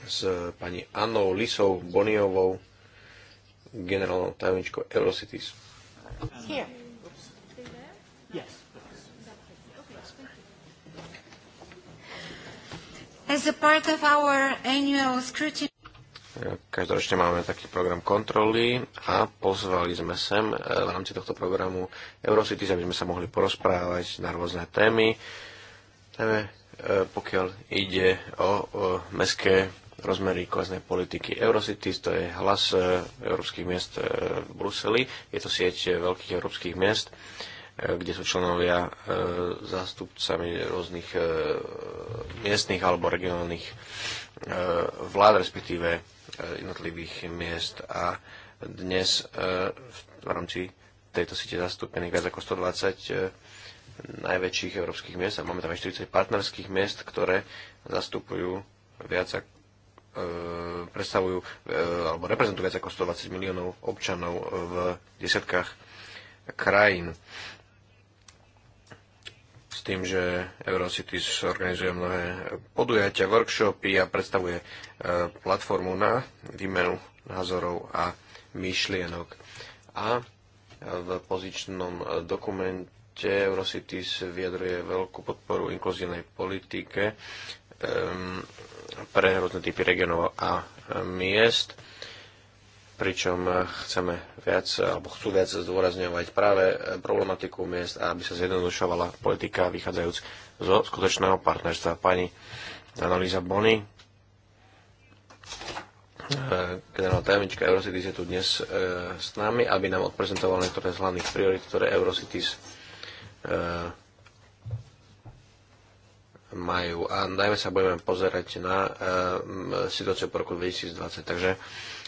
s pani Annou Lisou Boniovou, generálnou tajomničkou Eurocities. Here. Yes. As a part of our annual scrutiny... Každoročne máme taký program kontroly a pozvali sme sem eh, v rámci tohto programu Eurocities, aby sme sa mohli porozprávať na rôzne témy. Téme, eh, pokiaľ ide o, o eh, meské rozmery kolesnej politiky. Eurocities to je hlas európskych miest v Bruseli, je to sieť veľkých európskych miest kde sú členovia e, zástupcami rôznych e, miestnych alebo regionálnych e, vlád, respektíve jednotlivých miest. A dnes v rámci tejto siete zastúpených viac ako 120 najväčších európskych miest a máme tam aj 40 partnerských miest, ktoré zastupujú viac ako predstavujú alebo reprezentujú viac ako 120 miliónov občanov v desiatkách krajín s tým, že Eurocities organizuje mnohé podujatia, workshopy a predstavuje e, platformu na výmenu názorov a myšlienok. A e, v pozičnom e, dokumente Eurocities vyjadruje veľkú podporu inkluzívnej politike pre rôzne typy regionov a miest pričom chceme viac, alebo chcú viac zdôrazňovať práve problematiku miest a aby sa zjednodušovala politika vychádzajúc zo skutočného partnerstva. Pani Analýza Bony, eh, generálna tajomnička Eurocities je tu dnes eh, s nami, aby nám odprezentovala niektoré z hlavných priorit, ktoré Eurocities eh, majú. A najmä sa budeme pozerať na situáciu po roku 2020. Takže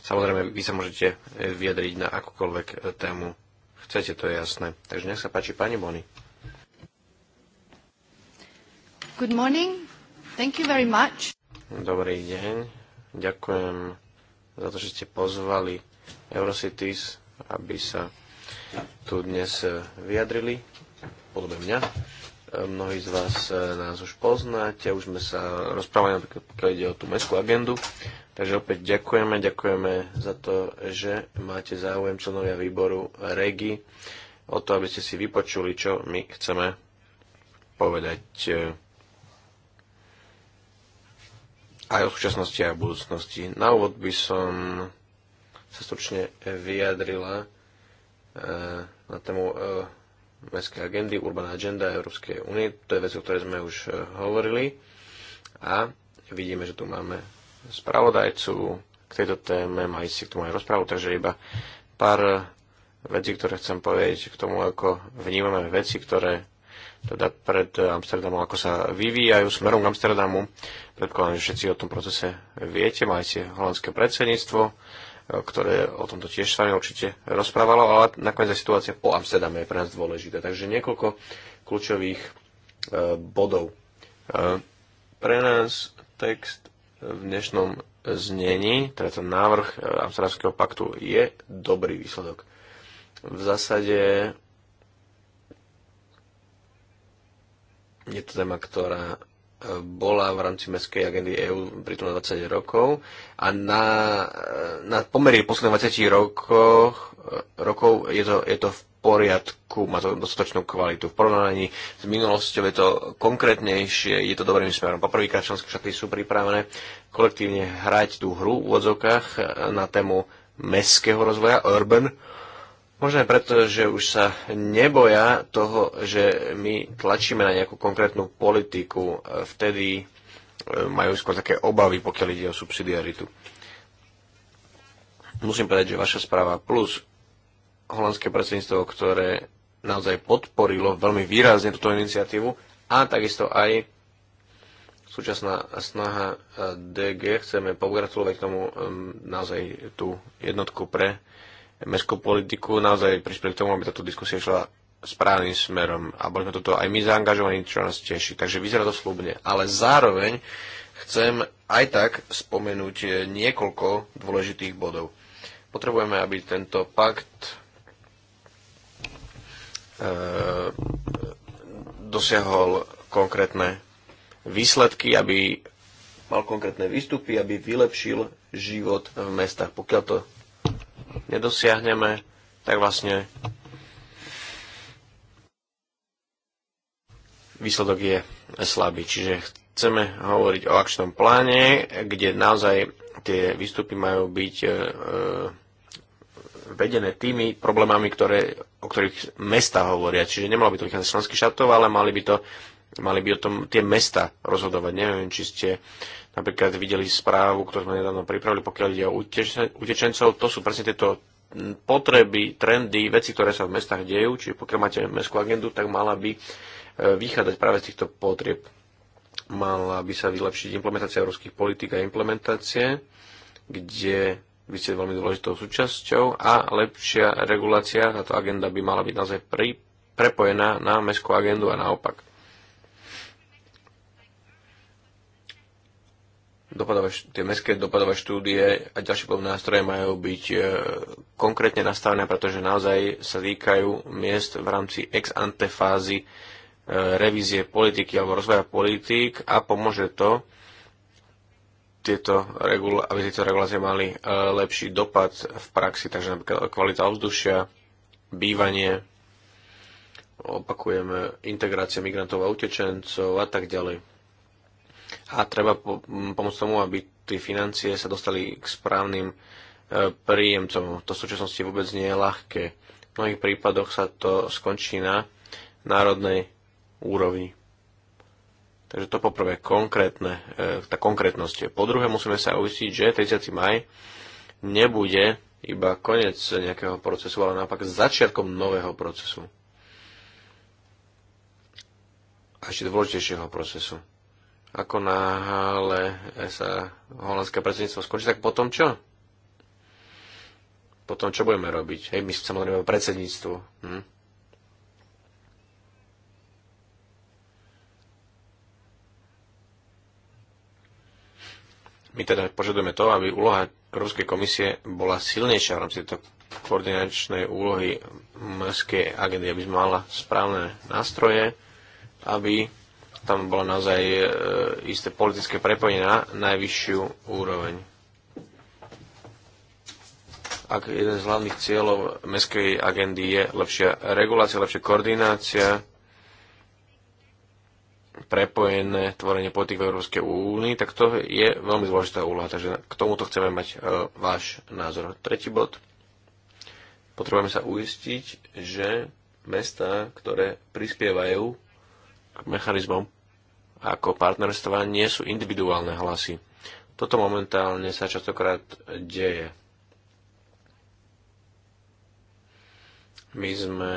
Samozrejme, vy sa môžete e, vyjadriť na akúkoľvek e, tému chcete, to je jasné. Takže nech sa páči, pani Bony. Good morning. Thank you very much. Dobrý deň. Ďakujem za to, že ste pozvali Eurocities, aby sa tu dnes e, vyjadrili, podobne mňa. Mnohí z vás nás už poznáte, už sme sa rozprávali, napríklad pokiaľ ide o tú mestskú agendu Takže opäť ďakujeme, ďakujeme za to, že máte záujem členovia výboru REGI o to, aby ste si vypočuli, čo my chceme povedať eh, aj o súčasnosti a budúcnosti. Na úvod by som sa stručne vyjadrila eh, na tému eh, mestskej agendy, urbaná agenda Európskej únie. To je vec, o ktorej sme už hovorili a vidíme, že tu máme spravodajcu k tejto téme, mali ste k tomu aj rozprávu, takže iba pár vecí, ktoré chcem povedať k tomu, ako vnímame veci, ktoré teda pred Amsterdamom, ako sa vyvíjajú smerom k Amsterdamu. Predpokladám, že všetci o tom procese viete, máte holandské predsedníctvo, ktoré o tomto tiež s vami určite rozprávalo, ale nakoniec aj situácia po Amsterdame je pre nás dôležitá. Takže niekoľko kľúčových eh, bodov. Eh, pre nás text v dnešnom znení, teda ten návrh e, Amsterdamského paktu je dobrý výsledok. V zásade je to téma, ktorá bola v rámci mestskej agendy EÚ pri tom 20 rokov a na, na pomery posledných 20 rokoch, rokov je to, je to v poriadku, má to dostatočnú kvalitu. V porovnaní s minulosťou je to konkrétnejšie, je to dobrým smerom. Poprvýkrát členské šaty sú pripravené kolektívne hrať tú hru v odzokách na tému mestského rozvoja, urban Možno aj preto, že už sa neboja toho, že my tlačíme na nejakú konkrétnu politiku, e, vtedy e, majú skôr také obavy, pokiaľ ide o subsidiaritu. Musím povedať, že vaša správa plus holandské predsedníctvo, ktoré naozaj podporilo veľmi výrazne túto iniciatívu a takisto aj súčasná snaha e, DG. Chceme pogratulovať k tomu naozaj tú jednotku pre mestskú politiku naozaj prispeli k tomu, aby táto diskusia šla správnym smerom a boli sme toto aj my zaangažovaní, čo nás teší. Takže vyzerá to slubne. Ale zároveň chcem aj tak spomenúť eh, niekoľko dôležitých bodov. Potrebujeme, aby tento pakt e, dosiahol konkrétne výsledky, aby mal konkrétne výstupy, aby vylepšil život v mestách. Pokiaľ to nedosiahneme, tak vlastne výsledok je slabý. Čiže chceme hovoriť o akčnom pláne, kde naozaj tie výstupy majú byť e, e, vedené tými problémami, ktoré, o ktorých mesta hovoria. Čiže nemalo by to vychádzať z členských štátov, ale mali by, to, mali by o tom tie mesta rozhodovať. Neviem, či ste Napríklad videli správu, ktorú sme nedávno pripravili, pokiaľ ide o utečencov. To sú presne tieto potreby, trendy, veci, ktoré sa v mestách dejú. Čiže pokiaľ máte mestskú agendu, tak mala by e, vychádzať práve z týchto potrieb. Mala by sa vylepšiť implementácia európskych politik a implementácie, kde vy ste veľmi dôležitou súčasťou a lepšia regulácia, táto agenda by mala byť naozaj pri, prepojená na mestskú agendu a naopak. dopadové, tie mestské dopadové štúdie a ďalšie podobné nástroje majú byť e, konkrétne nastavené, pretože naozaj sa týkajú miest v rámci ex ante fázy e, revízie politiky alebo rozvoja politík a pomôže to tieto regul- aby tieto regulácie mali e, lepší dopad v praxi, takže napríklad kvalita ovzdušia, bývanie, opakujeme integrácia migrantov a utečencov a tak ďalej a treba pomôcť tomu, aby tie financie sa dostali k správnym e, príjemcom. To v súčasnosti vôbec nie je ľahké. V mnohých prípadoch sa to skončí na národnej úrovni. Takže to poprvé konkrétne, e, tá konkrétnosť. Po druhé musíme sa uistiť, že 30. maj nebude iba koniec nejakého procesu, ale naopak začiatkom nového procesu. A ešte dôležitejšieho procesu. Ako náhle sa holandské predsedníctvo skončí, tak potom čo? Potom čo budeme robiť? Hej, my samozrejme predsedníctvu. Hm? My teda požadujeme to, aby úloha Európskej komisie bola silnejšia v rámci tejto koordinačnej úlohy mestskej agendy, aby sme mala správne nástroje, aby tam bolo naozaj e, isté politické prepojenie na najvyššiu úroveň. Ak jeden z hlavných cieľov mestskej agendy je lepšia regulácia, lepšia koordinácia, prepojené tvorenie politik v Európskej únii, tak to je veľmi zložitá úloha, takže k tomuto chceme mať e, váš názor. Tretí bod. Potrebujeme sa uistiť, že mesta, ktoré prispievajú mechanizmom ako partnerstva nie sú individuálne hlasy. Toto momentálne sa častokrát deje. My sme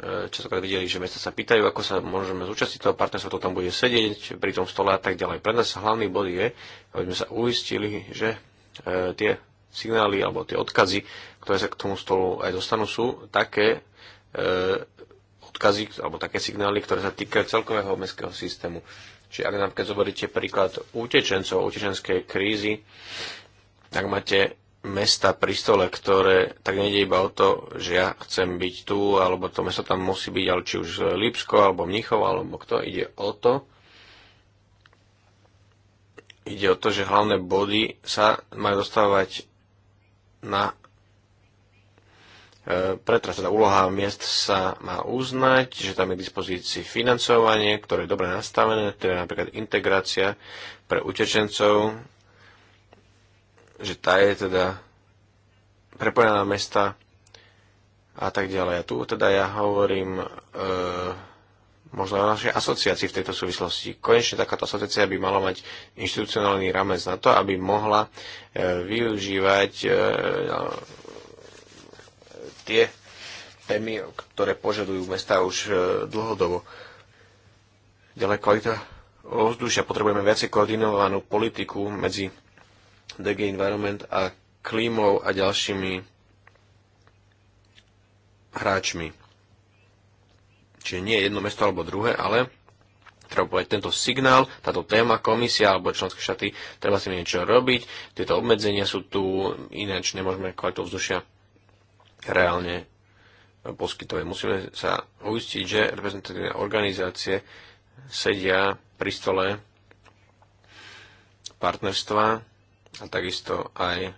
e, častokrát videli, že mesta sa pýtajú, ako sa môžeme zúčastniť toho partnerstva, to tam bude sedieť pri tom stole a tak ďalej. Pre nás hlavný bod je, aby sme sa uistili, že e, tie signály alebo tie odkazy, ktoré sa k tomu stolu aj dostanú, sú také, e, odkazy alebo také signály, ktoré sa týkajú celkového mestského systému. Čiže ak napríklad zoberiete príklad utečencov, utečenskej krízy, tak máte mesta pri stole, ktoré, tak nejde iba o to, že ja chcem byť tu, alebo to mesto tam musí byť, ale či už Lipsko, alebo Mnichov, alebo kto, ide o to, ide o to, že hlavné body sa majú dostávať na E, preto teda úloha miest sa má uznať, že tam je k dispozícii financovanie, ktoré je dobre nastavené, teda napríklad integrácia pre utečencov, že tá je teda prepojená mesta a tak ďalej. A tu teda ja hovorím e, možno o našej asociácii v tejto súvislosti. Konečne takáto asociácia by mala mať inštitucionálny ramec na to, aby mohla e, využívať e, tie témy, ktoré požadujú mesta už e, dlhodobo. Ďalej kvalita ovzdušia. Potrebujeme viacej koordinovanú politiku medzi DG Environment a klímou a ďalšími hráčmi. Čiže nie jedno mesto alebo druhé, ale treba povedať tento signál, táto téma, komisia alebo členské štáty, treba si niečo robiť, tieto obmedzenia sú tu, ináč nemôžeme kvalitu vzdušia reálne poskytovať. Musíme sa uistiť, že reprezentatívne organizácie sedia pri stole partnerstva a takisto aj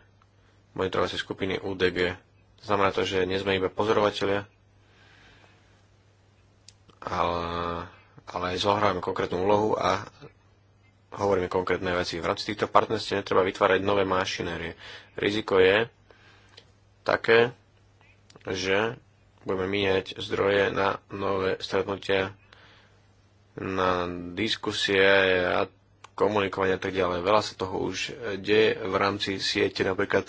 monitorovacie skupiny UDG. Znamená to, že nie sme iba pozorovateľia, ale, ale aj zohrávame konkrétnu úlohu a hovoríme konkrétne veci. V rámci týchto partnerstiev netreba vytvárať nové mašinérie. Riziko je také, že budeme míňať zdroje na nové stretnutia, na diskusie a komunikovanie a tak ďalej. Veľa sa toho už deje v rámci siete, napríklad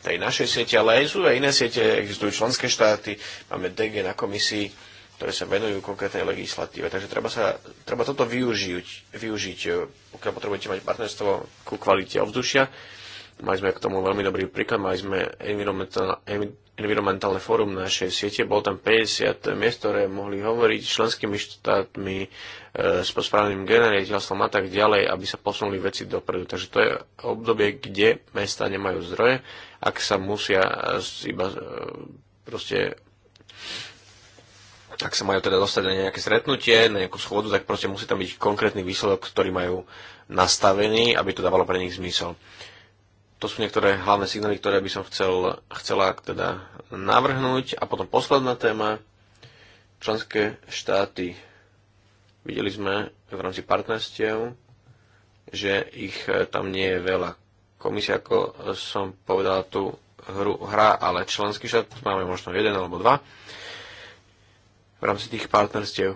tej našej siete, ale aj sú aj iné siete, existujú členské štáty, máme DG na komisii, ktoré sa venujú konkrétnej legislatíve. Takže treba, sa, treba toto využiť, využiť, pokiaľ potrebujete mať partnerstvo ku kvalite ovzdušia. Mali sme k tomu veľmi dobrý príklad, mali sme environmentálne, environmentálne fórum našej siete. bolo tam 50 miest, ktoré mohli hovoriť členskými štátmi, e, s posprávnym generiteľstvom a tak ďalej, aby sa posunuli veci dopredu. Takže to je obdobie, kde mesta nemajú zdroje, ak sa musia e, iba e, proste ak sa majú teda dostať na nejaké stretnutie, na nejakú schôdu, tak proste musí tam byť konkrétny výsledok, ktorý majú nastavený, aby to dávalo pre nich zmysel. E, to sú niektoré hlavné signály, ktoré by som chcel, chcela teda navrhnúť. A potom posledná téma, členské štáty. Videli sme v rámci partnerstiev, že ich e, tam nie je veľa. Komisia, ako som povedal, tu hru hrá, ale členský štát máme možno jeden alebo dva v rámci tých partnerstiev.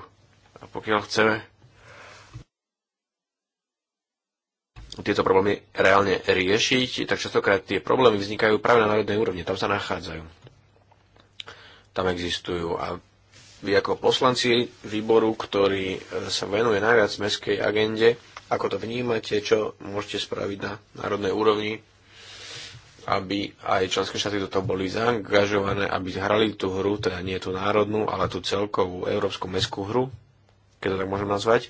A pokiaľ chceme tieto problémy reálne riešiť, tak častokrát tie problémy vznikajú práve na národnej úrovni, tam sa nachádzajú. Tam existujú. A vy ako poslanci výboru, ktorý e, sa venuje najviac mestskej agende, ako to vnímate, čo môžete spraviť na národnej úrovni, aby aj členské štáty do toho boli zaangažované, aby zhrali tú hru, teda nie tú národnú, ale tú celkovú európsku mestskú hru, keď to tak môžem nazvať,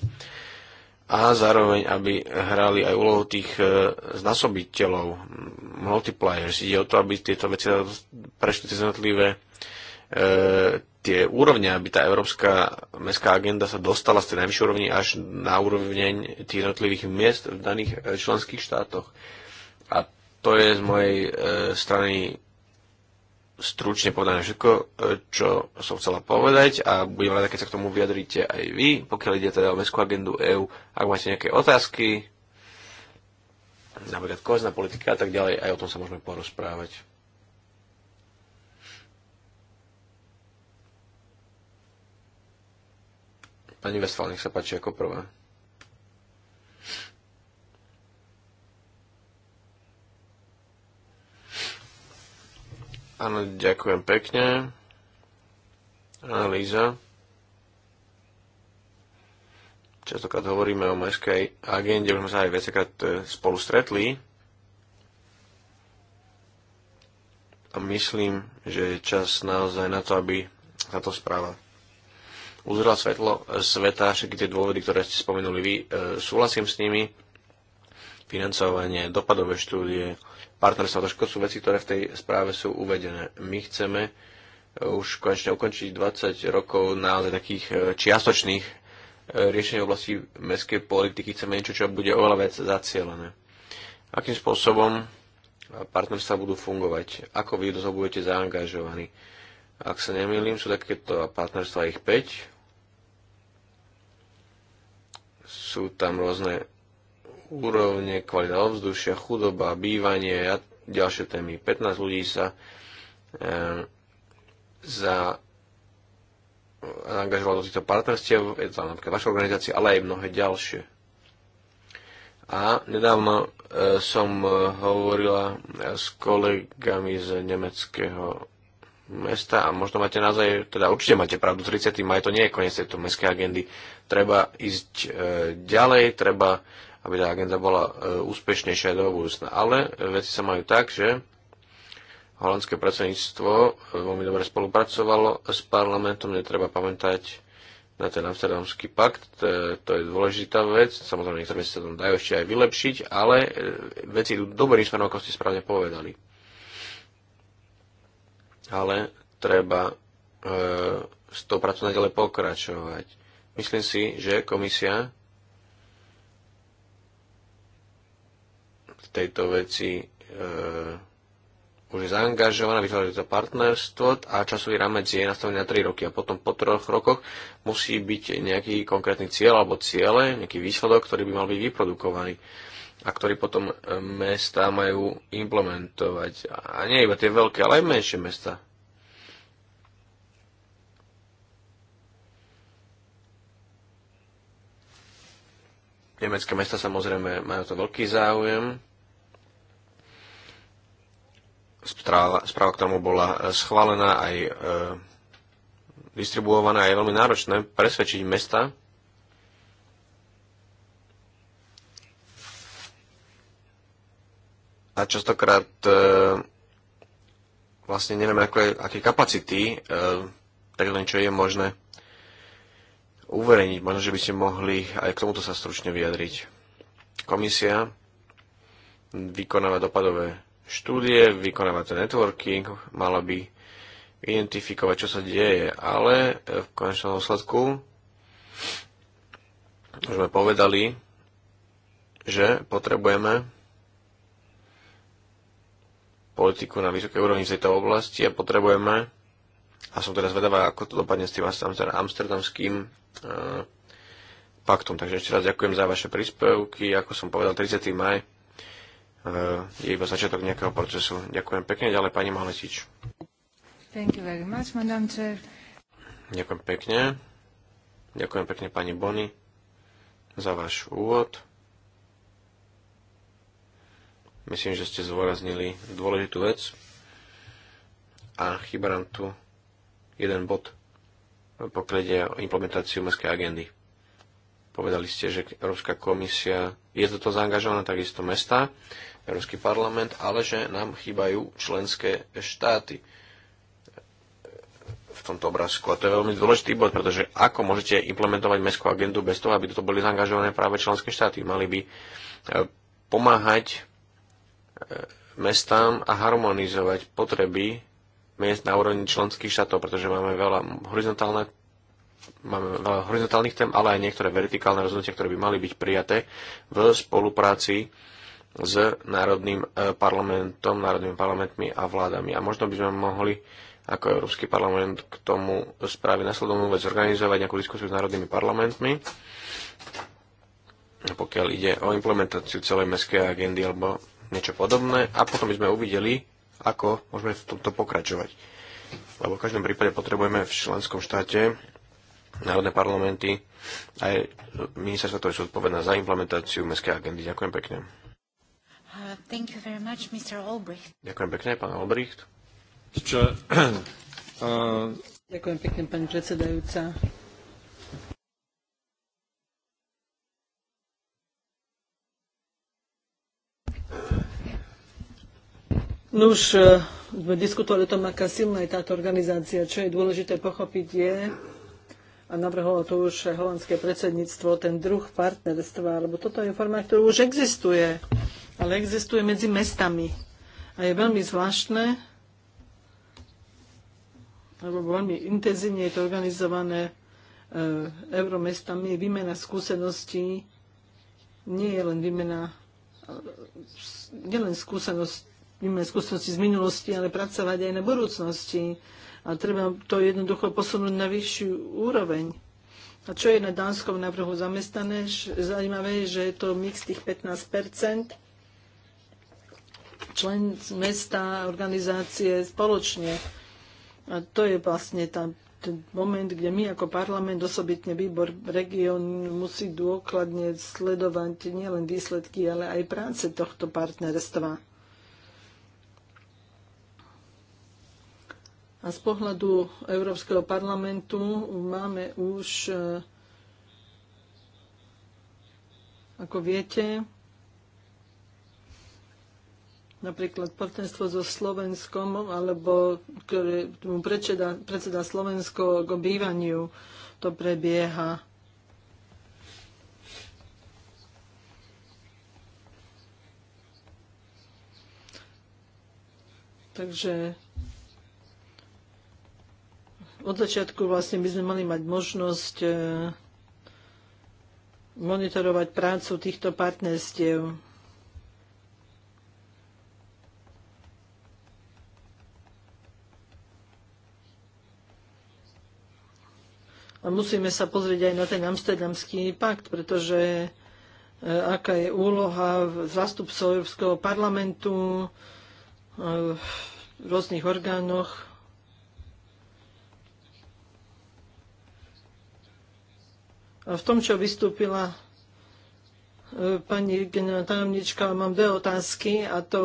a zároveň, aby hrali aj úlohu tých e, znasobiteľov, multipliers. Ide o to, aby tieto veci prešli tie jednotlivé e, tie úrovne, aby tá európska mestská agenda sa dostala z tej najvyššej úrovni až na úroveň tých jednotlivých miest v daných e, členských štátoch. A to je z mojej e, strany stručne povedané všetko, e, čo som chcela povedať a budem rada, keď sa k tomu vyjadrite aj vy, pokiaľ ide teda o mestskú agendu EÚ. Ak máte nejaké otázky, napríklad kozná politika a tak ďalej, aj o tom sa môžeme porozprávať. Pani Westfál, nech sa páči ako prvá. Áno, ďakujem pekne. Analýza. Častokrát hovoríme o mestskej agende, už sme sa aj viackrát e, spolu stretli. A myslím, že je čas naozaj na to, aby táto správa uzrela svetlo e, sveta, všetky tie dôvody, ktoré ste spomenuli vy, e, súhlasím s nimi, financovanie, dopadové štúdie, partnerstva. To sú veci, ktoré v tej správe sú uvedené. My chceme e, už konečne ukončiť 20 rokov naozaj takých e, čiastočných e, riešení v oblasti mestskej politiky. Chceme niečo, čo bude oveľa viac zacielené. Akým spôsobom partnerstva budú fungovať? Ako vy do toho budete zaangažovaní? Ak sa nemýlim, sú takéto partnerstva ich 5. Sú tam rôzne úrovne, kvalita ovzdušia, chudoba, bývanie a ďalšie témy. 15 ľudí sa e, za angažovalo do týchto partnerstiev, je to napríklad vaša organizácia, ale aj mnohé ďalšie. A nedávno e, som eh, hovorila s kolegami z nemeckého mesta a možno máte naozaj, teda určite máte pravdu, 30. maj to nie je koniec tejto mestskej agendy. Treba ísť e, ďalej, treba aby tá agenda bola e, úspešnejšia do budúcna. Ale e, veci sa majú tak, že holandské predsedníctvo e, veľmi dobre spolupracovalo s parlamentom, netreba pamätať na ten Amsterdamský pakt, to je dôležitá vec, samozrejme niektoré veci sa tam dajú ešte aj vylepšiť, ale veci idú dobrým smerom, ako ste správne povedali. Ale treba s tou pracovať ďalej pokračovať. Myslím si, že komisia tejto veci e, už je zaangažovaná, vytvorili to partnerstvo a časový rámec je nastavený na 3 roky a potom po 3 rokoch musí byť nejaký konkrétny cieľ alebo ciele, nejaký výsledok, ktorý by mal byť vyprodukovaný a ktorý potom mesta majú implementovať. A nie iba tie veľké, ale aj menšie mesta. Nemecké mesta samozrejme majú to veľký záujem, správa, správa ktorá bola e, schválená aj e, distribuovaná a je veľmi náročné presvedčiť mesta, a častokrát e, vlastne nevieme, aké, aké kapacity e, tak len čo je možné uverejniť. Možno, že by ste mohli aj k tomuto sa stručne vyjadriť. Komisia vykonáva dopadové štúdie, vykonávať ten networking, mala by identifikovať, čo sa deje, ale eh, v konečnom dôsledku už sme povedali, že potrebujeme politiku na vysokej úrovni v tejto oblasti a potrebujeme, a som teraz vedavá, ako to dopadne s tým amsterdamským eh, paktom. Takže ešte raz ďakujem za vaše príspevky. Ako som povedal, 30. maj je iba začiatok nejakého procesu. Ďakujem pekne, ďalej pani Maletič. Thank you very much, Madam Chair. Ďakujem pekne. Ďakujem pekne pani Bony za váš úvod. Myslím, že ste zvoraznili dôležitú vec a chýba nám tu jeden bod, pokiaľ o implementáciu mestskej agendy. Povedali ste, že Európska komisia je do toho zaangažovaná, takisto mesta Európsky parlament, ale že nám chýbajú členské štáty v tomto obrázku. A to je veľmi dôležitý bod, pretože ako môžete implementovať mestskú agendu bez toho, aby toto boli zaangažované práve členské štáty? Mali by e, pomáhať e, mestám a harmonizovať potreby miest na úrovni členských štátov, pretože máme veľa horizontálne máme veľa horizontálnych tém, ale aj niektoré vertikálne rozhodnutia, ktoré by mali byť prijaté v spolupráci s národným e, parlamentom, národnými parlamentmi a vládami. A možno by sme mohli ako Európsky parlament k tomu spraviť nasledovnú vec, organizovať nejakú diskusiu s národnými parlamentmi, pokiaľ ide o implementáciu celej mestskej agendy alebo niečo podobné a potom by sme uvideli, ako môžeme v tomto pokračovať. Lebo v každom prípade potrebujeme v členskom štáte národné parlamenty aj ministerstva, ktoré sú odpovedné za implementáciu mestskej agendy. Ďakujem pekne. Uh, thank you very much, Mr. Albrecht. Ďakujem pekne, pán Albrecht. Čo, uh... Ďakujem pekne, pani predsedajúca. No už e, sme diskutovali o tom, aká silná je táto organizácia. Čo je dôležité pochopiť je, a navrholo to už holandské predsedníctvo, ten druh partnerstva, lebo toto je forma, ktorá už existuje ale existuje medzi mestami. A je veľmi zvláštne, alebo veľmi intenzívne je to organizované e, euromestami. Výmena skúseností nie je len výmena e, nie len skúsenosť, výmena skúsenosti z minulosti, ale pracovať aj na budúcnosti. A treba to jednoducho posunúť na vyššiu úroveň. A čo je na dánskom návrhu zamestnané? Zaujímavé je, že je to mix tých 15 člen mesta, organizácie spoločne. A to je vlastne tá, ten moment, kde my ako parlament, osobitne výbor región, musí dôkladne sledovať nielen výsledky, ale aj práce tohto partnerstva. A z pohľadu Európskeho parlamentu máme už, eh, ako viete, napríklad partnerstvo so Slovenskom, alebo ktoré predseda, predseda Slovensko k bývaniu to prebieha. Takže od začiatku vlastne by sme mali mať možnosť e, monitorovať prácu týchto partnerstiev. A musíme sa pozrieť aj na ten amsterdamský pakt, pretože e, aká je úloha zástupcov Európskeho parlamentu e, v rôznych orgánoch. A v tom, čo vystúpila e, pani tajomnička, mám dve otázky a to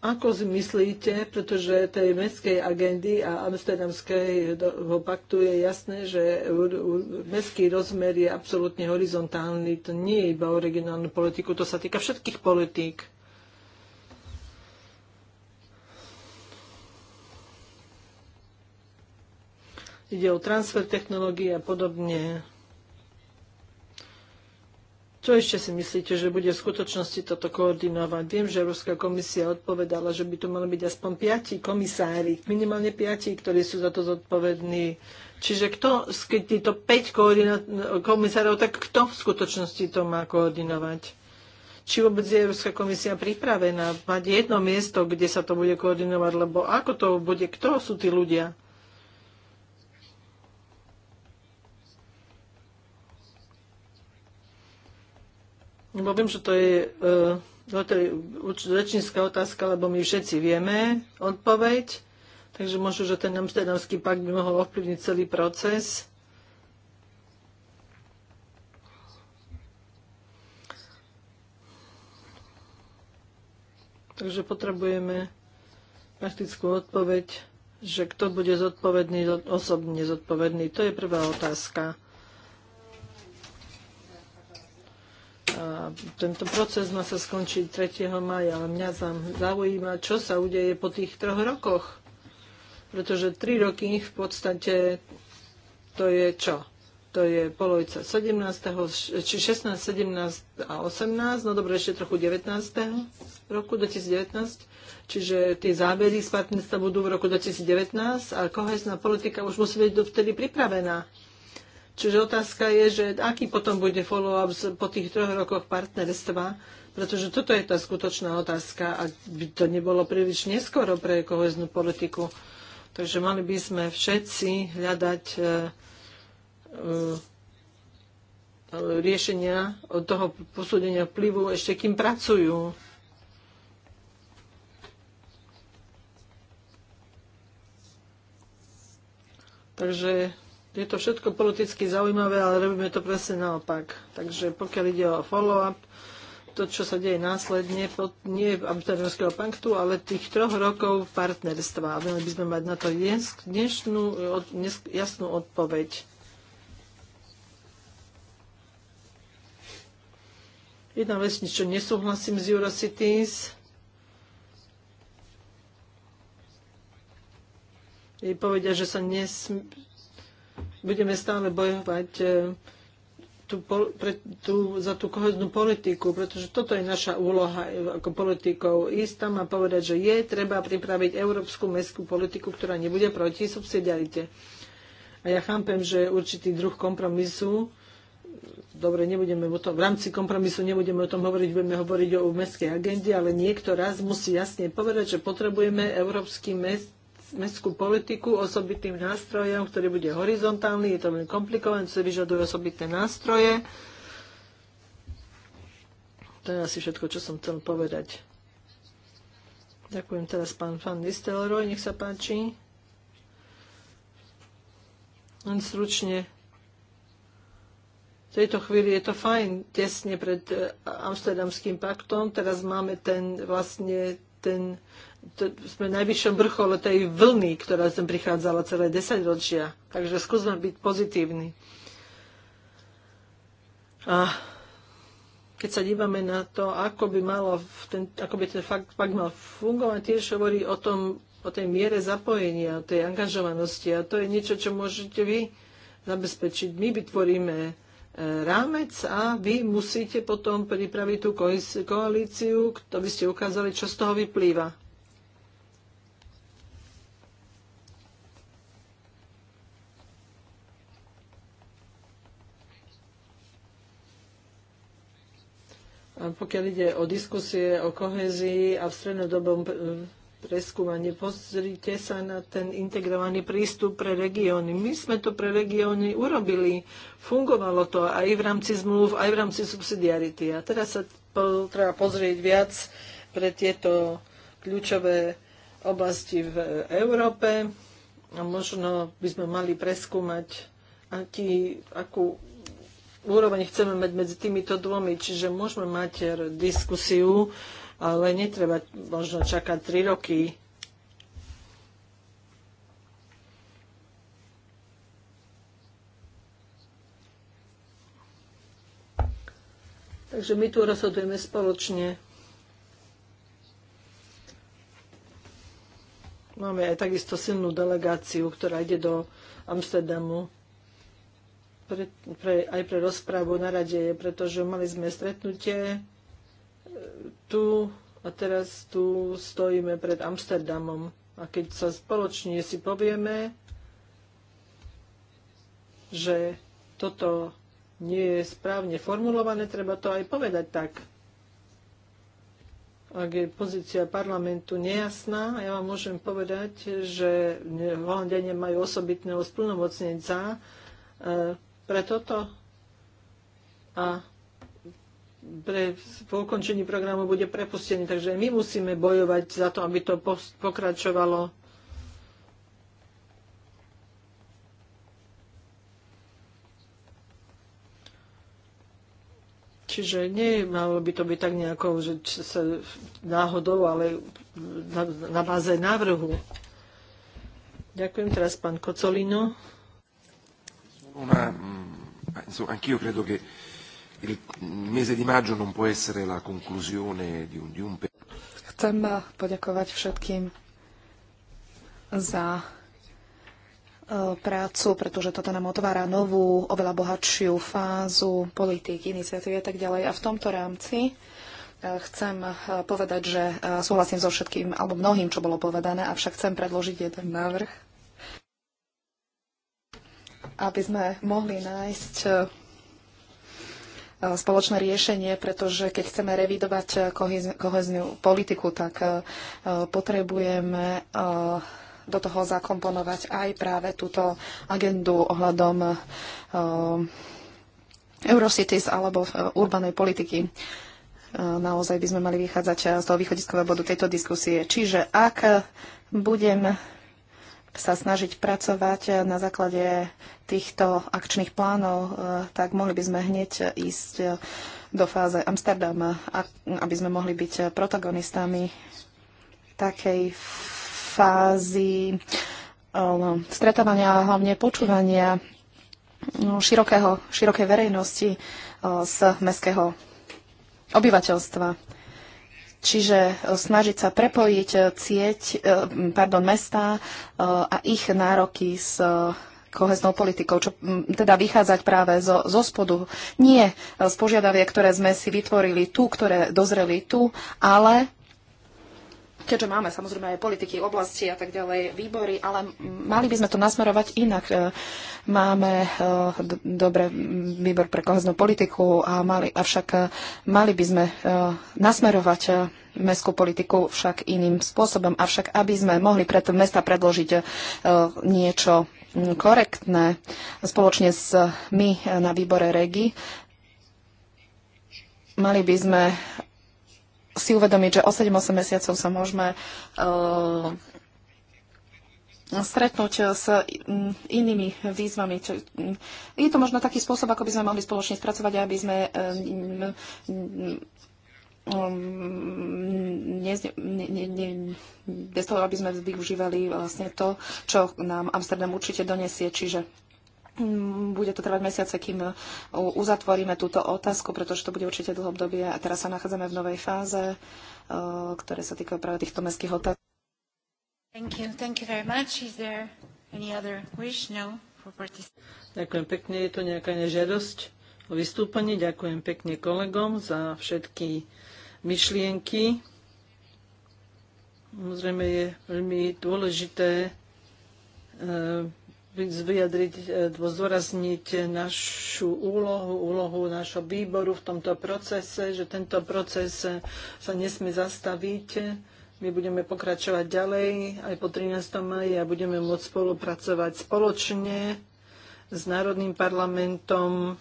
Ako zmyslíte, pretože tej mestskej agendy a amsterdamského paktu je jasné, že mestský rozmer je absolútne horizontálny, to nie je iba o regionálnu politiku, to sa týka všetkých politík. Ide o transfer technológií a podobne. Čo ešte si myslíte, že bude v skutočnosti toto koordinovať? Viem, že Európska komisia odpovedala, že by tu mali byť aspoň piati komisári, minimálne piati, ktorí sú za to zodpovední. Čiže kto, keď týchto 5 komisárov, tak kto v skutočnosti to má koordinovať? Či vôbec je Európska komisia pripravená mať jedno miesto, kde sa to bude koordinovať, lebo ako to bude, kto sú tí ľudia? No viem, že to je, e, no to je rečnická otázka, lebo my všetci vieme odpoveď, takže možno, že ten amsterdamský pakt by mohol ovplyvniť celý proces. Takže potrebujeme praktickú odpoveď, že kto bude zodpovedný, osobne zodpovedný. To je prvá otázka. A tento proces má sa skončiť 3. maja, ale mňa zaujíma, čo sa udeje po tých troch rokoch. Pretože tri roky v podstate to je čo? To je polovica 17. či 16, 17 a 18, no dobre, ešte trochu 19. roku 2019. Čiže tie závery z partnerstva budú v roku 2019 a kohezná politika už musí byť dovtedy pripravená. Čiže otázka je, že aký potom bude follow-up po tých troch rokoch partnerstva, pretože toto je tá skutočná otázka a by to nebolo príliš neskoro pre koheznú politiku. Takže mali by sme všetci hľadať e, e, riešenia od toho posúdenia vplyvu ešte kým pracujú. Takže je to všetko politicky zaujímavé, ale robíme to presne naopak. Takže pokiaľ ide o follow-up, to, čo sa deje následne, pod, nie Amsterdamského paktu, ale tých troch rokov partnerstva. Mali by sme mať na to dnešnú, dnes, jasnú odpoveď. Jedna vec, čo nesúhlasím z Eurocities, je povedia, že sa nesmie budeme stále bojovať e, tú, pre, tú, za tú koheznú politiku, pretože toto je naša úloha e, ako politikov. Ísť tam a povedať, že je treba pripraviť európsku mestskú politiku, ktorá nebude proti subsidiarite. A ja chápem, že určitý druh kompromisu, dobre, nebudeme o tom, v rámci kompromisu nebudeme o tom hovoriť, budeme hovoriť o mestskej agende, ale niekto raz musí jasne povedať, že potrebujeme európsky mest, mestskú politiku osobitým nástrojom, ktorý bude horizontálny, je to veľmi komplikované, to sa vyžaduje osobitné nástroje. To je asi všetko, čo som chcel povedať. Ďakujem teraz pán Fan Distelroj, nech sa páči. Len stručne. V tejto chvíli je to fajn, tesne pred eh, Amsterdamským paktom. Teraz máme ten vlastne ten sme v najvyššom vrchole tej vlny, ktorá sem prichádzala celé 10 ročia. Takže skúsme byť pozitívni. A keď sa dívame na to, ako by, malo ten, ako by ten fakt, fakt mal fungovať, tiež hovorí o, tom, o tej miere zapojenia, o tej angažovanosti. A to je niečo, čo môžete vy zabezpečiť. My vytvoríme e, rámec a vy musíte potom pripraviť tú koalíciu, by ste ukázali, čo z toho vyplýva. Pokiaľ ide o diskusie o kohezii a v strednodobom e, preskúmanie, pozrite sa na ten integrovaný prístup pre regióny. My sme to pre regióny urobili. Fungovalo to aj v rámci zmluv, aj v rámci subsidiarity. A teraz sa po, treba pozrieť viac pre tieto kľúčové oblasti v Európe a možno by sme mali preskúmať, aký, akú úroveň chceme mať medzi týmito dvomi, čiže môžeme mať diskusiu, ale netreba možno čakať 3 roky. Takže my tu rozhodujeme spoločne. Máme aj takisto silnú delegáciu, ktorá ide do Amsterdamu pre, pre, aj pre rozprávu na rade, pretože mali sme stretnutie e, tu a teraz tu stojíme pred Amsterdamom. A keď sa spoločne si povieme, že toto nie je správne formulované, treba to aj povedať tak. Ak je pozícia parlamentu nejasná, ja vám môžem povedať, že Holandiania majú osobitného splnomocnenca, e, pre toto a pre, po ukončení programu bude prepustený. Takže my musíme bojovať za to, aby to pokračovalo. Čiže nie malo by to byť tak nejako, že sa náhodou, ale na, na báze návrhu. Ďakujem teraz pán Kocolino una, mm, insomma, anch'io credo che il mese di maggio non può essere la conclusione di un, di un... Chcem eh, poďakovať všetkým za eh, prácu, pretože toto nám otvára novú, oveľa bohatšiu fázu politik, iniciatívy a tak ďalej. A v tomto rámci eh, chcem povedať, že súhlasím so všetkým alebo mnohým, čo bolo povedané, avšak chcem predložiť jeden návrh aby sme mohli nájsť e, spoločné riešenie, pretože keď chceme revidovať e, kohezňu politiku, tak e, potrebujeme do toho zakomponovať aj práve túto agendu ohľadom Eurocities alebo urbanej politiky naozaj by sme mali vychádzať z toho východiskového bodu tejto diskusie. Čiže ak budem sa snažiť pracovať eh, na základe týchto akčných plánov, eh, tak mohli by sme hneď eh, ísť do fáze Amsterdama, aby sme mohli byť protagonistami takej fázy stretávania a hlavne počúvania no, širokého, širokej verejnosti z mestského obyvateľstva Čiže e, snažiť sa prepojiť e, cieť, e, pardon, mesta a ich nároky s koheznou politikou, čo teda vychádzať práve zo, zo spodu. Nie z požiadavie, ktoré sme si vytvorili tu, ktoré dozreli tu, ale keďže máme samozrejme aj politiky, oblasti a tak ďalej, výbory, ale mali by sme to nasmerovať inak. E, máme e, dobre výbor pre koheznú politiku, a mali, avšak e, mali by sme nasmerovať mestskú politiku však iným spôsobom. Avšak, aby sme mohli pre mesta predložiť niečo korektné spoločne s my na výbore REGI, mali by sme si uvedomiť, že o 7-8 mesiacov sa môžeme uh, stretnúť s inými výzvami. Je to možno taký spôsob, ako by sme mohli spoločne spracovať, aby sme eh, ne, ne, ne, bez toho, aby sme využívali vlastne to, čo nám Amsterdam určite donesie, čiže bude to trvať mesiace, kým e, uzatvoríme túto otázku, pretože to bude určite dlho obdobie a teraz sa nachádzame v novej fáze, e, ktoré sa týkajú práve týchto mestských otázok. Thank you. Thank you very much. Is there any other wish? No. Ďakujem pekne. Je to nejaká nežiadosť o vystúpení. Ďakujem pekne kolegom za všetky myšlienky. Samozrejme je veľmi dôležité e, vyjadriť, e, zdôrazniť našu úlohu, úlohu nášho výboru v tomto procese, že tento proces e, sa nesmie zastaviť. My budeme pokračovať ďalej aj po 13. maji a budeme môcť spolupracovať spoločne s Národným parlamentom,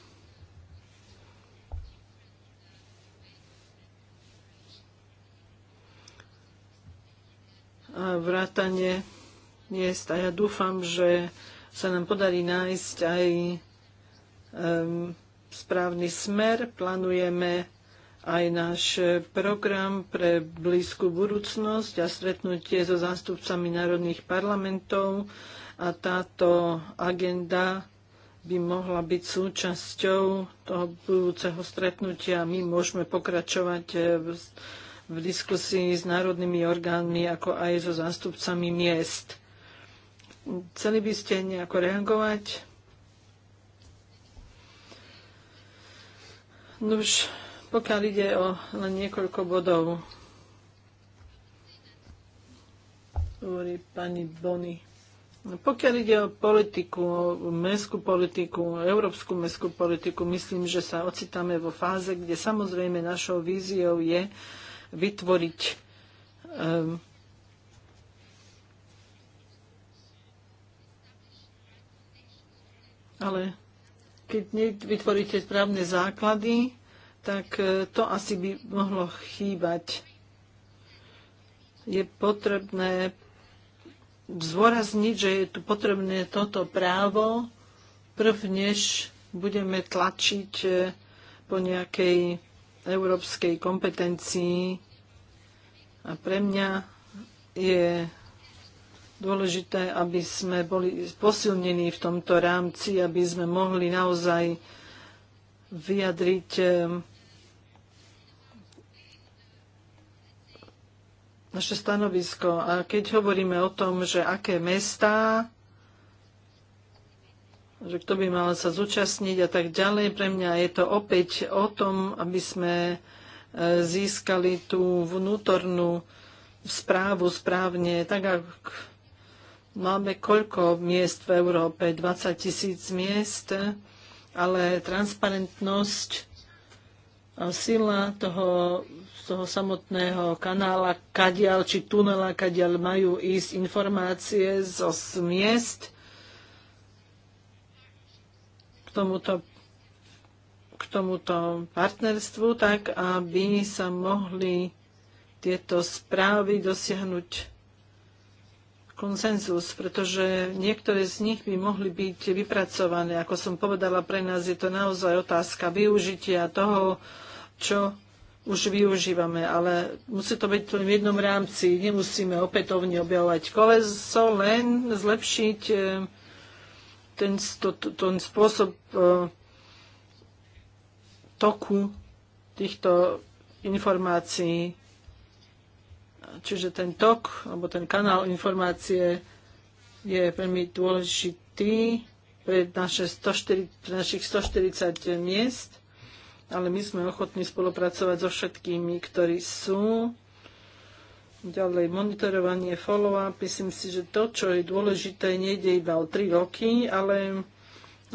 vrátanie miest. A ja dúfam, že sa nám podarí nájsť aj um, správny smer. Plánujeme aj náš program pre blízku budúcnosť a stretnutie so zástupcami národných parlamentov a táto agenda by mohla byť súčasťou toho budúceho stretnutia. My môžeme pokračovať eh, v, v diskusii s národnými orgánmi, ako aj so zástupcami miest. Chceli by ste nejako reagovať? No už, pokiaľ ide o len niekoľko bodov, hovorí pani Bony. No, pokiaľ ide o politiku, o mestskú politiku, o európsku mestskú politiku, myslím, že sa ocitáme vo fáze, kde samozrejme našou víziou je vytvoriť um, ale keď nevytvoríte správne základy, tak e, to asi by mohlo chýbať. Je potrebné zvorazniť, že je tu potrebné toto právo, prv než budeme tlačiť e, po nejakej európskej kompetencii. A pre mňa je dôležité, aby sme boli posilnení v tomto rámci, aby sme mohli naozaj vyjadriť naše stanovisko. A keď hovoríme o tom, že aké mestá, že kto by mal sa zúčastniť a tak ďalej, pre mňa je to opäť o tom, aby sme e, získali tú vnútornú správu správne, tak ako Máme koľko miest v Európe? 20 tisíc miest, ale transparentnosť a sila toho, toho samotného kanála, kadial či tunela, kadial majú ísť informácie zo miest k tomuto, k tomuto partnerstvu, tak aby sa mohli tieto správy dosiahnuť konsenzus, pretože niektoré z nich by mohli byť vypracované. Ako som povedala, pre nás je to naozaj otázka využitia toho, čo už využívame, ale musí to byť v jednom rámci. Nemusíme opätovne objavovať koleso, len zlepšiť e, ten, to, ten spôsob e, toku týchto informácií Čiže ten tok, alebo ten kanál informácie je veľmi dôležitý pre, naše 104, pre našich 140 miest, ale my sme ochotní spolupracovať so všetkými, ktorí sú. Ďalej monitorovanie, follow-up. Myslím si, že to, čo je dôležité, nejde iba o 3 roky, ale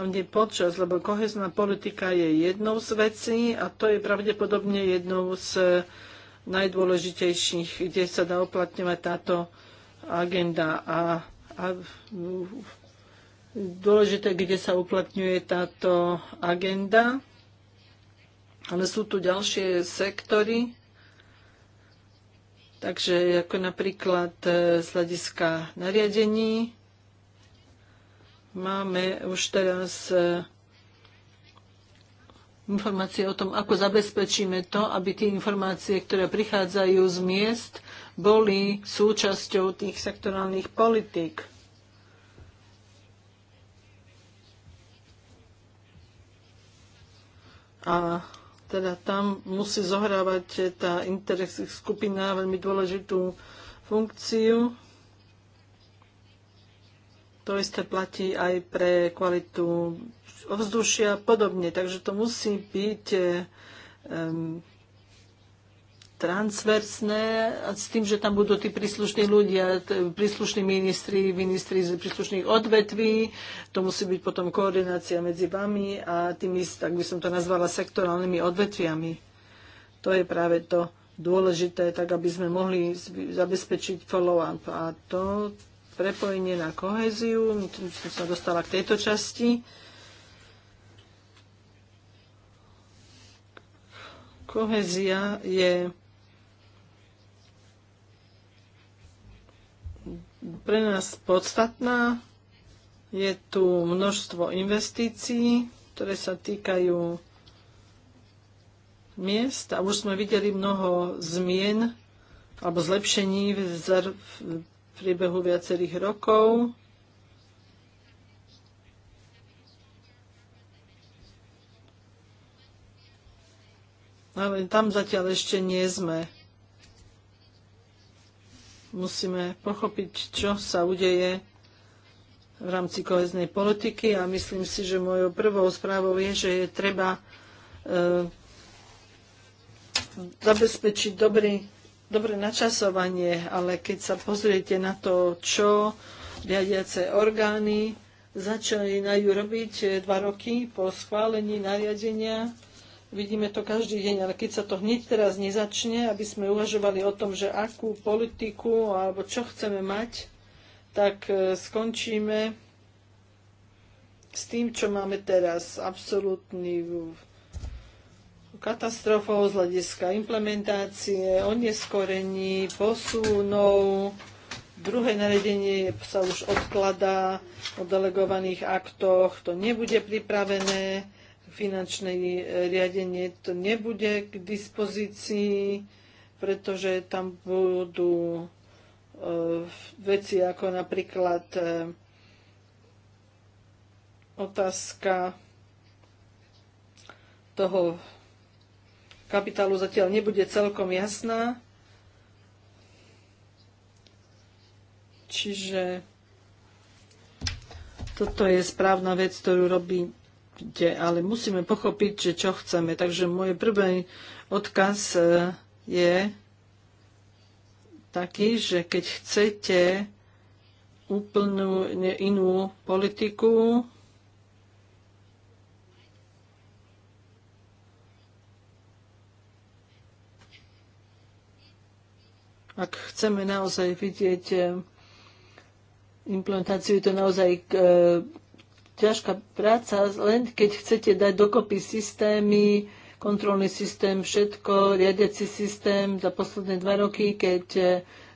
nie počas, lebo kohezná politika je jednou z vecí a to je pravdepodobne jednou z najdôležitejších, kde sa dá uplatňovať táto agenda a, a dôležité, kde sa uplatňuje táto agenda. Ale sú tu ďalšie sektory, takže ako napríklad e, z hľadiska nariadení máme už teraz e, informácie o tom, ako zabezpečíme to, aby tie informácie, ktoré prichádzajú z miest, boli súčasťou tých sektorálnych politík. A teda tam musí zohrávať tá skupina veľmi dôležitú funkciu. To isté platí aj pre kvalitu ovzdušia a podobne. Takže to musí byť um, transversné s tým, že tam budú tí príslušní ľudia, príslušní ministri, ministri z príslušných odvetví. To musí byť potom koordinácia medzi vami a tými, tak by som to nazvala, sektorálnymi odvetviami. To je práve to dôležité, tak aby sme mohli zabezpečiť follow-up. A to prepojenie na koheziu. Som sa dostala k tejto časti. Kohezia je pre nás podstatná. Je tu množstvo investícií, ktoré sa týkajú miest a už sme videli mnoho zmien alebo zlepšení v v priebehu viacerých rokov. No, ale tam zatiaľ ešte nie sme. Musíme pochopiť, čo sa udeje v rámci koheznej politiky a myslím si, že mojou prvou správou je, že je treba e, zabezpečiť dobrý dobré načasovanie, ale keď sa pozriete na to, čo riadiace orgány začínajú robiť eh, dva roky po schválení nariadenia. Vidíme to každý deň, ale keď sa to hneď teraz nezačne, aby sme uvažovali o tom, že akú politiku alebo čo chceme mať, tak eh, skončíme s tým, čo máme teraz. Absolútny katastrofou z hľadiska implementácie, oneskorení, posunov. Druhé naredenie sa už odkladá o delegovaných aktoch, to nebude pripravené, finančné riadenie to nebude k dispozícii, pretože tam budú e, veci ako napríklad e, otázka toho kapitálu zatiaľ nebude celkom jasná. Čiže toto je správna vec, ktorú robíte, ale musíme pochopiť, že čo chceme. Takže môj prvý odkaz e, je taký, že keď chcete úplnú inú politiku, Ak chceme naozaj vidieť eh, implementáciu, to naozaj eh, ťažká práca, len keď chcete dať dokopy systémy, kontrolný systém, všetko, riadiaci systém za posledné dva roky, keď eh,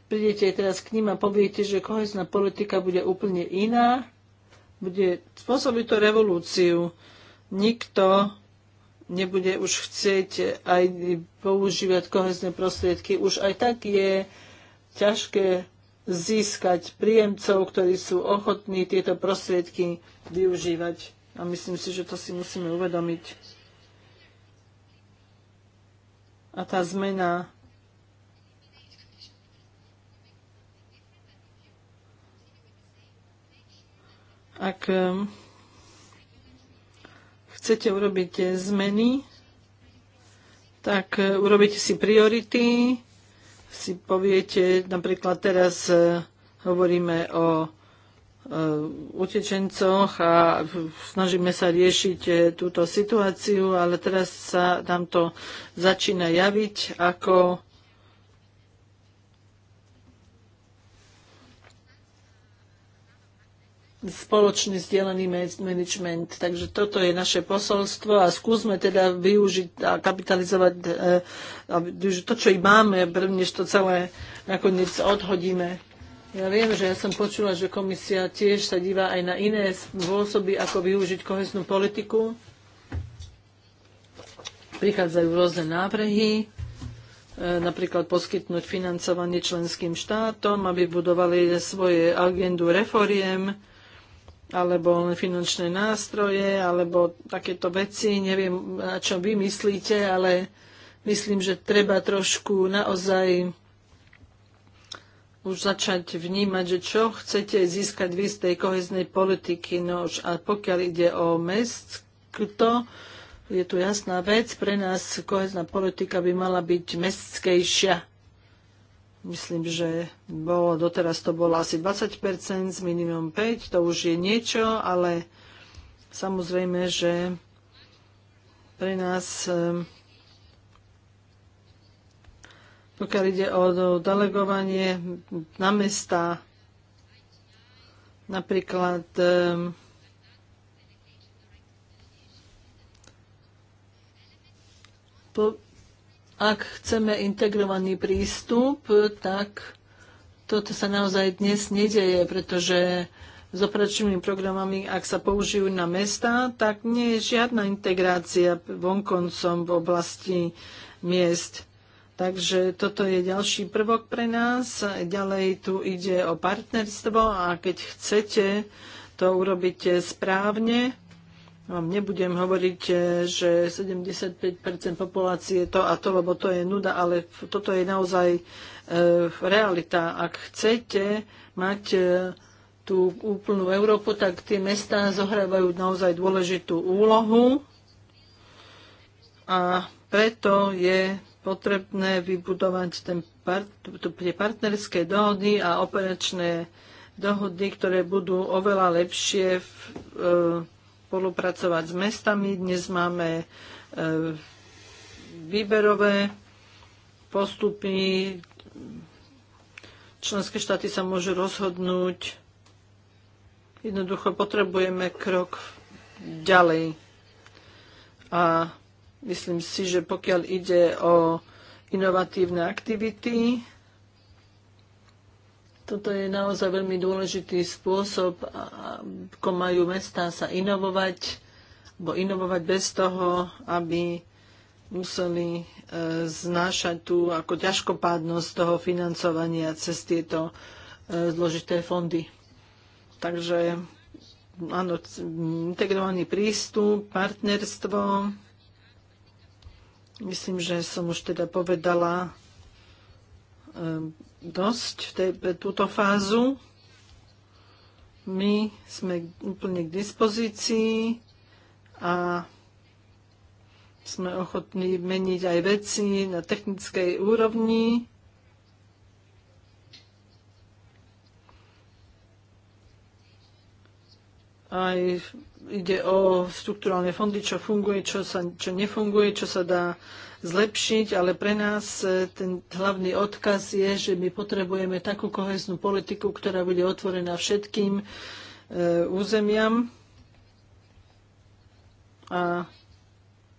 prídete teraz k ním a poviete, že kohezná politika bude úplne iná, bude spôsobiť to revolúciu. Nikto nebude už chcieť aj používať kohezné prostriedky. Už aj tak je ťažké získať príjemcov, ktorí sú ochotní tieto prostriedky využívať. A myslím si, že to si musíme uvedomiť. A tá zmena ak chcete urobiť zmeny, tak eh, urobíte si priority, si poviete, napríklad teraz eh, hovoríme o eh, utečencoch a snažíme sa riešiť túto situáciu, ale teraz sa nám to začína javiť ako spoločne zdieľaný management. Takže toto je naše posolstvo a skúsme teda využiť a kapitalizovať e, to, čo i máme, než to celé nakoniec odhodíme. Ja viem, že ja som počula, že komisia tiež sa díva aj na iné spôsoby, ako využiť kohesnú politiku. Prichádzajú rôzne návrhy, e, napríklad poskytnúť financovanie členským štátom, aby budovali svoje agendu reforiem, alebo finančné nástroje, alebo takéto veci. Neviem, na čo vy myslíte, ale myslím, že treba trošku naozaj už začať vnímať, že čo chcete získať vy z tej koheznej politiky. no, A pokiaľ ide o mesto, je tu jasná vec, pre nás kohezná politika by mala byť mestskejšia Myslím, že bolo, doteraz to bolo asi 20 z minimum 5, to už je niečo, ale samozrejme, že pre nás eh, pokiaľ ide o delegovanie na mesta, napríklad eh, po, ak chceme integrovaný prístup, tak toto sa naozaj dnes nedeje, pretože s operačnými programami, ak sa použijú na mesta, tak nie je žiadna integrácia vonkoncom v oblasti miest. Takže toto je ďalší prvok pre nás. Ďalej tu ide o partnerstvo a keď chcete, to urobíte správne vám nebudem hovoriť, e, že 75% populácie to a to, lebo to je nuda, ale toto je naozaj e, realita. Ak chcete mať e, tú úplnú Európu, tak tie mesta zohrávajú naozaj dôležitú úlohu a preto je potrebné vybudovať ten part, tie partnerské dohody a operačné dohody, ktoré budú oveľa lepšie v, e, spolupracovať s mestami. Dnes máme e, výberové postupy. Členské štáty sa môžu rozhodnúť. Jednoducho potrebujeme krok ďalej. A myslím si, že pokiaľ ide o inovatívne aktivity, toto je naozaj veľmi dôležitý spôsob, ako majú mestá sa inovovať, bo inovovať bez toho, aby museli e, znášať tú ako ťažkopádnosť toho financovania cez tieto e, zložité fondy. Takže áno, integrovaný prístup, partnerstvo. Myslím, že som už teda povedala e, dosť tej, túto fázu. My sme úplne k dispozícii a sme ochotní meniť aj veci na technickej úrovni. Aj ide o strukturálne fondy, čo funguje, čo, sa, čo nefunguje, čo sa dá zlepšiť, ale pre nás e, ten hlavný odkaz je, že my potrebujeme takú koheznú politiku, ktorá bude otvorená všetkým e, územiam. A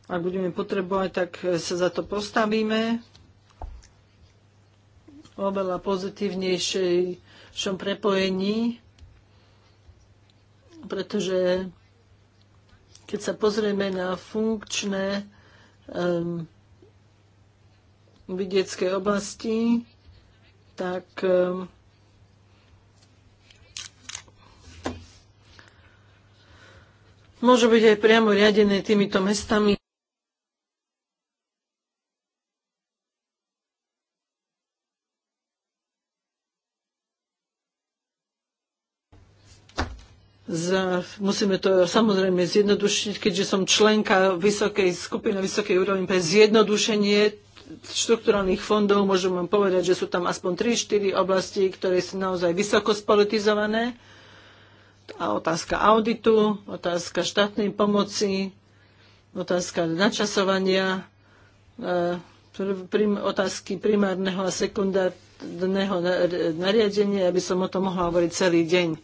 ak budeme potrebovať, tak e, sa za to postavíme oveľa pozitívnejšom prepojení, pretože keď sa pozrieme na funkčné um, vidieckej oblasti, tak ehm, môžu byť aj priamo riadené týmito mestami. Za, musíme to samozrejme zjednodušiť, keďže som členka vysokej skupiny, vysokej úrovni pre zjednodušenie štrukturálnych fondov, môžem vám povedať, že sú tam aspoň 3-4 oblasti, ktoré sú naozaj vysoko spolitizované. A otázka auditu, otázka štátnej pomoci, otázka načasovania, e, otázky primárneho a sekundárneho nariadenia, aby som o tom mohla hovoriť celý deň.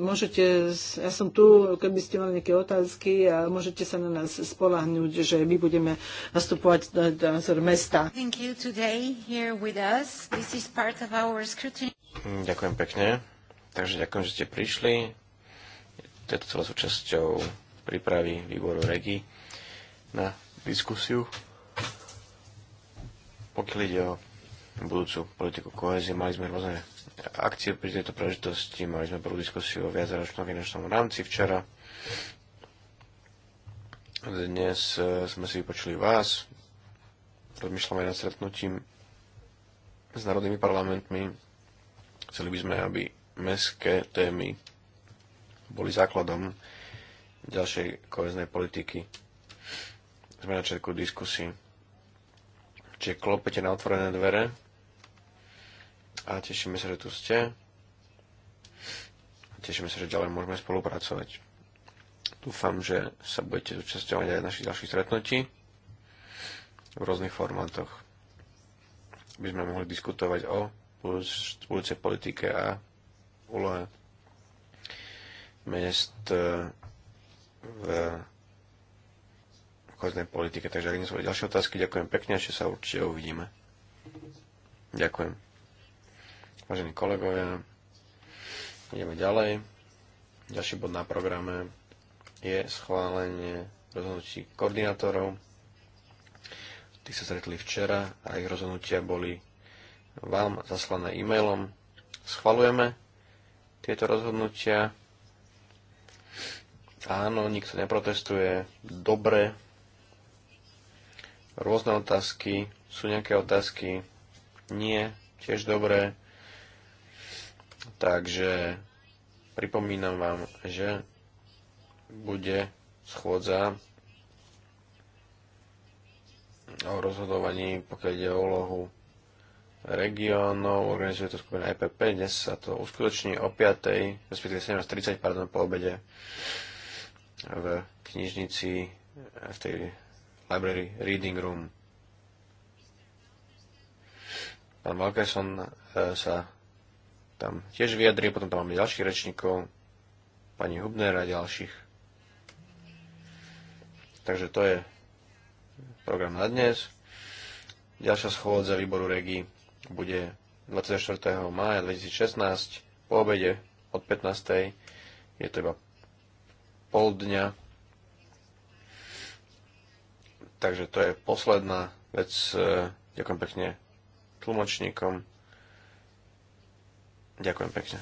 môžete, ja som tu, keby ste mali nejaké otázky a môžete sa na nás spolahnúť, že my budeme nastupovať na názor mesta. Mm, ďakujem pekne. Takže ďakujem, že ste prišli. To je celé súčasťou prípravy výboru REGI na diskusiu. Pokiaľ ide o budúcu politiku kohezie. Mali sme rôzne akcie pri tejto prežitosti, mali sme prvú diskusiu o viacročnom finančnom rámci včera. Dnes e, sme si vypočuli vás, rozmýšľame nad stretnutím s národnými parlamentmi. Chceli by sme, aby mestské témy boli základom ďalšej koheznej politiky. Sme na všetku diskusí. Čiže klopete na otvorené dvere, a tešíme sa, že tu ste. A tešíme sa, že ďalej môžeme spolupracovať. Dúfam, že sa budete zúčastňovať aj našich ďalších stretnutí v rôznych formátoch. By sme mohli diskutovať o budúcej politike a úlohe miest v obchodnej politike. Takže ak nie sú ďalšie otázky, ďakujem pekne a ešte sa určite uvidíme. Ďakujem. Vážení kolegovia, ideme ďalej. Ďalší bod na programe je schválenie rozhodnutí koordinátorov. Tí sa stretli včera a ich rozhodnutia boli vám zaslané e-mailom. Schvalujeme tieto rozhodnutia. Áno, nikto neprotestuje. Dobre. Rôzne otázky. Sú nejaké otázky? Nie. Tiež dobre. Takže pripomínam vám, že bude schôdza o rozhodovaní, pokiaľ ide o úlohu regiónov, organizuje to skupina EPP, dnes sa to uskutoční o 5. respektíve 17.30, pardon, po obede v knižnici, v tej library reading room. Pán Valkerson eh, sa tam tiež vyjadrí, potom tam máme ďalších rečníkov, pani Hubner a ďalších. Takže to je program na dnes. Ďalšia schôdza výboru REGI bude 24. mája 2016 po obede od 15. Je to iba pol dňa. Takže to je posledná vec. Ďakujem pekne tlmočníkom. Ďakujem pekne.